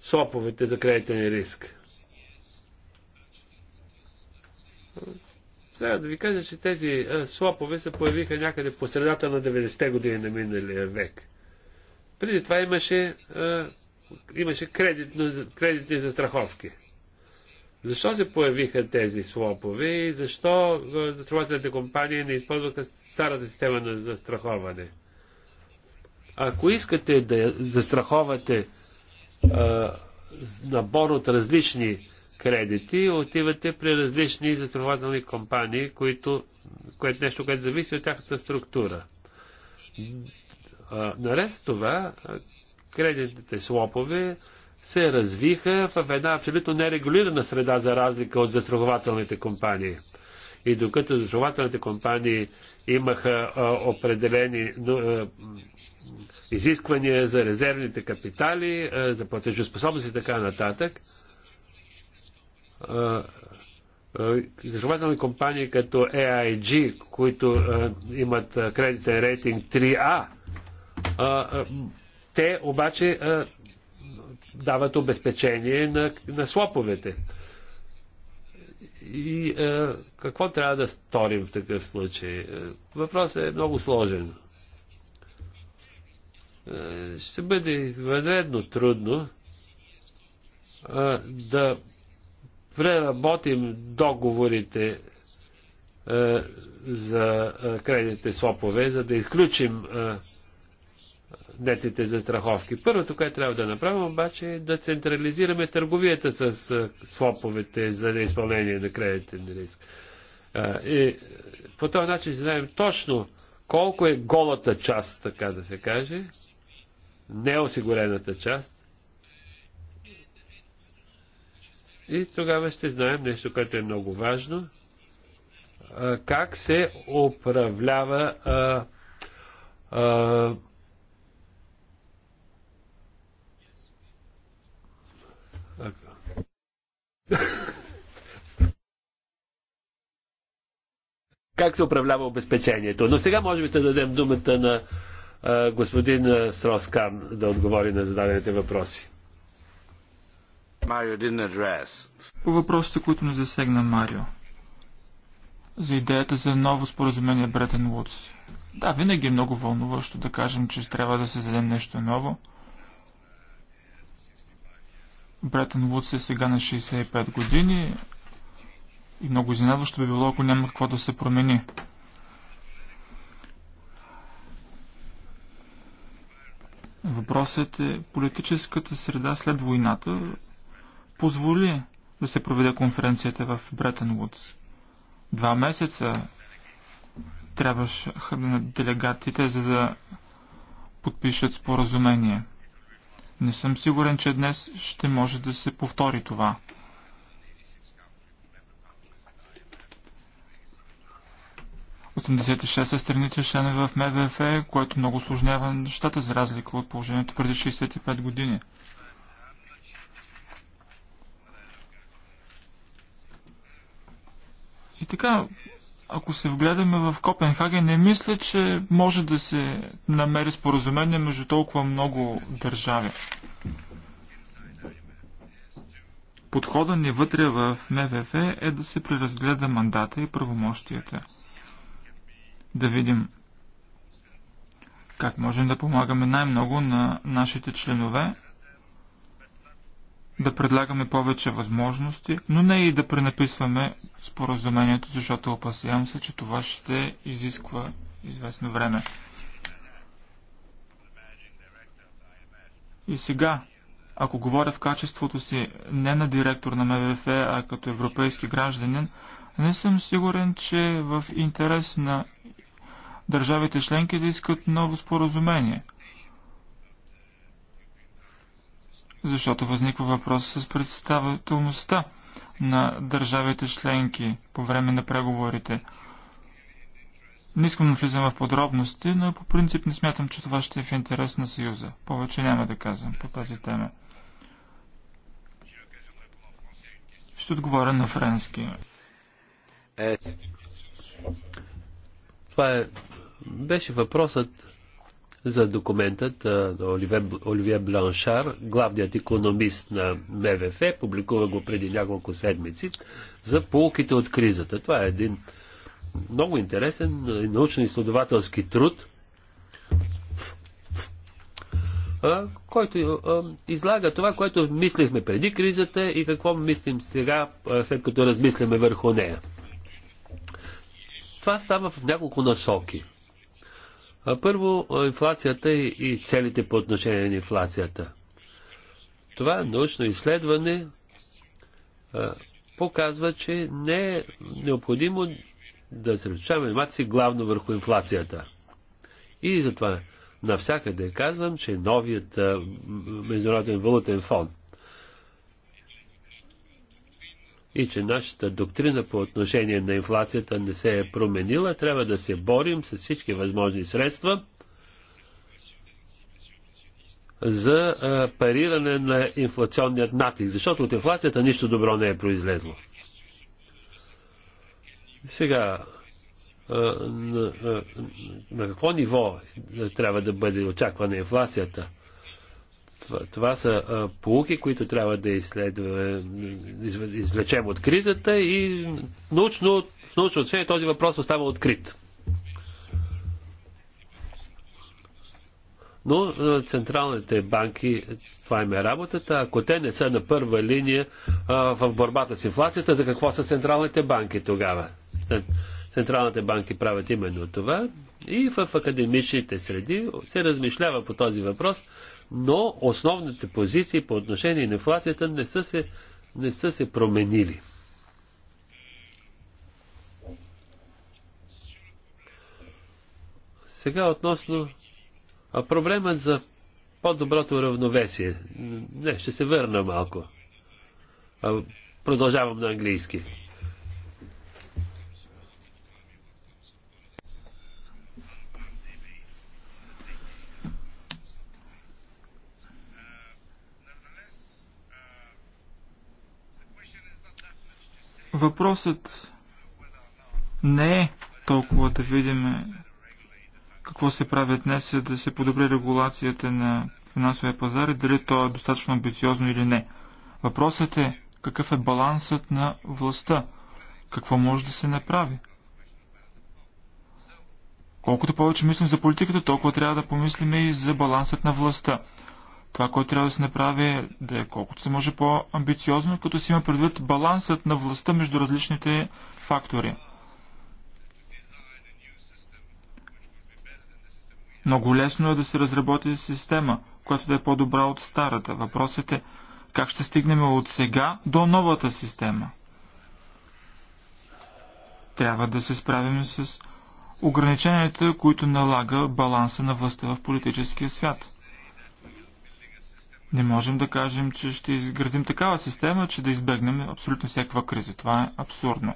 слоповете за кредитен риск. Трябва да ви кажа, че тези слопове се появиха някъде по средата на 90-те години на миналия век. Преди това имаше, а, имаше кредитно, кредитни застраховки. Защо се появиха тези слопове и защо застрахователните компании не използваха старата система на застраховане? Ако искате да застраховате а, набор от различни кредити, отивате при различни застрахователни компании, които, което нещо, което зависи от тяхната структура. А, наред с това, кредитните слопове се развиха в една абсолютно нерегулирана среда за разлика от застрахователните компании. И докато заснователните компании имаха а, определени но, а, изисквания за резервните капитали, а, за платежоспособност и така нататък, заснователни компании като AIG, които имат кредитен рейтинг 3А, те обаче дават обезпечение на, на слоповете. И е, какво трябва да сторим в такъв случай? Е, въпросът е много сложен. Е, ще бъде изведено трудно е, да преработим договорите е, за е, крайните слопове, за да изключим нетните застраховки. Първото, което трябва да направим обаче е да централизираме търговията с слоповете за неизпълнение на кредитен риск. И по този начин знаем точно колко е голата част, така да се каже, неосигурената част. И тогава ще знаем нещо, което е много важно. Как се управлява как се управлява обезпечението. Но сега можем да дадем думата на а, господин Строскан да отговори на зададените въпроси. По въпросите, които не засегна Марио. За идеята за ново споразумение Бретен Вудс. Да, винаги е много вълнуващо да кажем, че трябва да създадем нещо ново. Бретън Вудс е сега на 65 години и много изненадващо би било, ако няма какво да се промени. Въпросът е политическата среда след войната позволи да се проведе конференцията в Бретън Вудс. Два месеца трябваше на делегатите, за да подпишат споразумение – не съм сигурен, че днес ще може да се повтори това. са страница членове в МВФ, което много осложнява нещата за разлика от положението преди 65 години. И така, ако се вгледаме в Копенхаген, не мисля, че може да се намери споразумение между толкова много държави. Подходът ни вътре в МВФ е да се преразгледа мандата и правомощията. Да видим как можем да помагаме най-много на нашите членове да предлагаме повече възможности, но не и да пренаписваме споразумението, защото опасявам се, че това ще изисква известно време. И сега, ако говоря в качеството си не на директор на МВФ, а като европейски гражданин, не съм сигурен, че е в интерес на държавите членки да искат ново споразумение – защото възниква въпрос с представителността на държавите членки по време на преговорите. Не искам да влизам в подробности, но по принцип не смятам, че това ще е в интерес на Съюза. Повече няма да казвам по тази тема. Ще отговоря на френски. Е, това е, беше въпросът за документът на Оливия Бланшар, главният економист на МВФ, публикува го преди няколко седмици, за полуките от кризата. Това е един много интересен научно-изследователски труд, който излага това, което мислихме преди кризата и какво мислим сега, след като размисляме върху нея. Това става в няколко насоки. Първо, инфлацията и целите по отношение на инфлацията. Това научно изследване показва, че не е необходимо да се различаваме вниманието главно върху инфлацията. И затова навсякъде казвам, че новият Международен валутен фонд – и че нашата доктрина по отношение на инфлацията не се е променила. Трябва да се борим с всички възможни средства за париране на инфлационният натиск, защото от инфлацията нищо добро не е произлезло. Сега, на, какво ниво трябва да бъде очаквана инфлацията? Това, това са а, полуки, които трябва да изследва, извлечем от кризата и научно, в научно отношение този въпрос остава открит. Но централните банки, това им е работата. Ако те не са на първа линия а, в борбата с инфлацията, за какво са централните банки тогава? Централните банки правят именно това. И в академичните среди се размишлява по този въпрос но основните позиции по отношение на инфлацията не са се, не са се променили. Сега относно а проблемът за по-доброто равновесие. Не, ще се върна малко. А, продължавам на английски. Въпросът не е толкова да видим какво се прави днес, е да се подобри регулацията на финансовия пазар и дали то е достатъчно амбициозно или не. Въпросът е какъв е балансът на властта, какво може да се направи. Колкото повече мислим за политиката, толкова трябва да помислим и за балансът на властта. Това, което трябва да се направи, е да е колкото се може по-амбициозно, като си има предвид балансът на властта между различните фактори. Много лесно е да се разработи система, която да е по-добра от старата. Въпросът е как ще стигнем от сега до новата система. Трябва да се справим с ограниченията, които налага баланса на властта в политическия свят. Не можем да кажем, че ще изградим такава система, че да избегнем абсолютно всякаква криза. Това е абсурдно.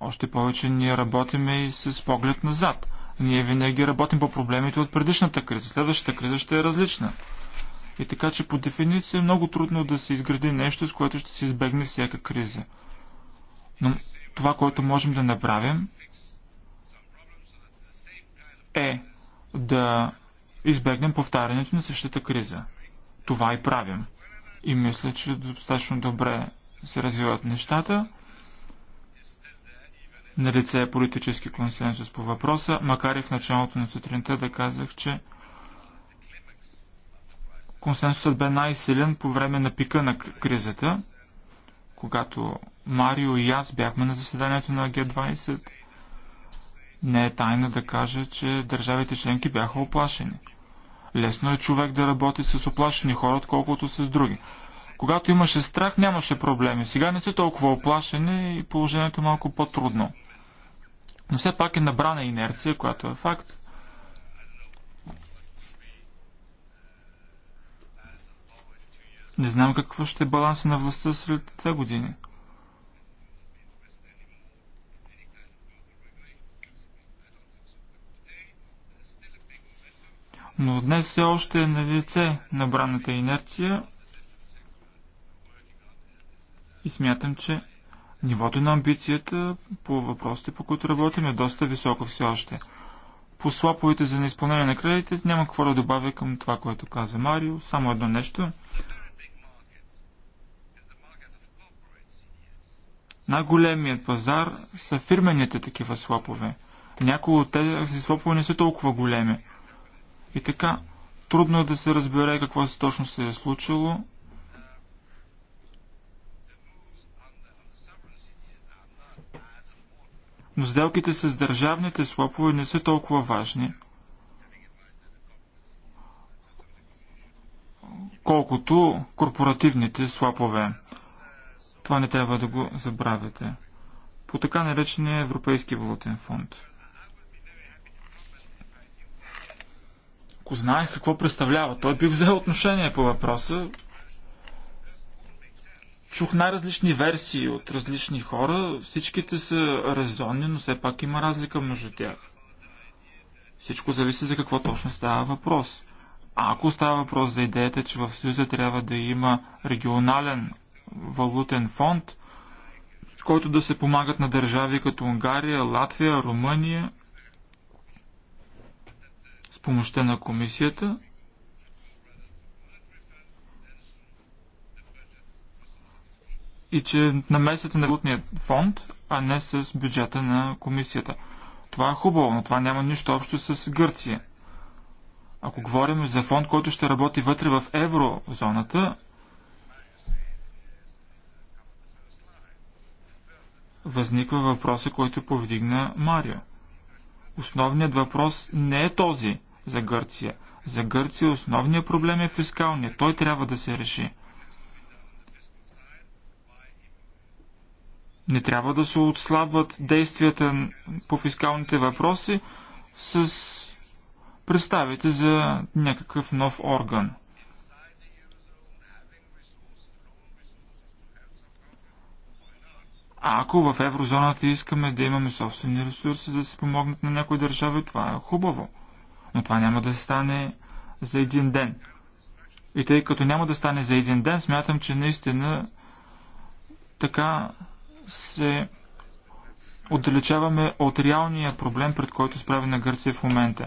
Още повече ние работиме и с поглед назад. Ние винаги работим по проблемите от предишната криза. Следващата криза ще е различна. И така, че по дефиниция е много трудно да се изгради нещо, с което ще се избегне всяка криза. Но това, което можем да направим, е да избегнем повтарянето на същата криза. Това и правим. И мисля, че достатъчно добре се развиват нещата. лице е политически консенсус по въпроса, макар и в началото на сутринта да казах, че консенсусът бе най-силен по време на пика на кризата, когато Марио и аз бяхме на заседанието на Г-20. Не е тайна да кажа, че държавите членки бяха оплашени. Лесно е човек да работи с оплашени хора, отколкото с други. Когато имаше страх, нямаше проблеми. Сега не са толкова оплашени и положението е малко по-трудно. Но все пак е набрана инерция, която е факт. Не знам какво ще е баланса на властта след две години. но днес все още е на лице набраната инерция и смятам, че нивото на амбицията по въпросите, по които работим, е доста високо все още. По слаповете за неизпълнение на кредитите няма какво да добавя към това, което каза Марио. Само едно нещо. Най-големият пазар са фирмените такива слапове. Някои от тези слапове не са толкова големи. И така, трудно е да се разбере какво се точно се е случило. Но сделките с държавните слопове не са толкова важни, колкото корпоративните слапове. Това не трябва да го забравяте. По така наречения Европейски валутен фонд – ако знаех какво представлява, той би взел отношение по въпроса. Чух най-различни версии от различни хора. Всичките са резонни, но все пак има разлика между тях. Всичко зависи за какво точно става въпрос. А ако става въпрос за идеята, че в Съюза трябва да има регионален валутен фонд, който да се помагат на държави като Унгария, Латвия, Румъния, помощта на комисията. И че намесата на валутния фонд, а не с бюджета на комисията. Това е хубаво, но това няма нищо общо с Гърция. Ако говорим за фонд, който ще работи вътре в еврозоната, възниква въпроса, който повдигна Марио. Основният въпрос не е този за Гърция. За Гърция основният проблем е фискалният. Той трябва да се реши. Не трябва да се отслабват действията по фискалните въпроси с представите за някакъв нов орган. А ако в еврозоната искаме да имаме собствени ресурси да се помогнат на някои държави, това е хубаво. Но това няма да стане за един ден. И тъй като няма да стане за един ден, смятам, че наистина така се отдалечаваме от реалния проблем, пред който справи на Гърция в момента.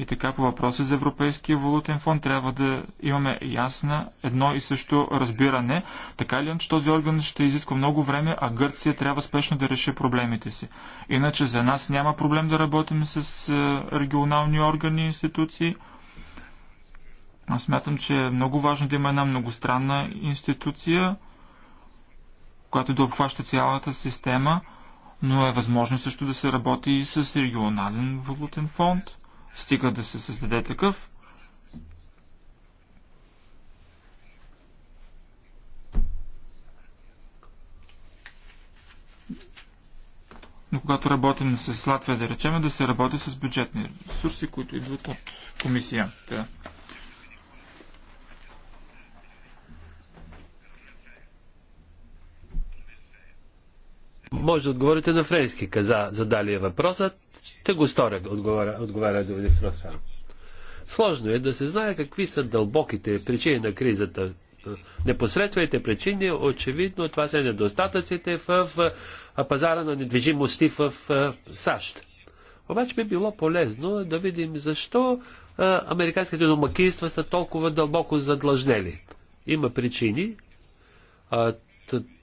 И така по въпроса за Европейския валутен фонд трябва да имаме ясна едно и също разбиране. Така ли, е, че този орган ще изисква много време, а Гърция трябва спешно да реши проблемите си. Иначе за нас няма проблем да работим с е, регионални органи и институции. Аз смятам, че е много важно да има една многостранна институция, която да обхваща цялата система, но е възможно също да се работи и с регионален валутен фонд – стига да се създаде такъв. Но когато работим с Латвия, да речем, да се работи с бюджетни ресурси, които идват от комисията. Може да отговорите на френски, каза задалия е въпросът. Ще го сторя, отговаря, отговаря Давидов Сложно е да се знае какви са дълбоките причини на кризата. Непосредствените причини, очевидно, това са недостатъците в пазара на недвижимости в САЩ. Обаче би било полезно да видим защо американските домакинства са толкова дълбоко задлъжнели. Има причини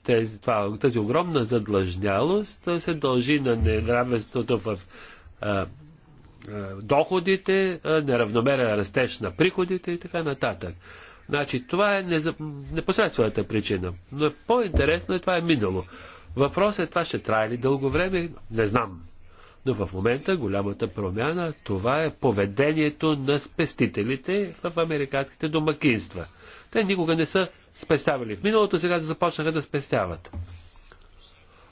тези, това, тази огромна задлъжнялост се дължи на неравенството в а, а, доходите, неравномерен растеж на приходите и така нататък. Значи, това е непосредствената причина. Но по-интересно е, това е минало. Въпросът е, това ще трае ли дълго време? Не знам. Но в момента голямата промяна, това е поведението на спестителите в американските домакинства. Те никога не са спестявали в миналото, сега започнаха да спестяват.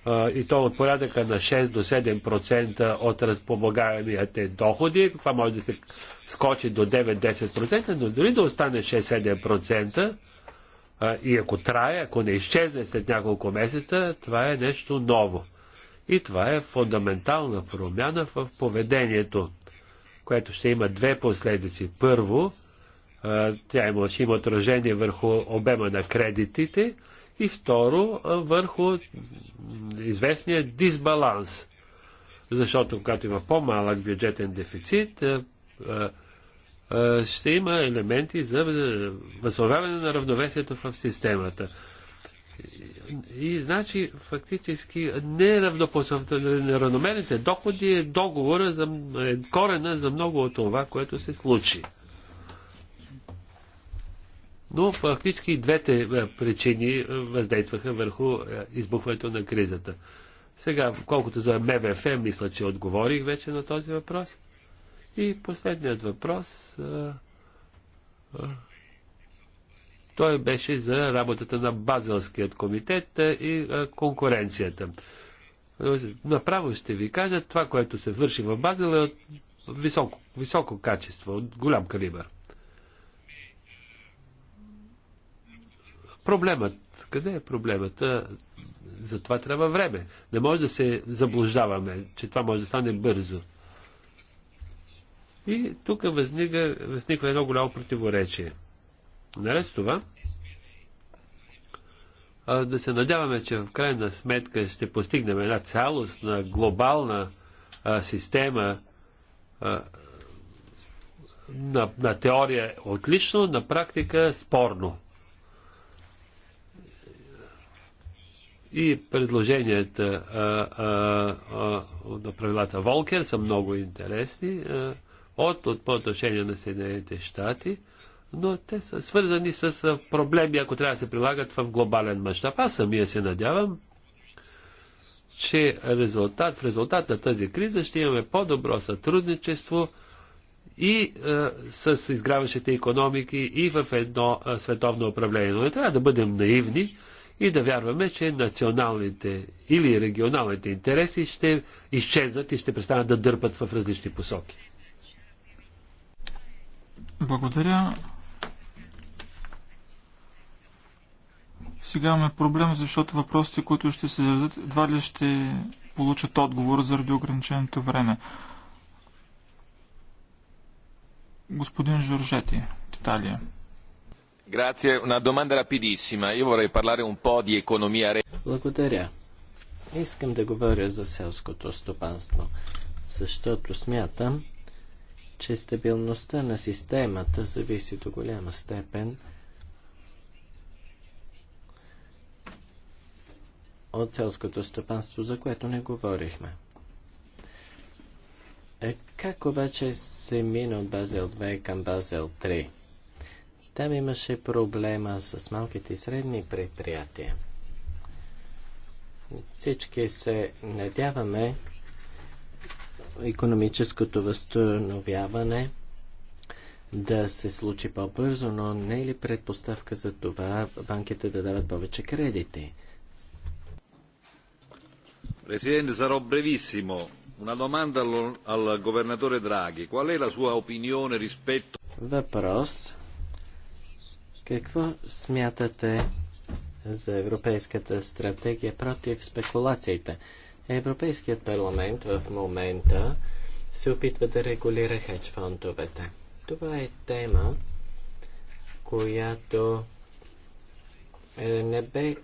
И то от порядъка на 6 до 7% от разпомагаемите доходи. Това може да се скочи до 9-10%, но дори да остане 6-7%, и ако трае, ако не изчезне след няколко месеца, това е нещо ново. И това е фундаментална промяна в поведението, което ще има две последици. Първо, тя има, ще има отражение върху обема на кредитите и второ върху известния дисбаланс. Защото когато има по-малък бюджетен дефицит, ще има елементи за възстановяване на равновесието в системата. И, и значи фактически неравномерните доходи е договора за е корена за много от това, което се случи но фактически двете е, причини е, въздействаха върху е, избухването на кризата. Сега, колкото за МВФ, мисля, че отговорих вече на този въпрос. И последният въпрос. А, а, той беше за работата на Базелският комитет и а, конкуренцията. Направо ще ви кажа, това, което се върши в Базел е от високо, високо качество, от голям калибър. проблемът. Къде е проблемът? За това трябва време. Не може да се заблуждаваме, че това може да стане бързо. И тук възниква, възниква едно голямо противоречие. Наред с това, да се надяваме, че в крайна сметка ще постигнем една цялостна, глобална а, система а, на, на теория отлично, на практика спорно. и предложенията а, а, а, на правилата Волкер са много интересни а, от, от по отношение на Съединените щати, но те са свързани с проблеми, ако трябва да се прилагат в глобален мащаб. Аз самия се надявам, че резултат, в резултат на тази криза ще имаме по-добро сътрудничество и а, с изграващите економики и в едно а, световно управление. Но не трябва да бъдем наивни и да вярваме, че националните или регионалните интереси ще изчезнат и ще престанат да дърпат в различни посоки. Благодаря. Сега имаме проблем, защото въпросите, които ще се дадат, едва ли ще получат отговор заради ограниченото време. Господин Жоржети, Италия. Grazie. Una domanda rapidissima. Io vorrei parlare un po' di economia. Благодаря. Искам да говоря за селското стопанство, защото смятам, че стабилността на системата зависи до голяма степен от селското стопанство, за което не говорихме. Е, как обаче се мина от Базел 2 към Базел 3? Там имаше проблема с малките и средни предприятия. Всички се надяваме економическото възстановяване да се случи по-бързо, но не е ли предпоставка за това банките да дават повече кредити? Президент, sarò бревисимо. Una domanda al governatore Draghi. Qual è la sua opinione rispetto... Въпрос какво смятате за Европейската стратегия против спекулациите? Европейският парламент в момента се опитва да регулира хедж фондовете. Това е тема, която е, не бе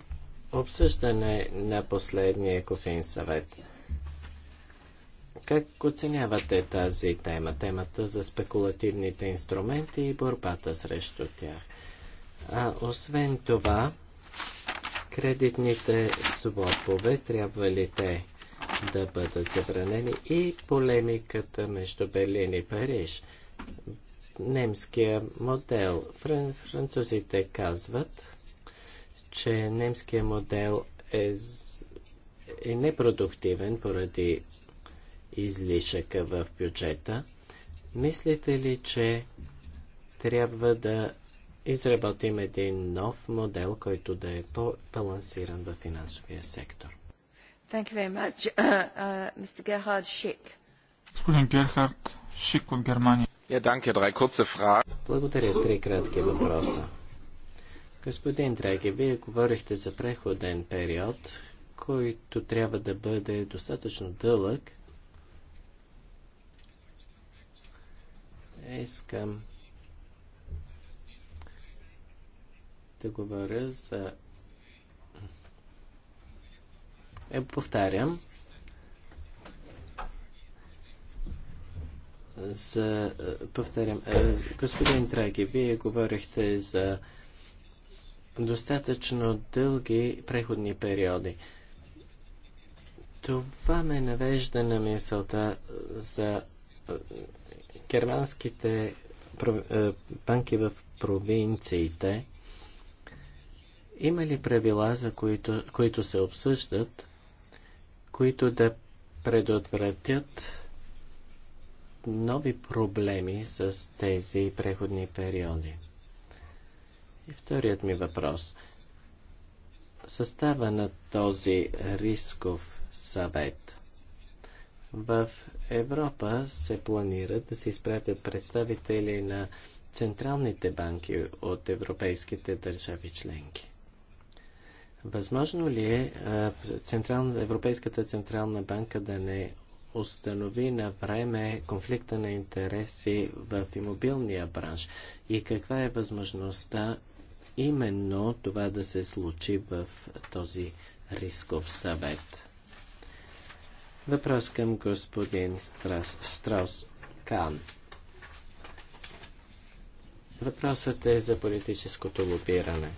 обсъждане на последния кофин съвет. Как оценявате тази тема, темата за спекулативните инструменти и борбата срещу тях? А, освен това, кредитните слопове трябва ли те да бъдат забранени и полемиката между Берлин и Париж. Немския модел. французите казват, че немския модел е, е непродуктивен поради излишъка в бюджета. Мислите ли, че трябва да изработим един нов модел, който да е по-балансиран в финансовия сектор. Thank you very much. Uh, uh, Mr. Gerhard Schick. Господин Герхард Шик от Германия. danke, drei kurze Fragen. Благодаря, три кратки въпроса. Господин Драги, вие говорихте за преходен период, който трябва да бъде достатъчно дълъг. Искам ще говоря за... Е, повтарям. За... Е, повтарям. Е, господин Драги, вие говорихте за достатъчно дълги преходни периоди. Това ме навежда на мисълта за е, германските банки в провинциите. Има ли правила, за които, които се обсъждат, които да предотвратят нови проблеми с тези преходни периоди? И вторият ми въпрос. Състава на този рисков съвет. В Европа се планира да се изпратят представители на централните банки от европейските държави членки. Възможно ли е Централ, Европейската Централна банка да не установи на време конфликта на интереси в имобилния бранш и каква е възможността именно това да се случи в този рисков съвет? Въпрос към господин Страс, Страус Кан. Въпросът е за политическото лобиране.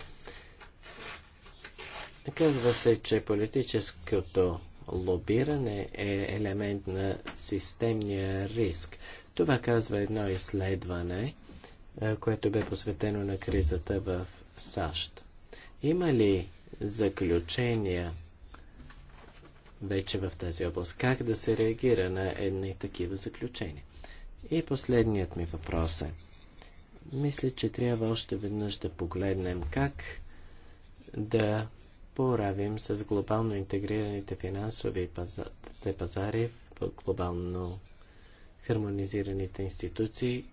Казва се, че политическото лобиране е елемент на системния риск. Това казва едно изследване, което бе посветено на кризата в САЩ. Има ли заключения вече в тази област? Как да се реагира на едни такива заключения? И последният ми въпрос е. Мисля, че трябва още веднъж да погледнем как да боравим с глобално интегрираните финансови пазари, в глобално хармонизираните институции.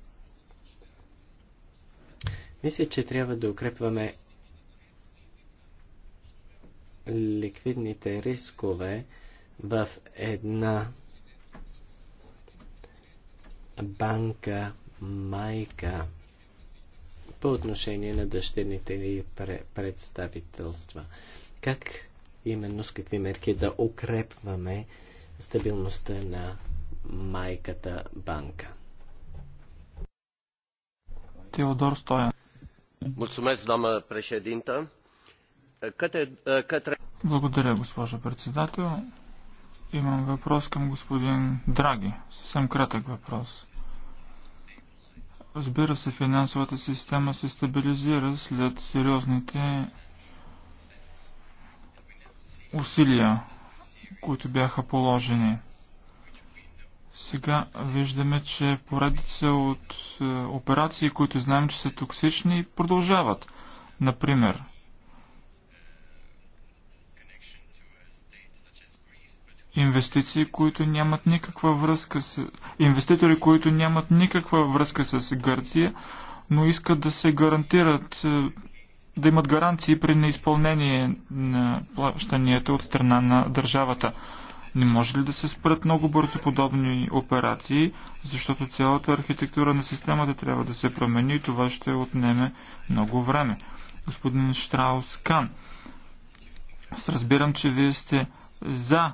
Мисля, че трябва да укрепваме ликвидните рискове в една банка майка по отношение на дъщерните и представителства. Как именно с какви мерки да укрепваме стабилността на майката банка? Теодор Стоян. дама doamnă președintă. Благодаря, госпожо председател. Имам въпрос към господин Драги. Съвсем кратък въпрос. Разбира се, финансовата система се стабилизира след сериозните усилия, които бяха положени. Сега виждаме, че поредица от е, операции, които знаем, че са токсични, продължават. Например, инвестиции, които нямат никаква връзка с... Инвеститори, които нямат никаква връзка с Гърция, но искат да се гарантират е, да имат гаранции при неизпълнение на плащанията от страна на държавата. Не може ли да се спрат много бързо подобни операции, защото цялата архитектура на системата трябва да се промени и това ще отнеме много време. Господин Штраус Кан, аз разбирам, че вие сте за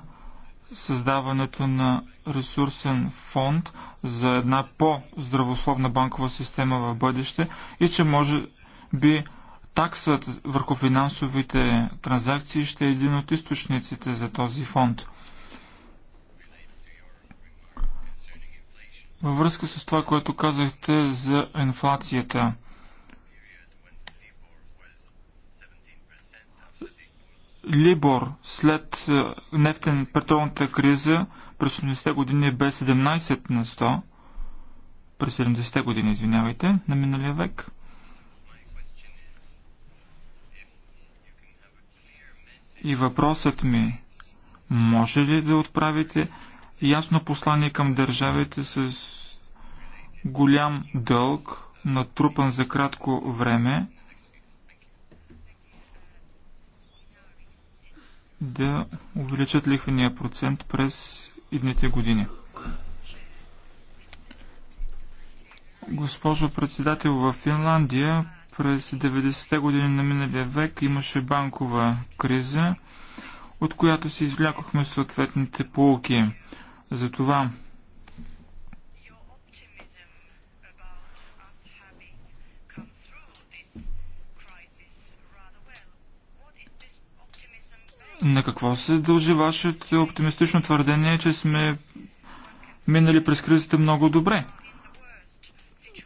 създаването на ресурсен фонд за една по-здравословна банкова система в бъдеще и че може би таксът върху финансовите транзакции ще е един от източниците за този фонд. Във връзка с това, което казахте за инфлацията, Либор след е, нефтен петролната криза през 80-те години бе 17 на 100, през 70-те години, извинявайте, на миналия век – И въпросът ми, може ли да отправите ясно послание към държавите с голям дълг, натрупан за кратко време, да увеличат лихвения процент през идните години. Госпожо председател, в Финландия през 90-те години на миналия век имаше банкова криза, от която си извлякохме съответните полуки. Затова На какво се дължи вашето оптимистично твърдение, че сме минали през кризата много добре?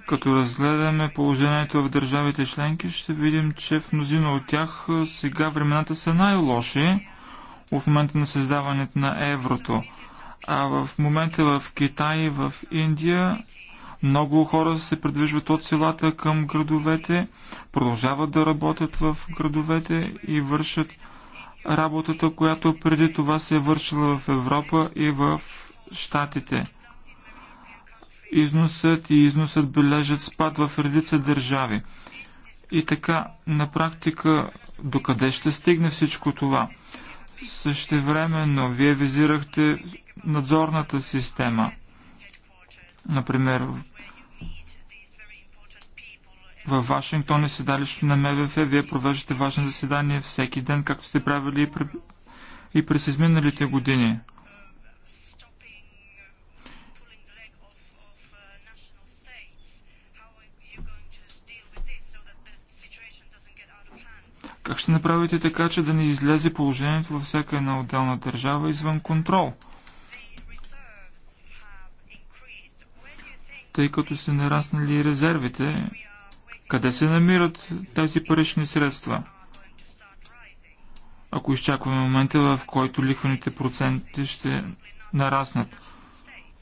Като разгледаме положението в държавите членки, ще видим, че в мнозина от тях сега времената са най-лоши от момента на създаването на еврото. А в момента в Китай, и в Индия, много хора се придвижват от селата към градовете, продължават да работят в градовете и вършат работата, която преди това се е вършила в Европа и в Штатите износът и износът бележат спад в редица държави. И така, на практика, докъде ще стигне всичко това? Същевременно, вие визирахте надзорната система. Например, във Вашингтон и седалището на МВФ. Вие провеждате важни заседания всеки ден, както сте правили и, и през изминалите години. Как ще направите така, че да не излезе положението във всяка една отделна държава извън контрол? Тъй като са нараснали резервите, къде се намират тези парични средства? Ако изчакваме момента, в който лихвените проценти ще нараснат.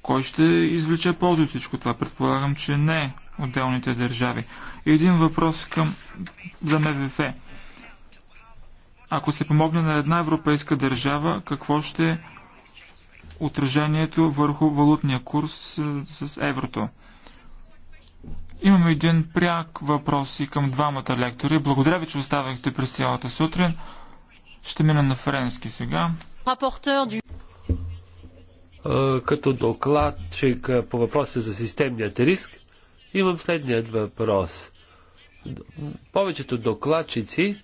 Кой ще извлече ползи от всичко това? Предполагам, че не отделните държави. един въпрос към за МВФ. Ако се помогне на една европейска държава, какво ще е отражението върху валутния курс е, с еврото? Имам един пряк въпрос и към двамата лектори. Благодаря ви, че оставахте през цялата сутрин. Ще мина на френски сега. Е, като докладчик по въпроса за системният риск, имам следният въпрос. Повечето докладчици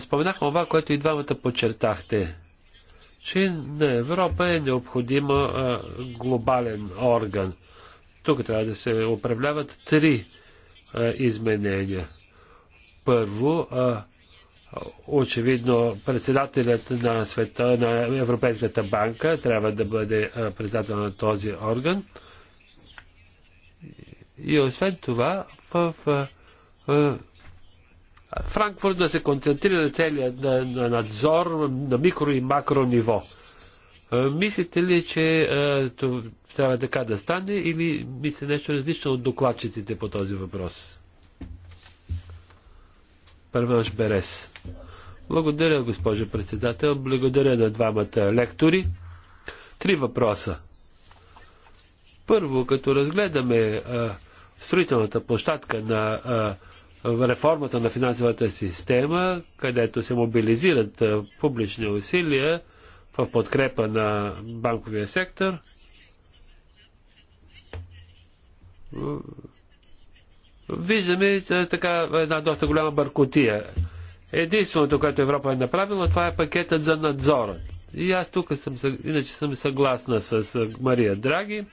Споменах това, което и двамата подчертахте, че на Европа е необходим глобален орган. Тук трябва да се управляват три изменения. Първо, очевидно председателят на, света, на Европейската банка трябва да бъде председател на този орган. И освен това, в, в, в Франкфурт да се концентрира целият на, на надзор на микро и макро ниво. Е, мислите ли, че е, то трябва така да стане или мисля нещо различно от докладчиците по този въпрос? Първаш Берес. Благодаря, госпожо председател. Благодаря на двамата лектори. Три въпроса. Първо, като разгледаме а, е, строителната площадка на а, реформата на финансовата система, където се мобилизират публични усилия в подкрепа на банковия сектор. Виждаме така една доста голяма бъркотия. Единственото, което Европа е направила, това е пакетът за надзора. И аз тук съм, иначе съм съгласна с Мария Драги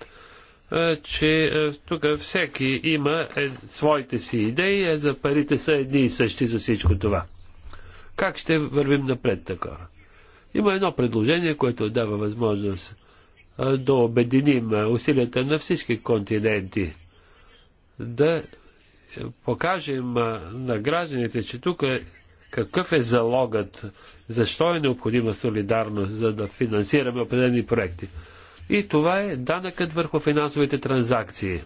че тук всеки има е, своите си идеи, а за парите са едни и същи за всичко това. Как ще вървим напред така? Има едно предложение, което дава възможност да обединим усилията на всички континенти, да покажем на гражданите, че тук е, какъв е залогът, защо е необходима солидарност, за да финансираме определени проекти. И това е данъкът върху финансовите транзакции.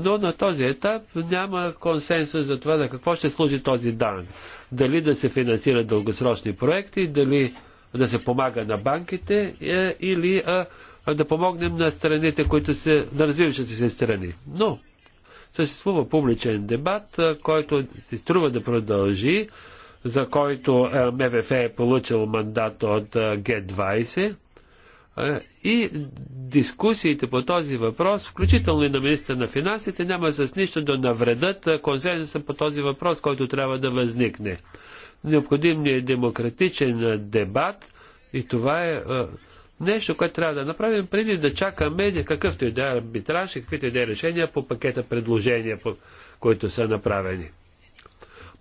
Но на този етап няма консенсус за това за какво ще служи този данък. Дали да се финансират дългосрочни проекти, дали да се помага на банките е, или а, да помогнем на страните, които се, на развиващите се страни. Но съществува публичен дебат, който се струва да продължи, за който МВФ е получил мандат от Г20 и дискусиите по този въпрос, включително и на министър на финансите, няма с нищо да навредат консенсуса по този въпрос, който трябва да възникне. Необходим ни е демократичен дебат и това е нещо, което трябва да направим преди да чакаме какъвто и да е арбитраж и каквито и да е решения по пакета предложения, които са направени.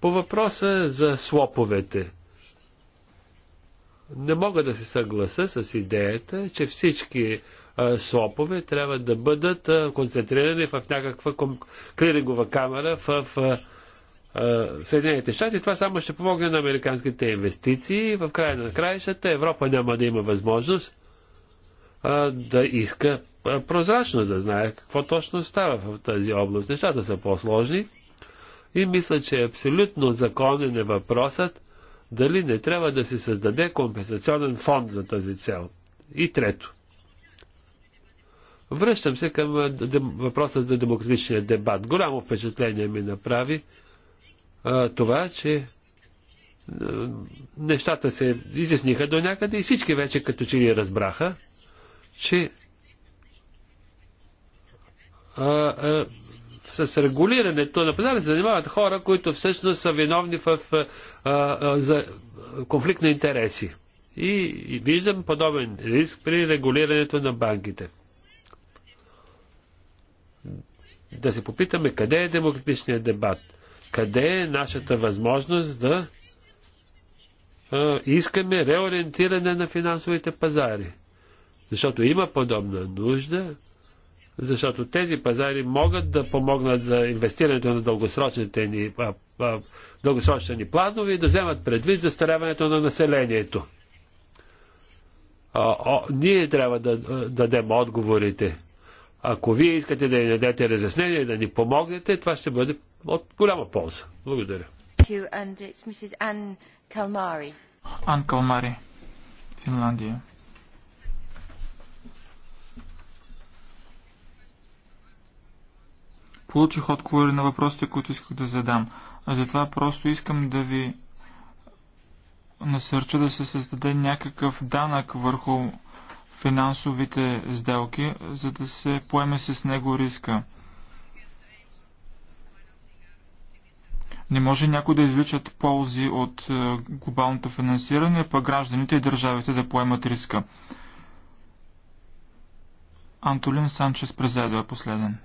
По въпроса за слоповете. Не мога да се съгласа с идеята, че всички слопове трябва да бъдат концентрирани в някаква клирингова камера в Съединените щати. Това само ще помогне на американските инвестиции. В края на краищата Европа няма да има възможност да иска прозрачно да знае какво точно става в тази област. Нещата са по-сложни и мисля, че е абсолютно законен е въпросът дали не трябва да се създаде компенсационен фонд за тази цел. И трето. Връщам се към въпроса за демократичния дебат. Голямо впечатление ми направи а, това, че а, нещата се изясниха до някъде и всички вече като че ли разбраха, че а, а, с регулирането на пазара се занимават хора, които всъщност са виновни в, а, а, за конфликт на интереси. И, и виждам подобен риск при регулирането на банките. Да се попитаме къде е демократичният дебат, къде е нашата възможност да а, искаме реориентиране на финансовите пазари. Защото има подобна нужда, защото тези пазари могат да помогнат за инвестирането на дългосрочните ни, а, а, дългосрочни ни планове и да вземат предвид застаряването на населението. А, о, ние трябва да, да дадем отговорите. Ако вие искате да ни дадете разяснение и да ни помогнете, това ще бъде от голяма полза. Благодаря. Ан Калмари, Финландия. получих отговори на въпросите, които исках да задам. А затова просто искам да ви насърча да се създаде някакъв данък върху финансовите сделки, за да се поеме с него риска. Не може някой да извличат ползи от е, глобалното финансиране, пък гражданите и държавите да поемат риска. Антолин Санчес Презедо е последен.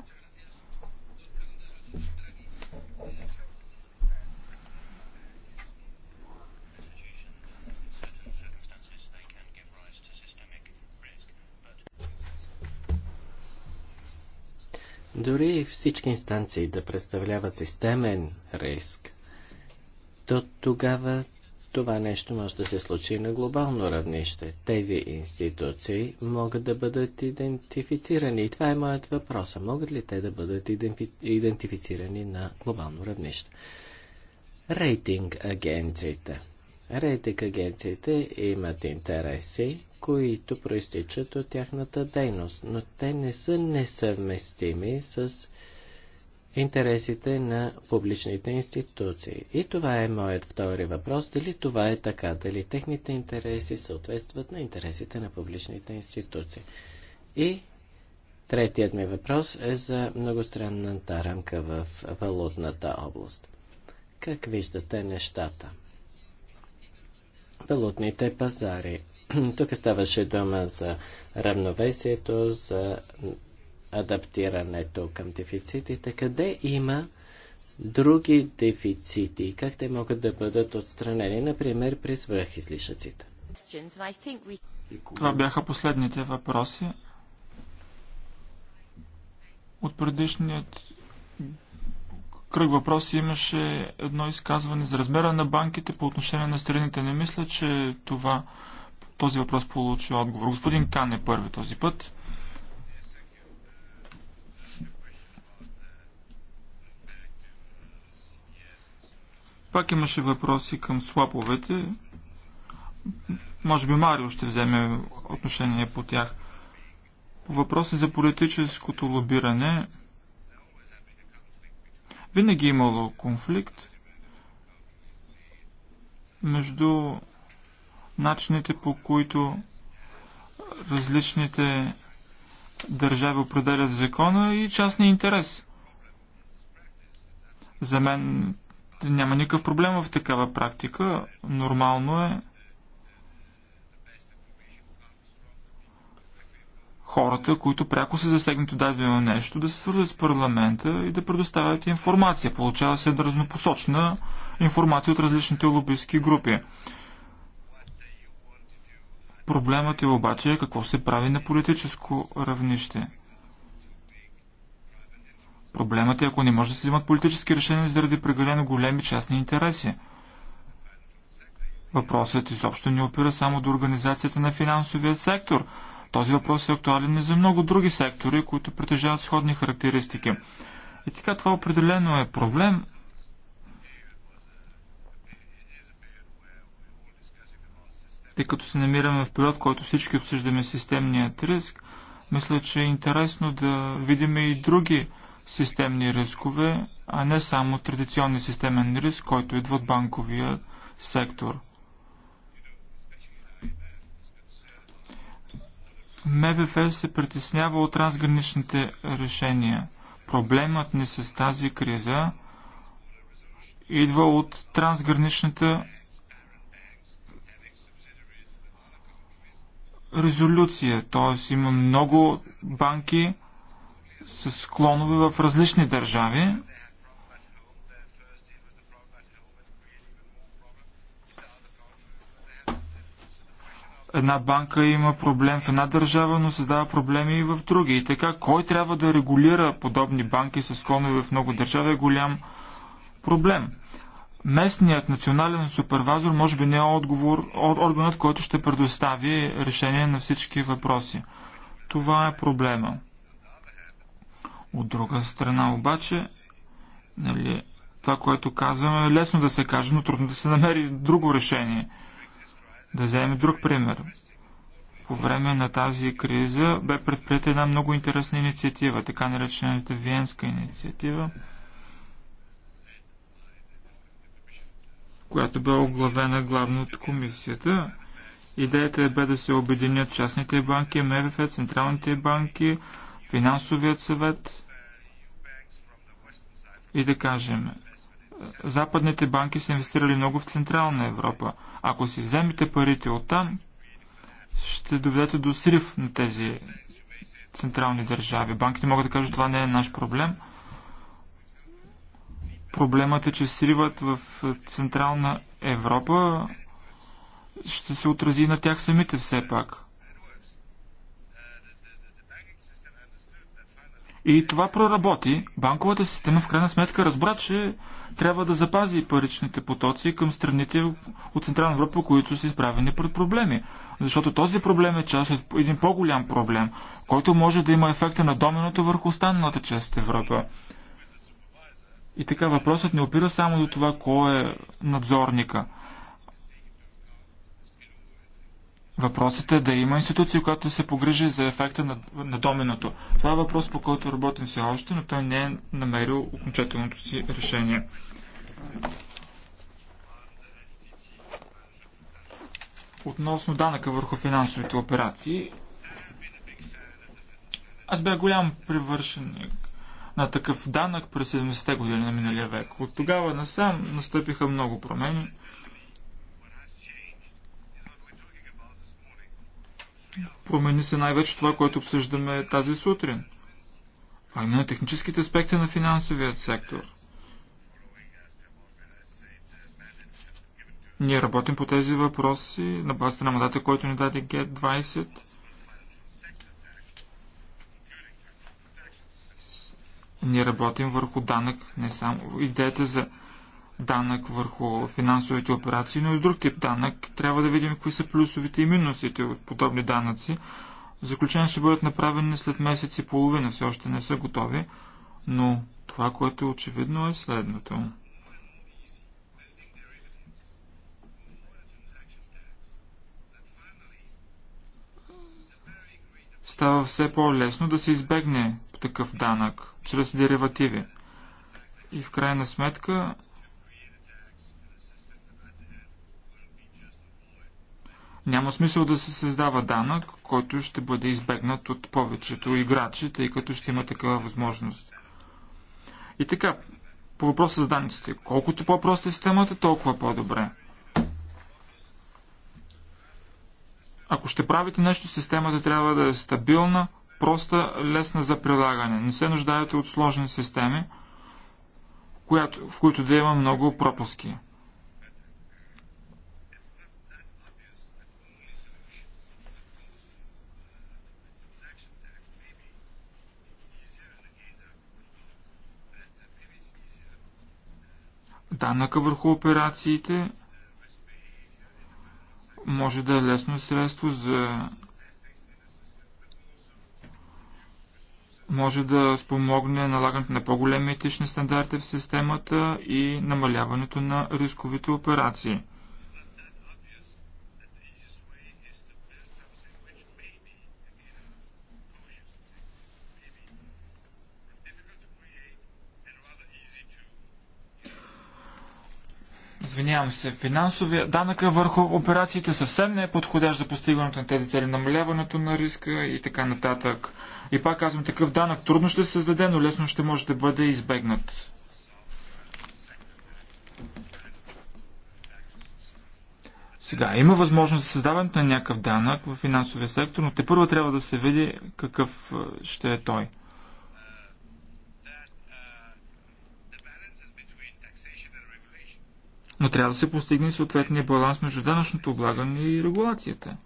Дори и всички инстанции да представляват системен риск, то тогава това нещо може да се случи на глобално равнище. Тези институции могат да бъдат идентифицирани. И това е моят въпрос. А могат ли те да бъдат идентифицирани на глобално равнище? Рейтинг агенциите. Рейтинг агенциите имат интереси, които проистичат от тяхната дейност, но те не са несъвместими с интересите на публичните институции. И това е моят втори въпрос. Дали това е така? Дали техните интереси съответстват на интересите на публичните институции? И третият ми въпрос е за многостранната рамка в валутната област. Как виждате нещата? Валутните пазари тук ставаше дума за равновесието, за адаптирането към дефицитите. Къде има други дефицити как те могат да бъдат отстранени, например, при свръхизлишъците? Това бяха последните въпроси от предишният кръг въпроси имаше едно изказване за размера на банките по отношение на страните. Не мисля, че това този въпрос получи отговор. Господин Кан е първи този път. Пак имаше въпроси към слаповете. Може би Марио ще вземе отношение по тях. По въпроси за политическото лобиране, винаги е имало конфликт между начините по които различните държави определят закона и частния интерес. За мен няма никакъв проблем в такава практика. Нормално е хората, които пряко са засегнати от дадено нещо, да се свързват с парламента и да предоставят информация. Получава се разнопосочна информация от различните лобистски групи. Проблемът е обаче какво се прави на политическо равнище. Проблемът е, ако не може да се взимат политически решения заради прегалено големи частни интереси. Въпросът изобщо не опира само до организацията на финансовия сектор. Този въпрос е актуален и за много други сектори, които притежават сходни характеристики. И така това определено е проблем, тъй като се намираме в период, в който всички обсъждаме системният риск, мисля, че е интересно да видим и други системни рискове, а не само традиционния системен риск, който идва от банковия сектор. МВФ се притеснява от трансграничните решения. Проблемът ни с тази криза идва от трансграничната резолюция, т.е. има много банки с клонове в различни държави. Една банка има проблем в една държава, но създава проблеми и в други. И така, кой трябва да регулира подобни банки с клонове в много държави е голям проблем. Местният национален супервазор може би не е отговор, от органът, който ще предостави решение на всички въпроси. Това е проблема. От друга страна обаче, нали, това, което казваме, е лесно да се каже, но трудно да се намери друго решение. Да вземем друг пример. По време на тази криза бе предприета една много интересна инициатива, така наречената Виенска инициатива – която бе оглавена главно от комисията. Идеята бе да се обединят частните банки, МВФ, централните банки, финансовият съвет и да кажем, западните банки са инвестирали много в Централна Европа. Ако си вземете парите от там, ще доведете до срив на тези централни държави. Банките могат да кажат, това не е наш проблем – Проблемът е, че сриват в Централна Европа ще се отрази на тях самите все пак. И това проработи. Банковата система в крайна сметка разбра, че трябва да запази паричните потоци към страните от Централна Европа, които са изправени пред проблеми. Защото този проблем е част от един по-голям проблем, който може да има ефекта на доменото върху останалата част от Европа. И така въпросът не опира само до това кой е надзорника. Въпросът е да има институция, която се погрижи за ефекта на, на доминото. Това е въпрос, по който работим все още, но той не е намерил окончателното си решение. Относно данъка върху финансовите операции, аз бях голям привършен на такъв данък през 70-те години на миналия век. От тогава насам настъпиха много промени. Промени се най-вече това, което обсъждаме тази сутрин, а именно техническите аспекти на финансовият сектор. Ние работим по тези въпроси на базата на мандата, който ни даде G20. Ние работим върху данък, не само идеята за данък върху финансовите операции, но и друг тип данък. Трябва да видим какви са плюсовите и минусите от подобни данъци. Заключения ще бъдат направени след месец и половина, все още не са готови, но това, което е очевидно е следното. Става все по-лесно да се избегне такъв данък чрез деривативи. И в крайна сметка няма смисъл да се създава данък, който ще бъде избегнат от повечето играчи, тъй като ще има такава възможност. И така, по въпроса за данниците. Колкото по-проста е системата, толкова по-добре. Ако ще правите нещо, системата трябва да е стабилна, проста, лесна за прилагане. Не се нуждаете от сложни системи, която, в които да има много пропуски. Данъка върху операциите може да е лесно средство за може да спомогне налагането на по-големи етични стандарти в системата и намаляването на рисковите операции. извинявам се, финансовия данък върху операциите съвсем не е подходящ за постигането на тези цели, намаляването на риска и така нататък. И пак казвам, такъв данък трудно ще се създаде, но лесно ще може да бъде избегнат. Сега, има възможност за създаването на някакъв данък в финансовия сектор, но те първо трябва да се види какъв ще е той. Но трябва да се постигне съответния баланс между данъчното облагане и регулацията.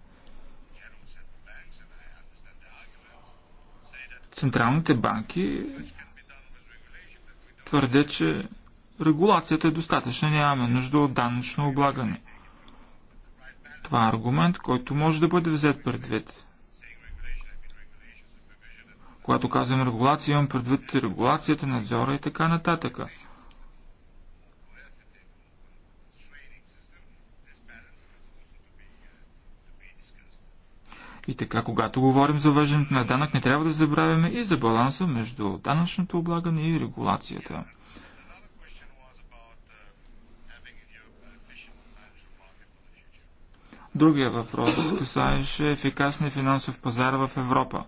Централните банки твърде, че регулацията е достатъчна, нямаме нужда от данъчно облагане. Това е аргумент, който може да бъде взет предвид. Когато казвам регулация, имам предвид регулацията, надзора и така нататък. И така, когато говорим за въвеждането на данък, не трябва да забравяме и за баланса между данъчното облагане и регулацията. Другия въпрос касаеше ефикасния финансов пазар в Европа.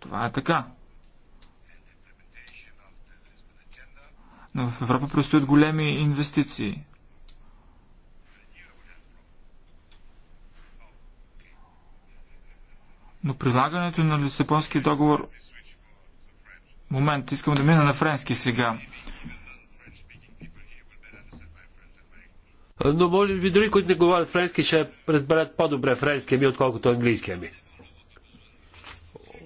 Това е така. Но в Европа предстоят големи инвестиции. Но прилагането на Лисабонския договор... Момент, искам да мина на френски сега. Но може би дори които не говорят френски ще разберат по-добре френския ми, отколкото английския ми.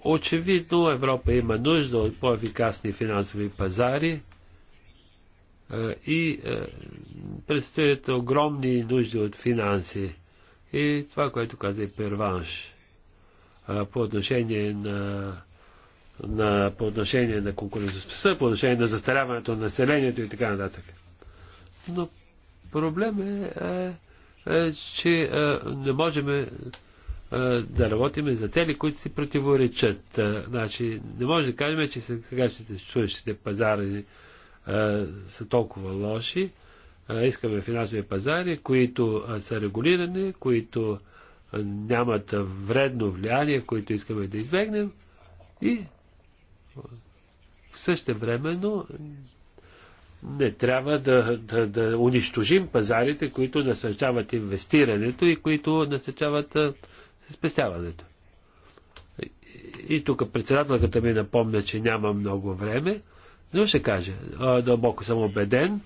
Очевидно Европа има нужда от по-ефикасни финансови пазари е, и е, предстоят огромни нужди от финанси. И това, което каза и Перванш по отношение на, на, по отношение на конкурентоспособността, по отношение на застаряването на населението и така нататък. Но проблем е, е, е че е, не можем е, да работим за цели, които си противоречат. Е, значи, не може да кажем, че сегашните чуващите пазари е, са толкова лоши. Е, искаме финансови пазари, които е, са регулирани, които е, нямат вредно влияние, които искаме да избегнем и същевременно не трябва да, да, да унищожим пазарите, които насърчават инвестирането и които насърчават спестяването. И, и тук председателката ми напомня, че няма много време, но ще кажа, дълбоко съм убеден,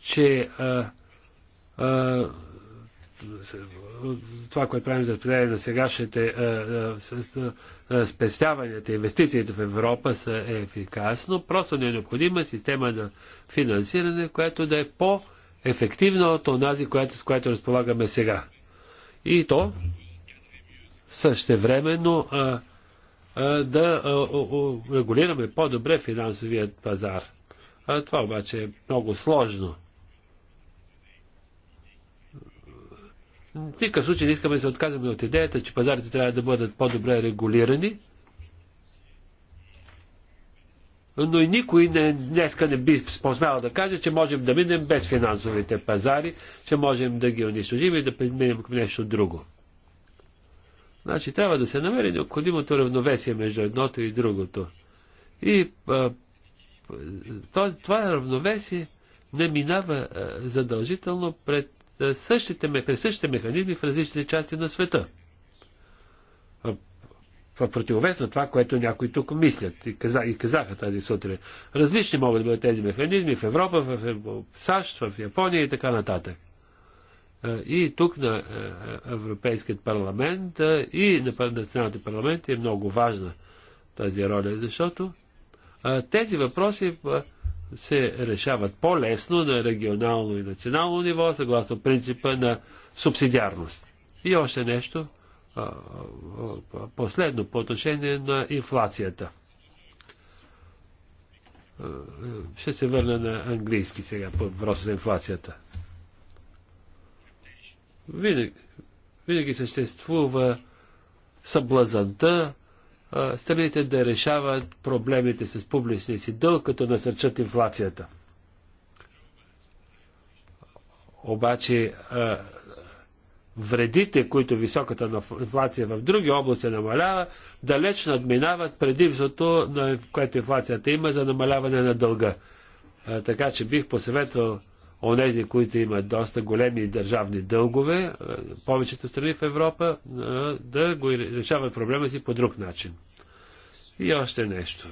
че а, а, това, което правим за разпределение на сегашните е, е, е, спестяванията, инвестициите в Европа са ефикасно. Просто не е необходима система на финансиране, която да е по-ефективна от онази, която, с която разполагаме сега. И то същевременно а, а, да а, о, регулираме по-добре финансовият пазар. А, това обаче е много сложно В никакъв случай не искаме да се отказваме от идеята, че пазарите трябва да бъдат по-добре регулирани, но и никой не, днеска не би спознал да каже, че можем да минем без финансовите пазари, че можем да ги унищожим и да преминем към нещо друго. Значи трябва да се намери необходимото равновесие между едното и другото. И а, това равновесие не минава а, задължително пред е, същите, при същите механизми в различните части на света. В противовес на това, което някои тук мислят и, каза, и казаха тази сутрин. Различни могат да бъдат тези механизми в Европа, в САЩ, в Япония и така нататък. И тук на е, е, Европейският парламент и на националните парламенти е много важна тази роля, защото тези въпроси се решават по-лесно на регионално и национално ниво, съгласно принципа на субсидиарност. И още нещо, последно, по отношение на инфлацията. Ще се върна на английски сега по въпроса за инфлацията. Винаги, винаги съществува съблазанта страните да решават проблемите с публичния си дълг, като насърчат инфлацията. Обаче вредите, които високата инфлация в други области намалява, далеч надминават предимството, което инфлацията има за намаляване на дълга. Така че бих посъветвал онези, които имат доста големи държавни дългове, е, повечето страни в Европа, е, да го решават проблема си по друг начин. И още нещо.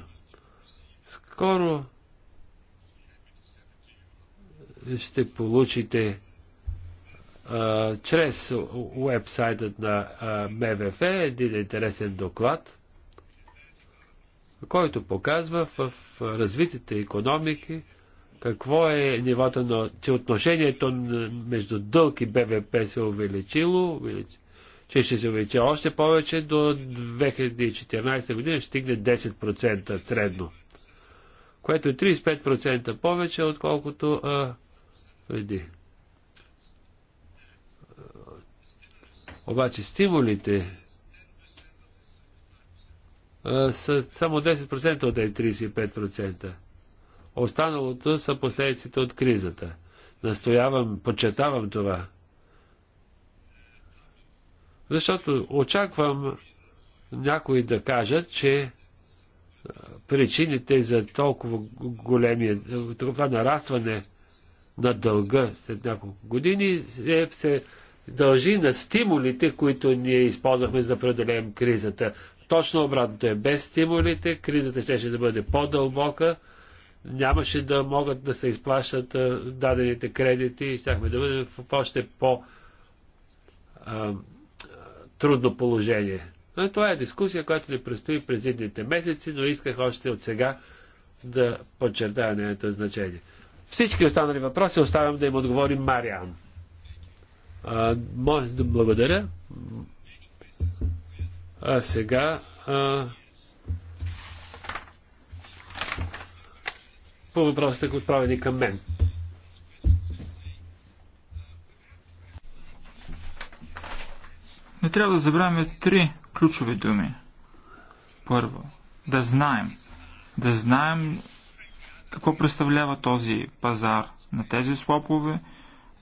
Скоро ще получите а, е, чрез уебсайтът на а, МВФ един интересен доклад, който показва в развитите економики какво е нивото на, че отношението между дълг и БВП се е увеличило, че ще се увеличи още повече до 2014 година, ще стигне 10% средно, което е 35% повече, отколкото а, преди. Обаче стимулите а, са само 10% от 35%. Останалото са последиците от кризата. Настоявам, подчертавам това. Защото очаквам някои да кажат, че причините за толкова големия, това нарастване на дълга след няколко години е, се дължи на стимулите, които ние използвахме за да преодолеем кризата. Точно обратното е. Без стимулите кризата ще, ще да бъде по-дълбока, нямаше да могат да се изплащат дадените кредити и щяхме да бъдем в още по трудно положение. Но това е дискусия, която ни предстои през едните месеци, но исках още от сега да подчертая нейното значение. Всички останали въпроси оставям да им отговори Мариан. може да благодаря. А сега а, по въпросите, отправени към мен. Не трябва да забравяме три ключови думи. Първо, да знаем. Да знаем какво представлява този пазар на тези слопове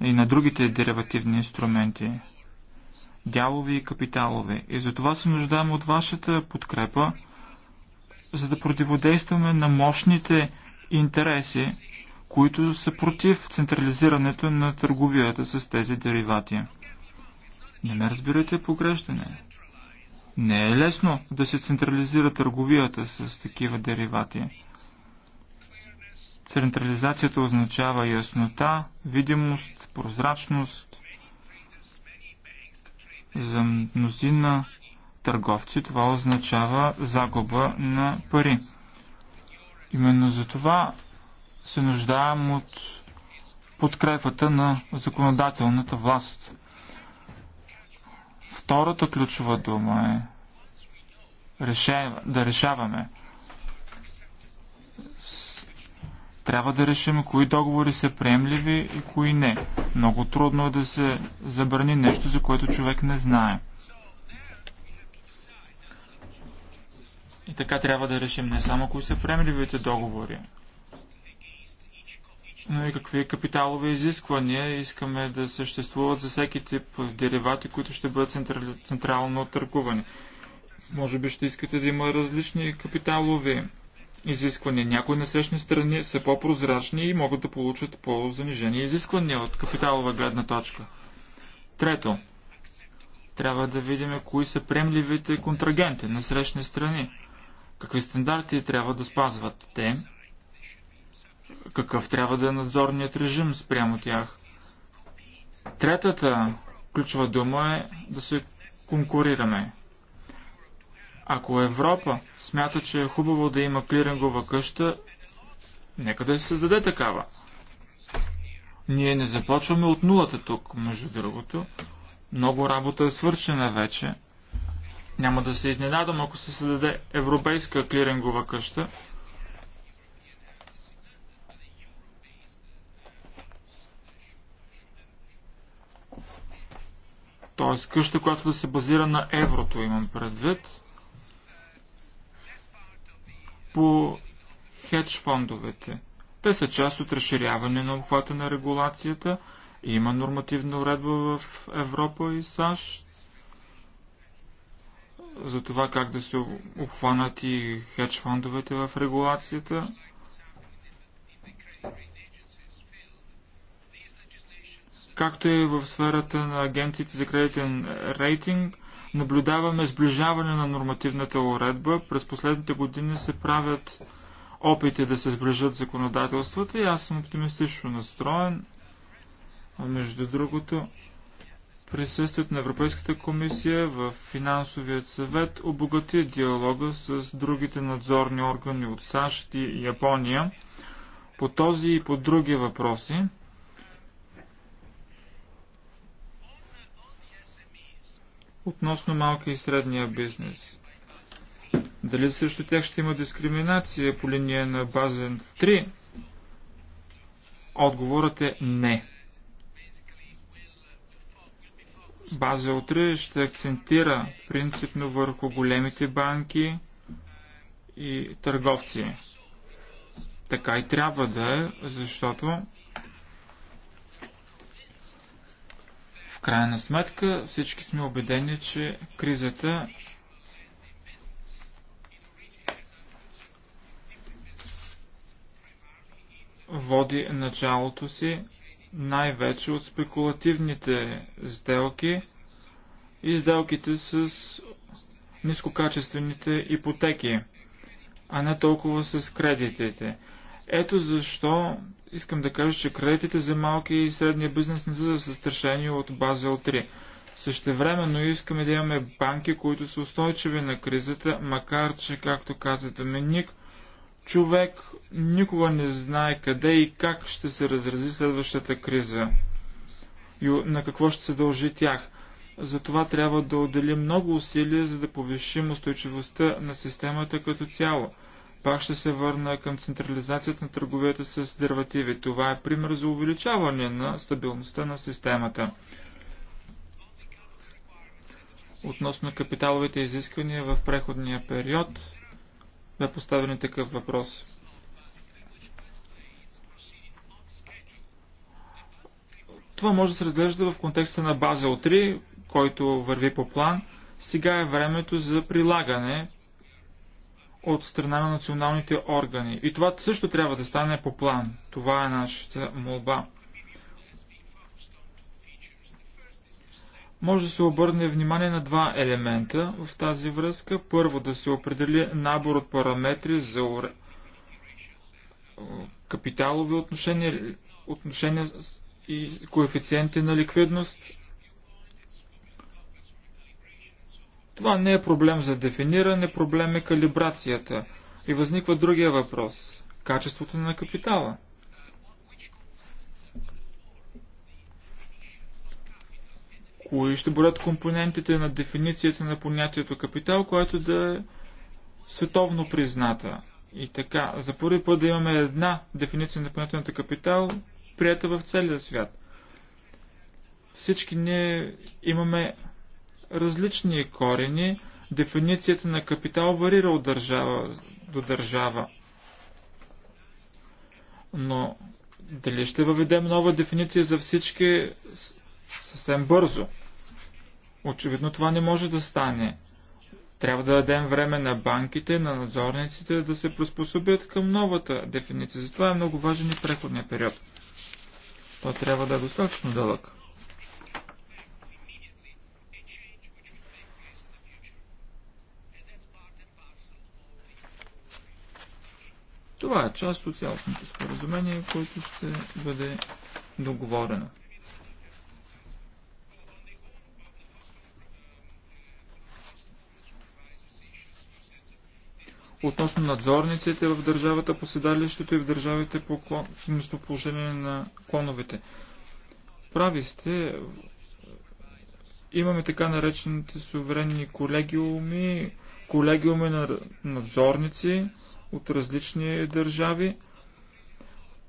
и на другите деривативни инструменти, дялови и капиталови. И затова се нуждаем от вашата подкрепа, за да противодействаме на мощните интереси, които са против централизирането на търговията с тези деривати. Не ме разбирайте погреждане. Не е лесно да се централизира търговията с такива деривати. Централизацията означава яснота, видимост, прозрачност. За мнозина търговци това означава загуба на пари. Именно за това се нуждаем от подкрепата на законодателната власт. Втората ключова дума е да решаваме. Трябва да решим кои договори са приемливи и кои не. Много трудно е да се забрани нещо, за което човек не знае. И така трябва да решим не само кои са приемливите договори, но и какви капиталови изисквания искаме да съществуват за всеки тип деривати, които ще бъдат централно търгувани. Може би ще искате да има различни капиталови изисквания. Някои насрещни страни са по-прозрачни и могат да получат по-занижени изисквания от капиталова гледна точка. Трето, трябва да видим кои са приемливите контрагенти на срещни страни. Какви стандарти трябва да спазват те? Какъв трябва да е надзорният режим спрямо тях? Третата ключова дума е да се конкурираме. Ако Европа смята, че е хубаво да има клирингова къща, нека да се създаде такава. Ние не започваме от нулата тук, между другото. Много работа е свършена вече. Няма да се изненадам, ако се създаде европейска клирингова къща. Т.е. къща, която да се базира на еврото, имам предвид. По хедж фондовете. Те са част от разширяване на обхвата на регулацията. Има нормативна уредба в Европа и САЩ за това как да се обхванат и хедж фондовете в регулацията. Както и е в сферата на агентите за кредитен рейтинг, наблюдаваме сближаване на нормативната уредба. През последните години се правят опити да се сближат законодателствата и аз съм оптимистично настроен. А между другото, Присъствието на Европейската комисия в финансовият съвет обогати диалога с другите надзорни органи от САЩ и Япония по този и по други въпроси. Относно малки и средния бизнес. Дали също тях ще има дискриминация по линия на базен 3? Отговорът е не. База утре ще акцентира принципно върху големите банки и търговци. Така и трябва да е, защото в крайна сметка всички сме убедени, че кризата води началото си най-вече от спекулативните сделки и сделките с нискокачествените ипотеки, а не толкова с кредитите. Ето защо искам да кажа, че кредитите за малки и средния бизнес не са застрашени от Базел 3. Същевременно искаме да имаме банки, които са устойчиви на кризата, макар че, както каза Доминик, човек никога не знае къде и как ще се разрази следващата криза и на какво ще се дължи тях. Затова трябва да отделим много усилия, за да повишим устойчивостта на системата като цяло. Пак ще се върна към централизацията на търговията с дервативи. Това е пример за увеличаване на стабилността на системата. Относно капиталовите изисквания в преходния период, бе поставен такъв въпрос. Това може да се разглежда в контекста на Базел 3, който върви по план. Сега е времето за прилагане от страна на националните органи. И това също трябва да стане по план. Това е нашата молба. може да се обърне внимание на два елемента в тази връзка. Първо, да се определи набор от параметри за капиталови отношения, отношения и коефициенти на ликвидност. Това не е проблем за дефиниране, проблем е калибрацията. И възниква другия въпрос – качеството на капитала. кои ще бъдат компонентите на дефиницията на понятието капитал, която да е световно призната. И така, за първи път да имаме една дефиниция на понятието капитал, прията в целия свят. Всички ние имаме различни корени. Дефиницията на капитал варира от държава до държава. Но дали ще въведем нова дефиниция за всички съвсем бързо? Очевидно това не може да стане. Трябва да дадем време на банките, на надзорниците да се приспособят към новата дефиниция. Затова е много важен и преходния период. То трябва да е достатъчно дълъг. Това е част от цялостното споразумение, което ще бъде договорено. относно надзорниците в държавата по седалището и в държавите по клон... местоположение на клоновете. Прави сте. Имаме така наречените суверенни колегиуми, колегиуми на надзорници от различни държави.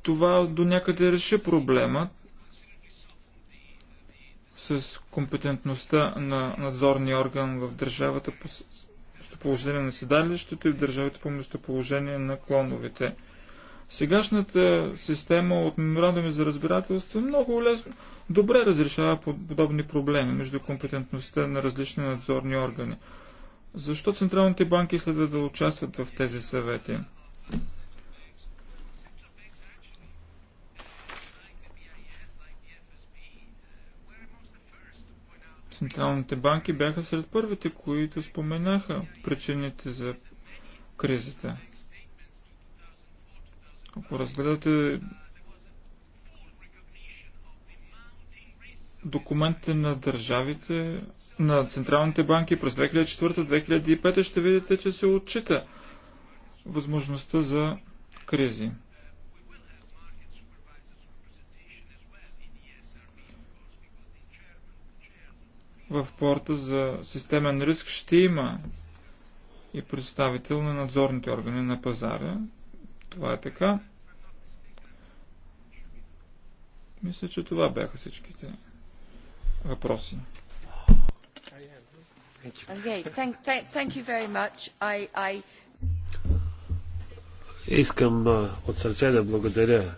Това до някъде реши проблема. с компетентността на надзорния орган в държавата по местоположение на седалището и в държавите по местоположение на клоновете. Сегашната система от меморандуми за разбирателство е много лесно, добре разрешава подобни проблеми между компетентността на различни надзорни органи. Защо централните банки следва да участват в тези съвети? Централните банки бяха сред първите, които споменаха причините за кризата. Ако разгледате документите на държавите, на централните банки през 2004-2005 ще видите, че се отчита възможността за кризи. в порта за системен риск ще има и представител на надзорните органи на пазара. Това е така. Мисля, че това бяха всичките въпроси. Okay, thank, thank, thank you very much. I, I... Искам от сърце да благодаря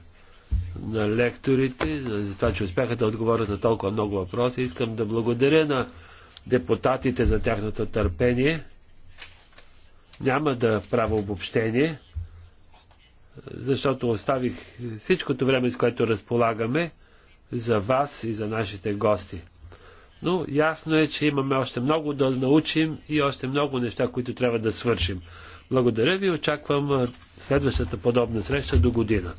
на лекторите, за това, че успяха да отговорят на толкова много въпроси. Искам да благодаря на депутатите за тяхното търпение. Няма да правя обобщение, защото оставих всичкото време, с което разполагаме, за вас и за нашите гости. Но ясно е, че имаме още много да научим и още много неща, които трябва да свършим. Благодаря ви, очаквам следващата подобна среща до година.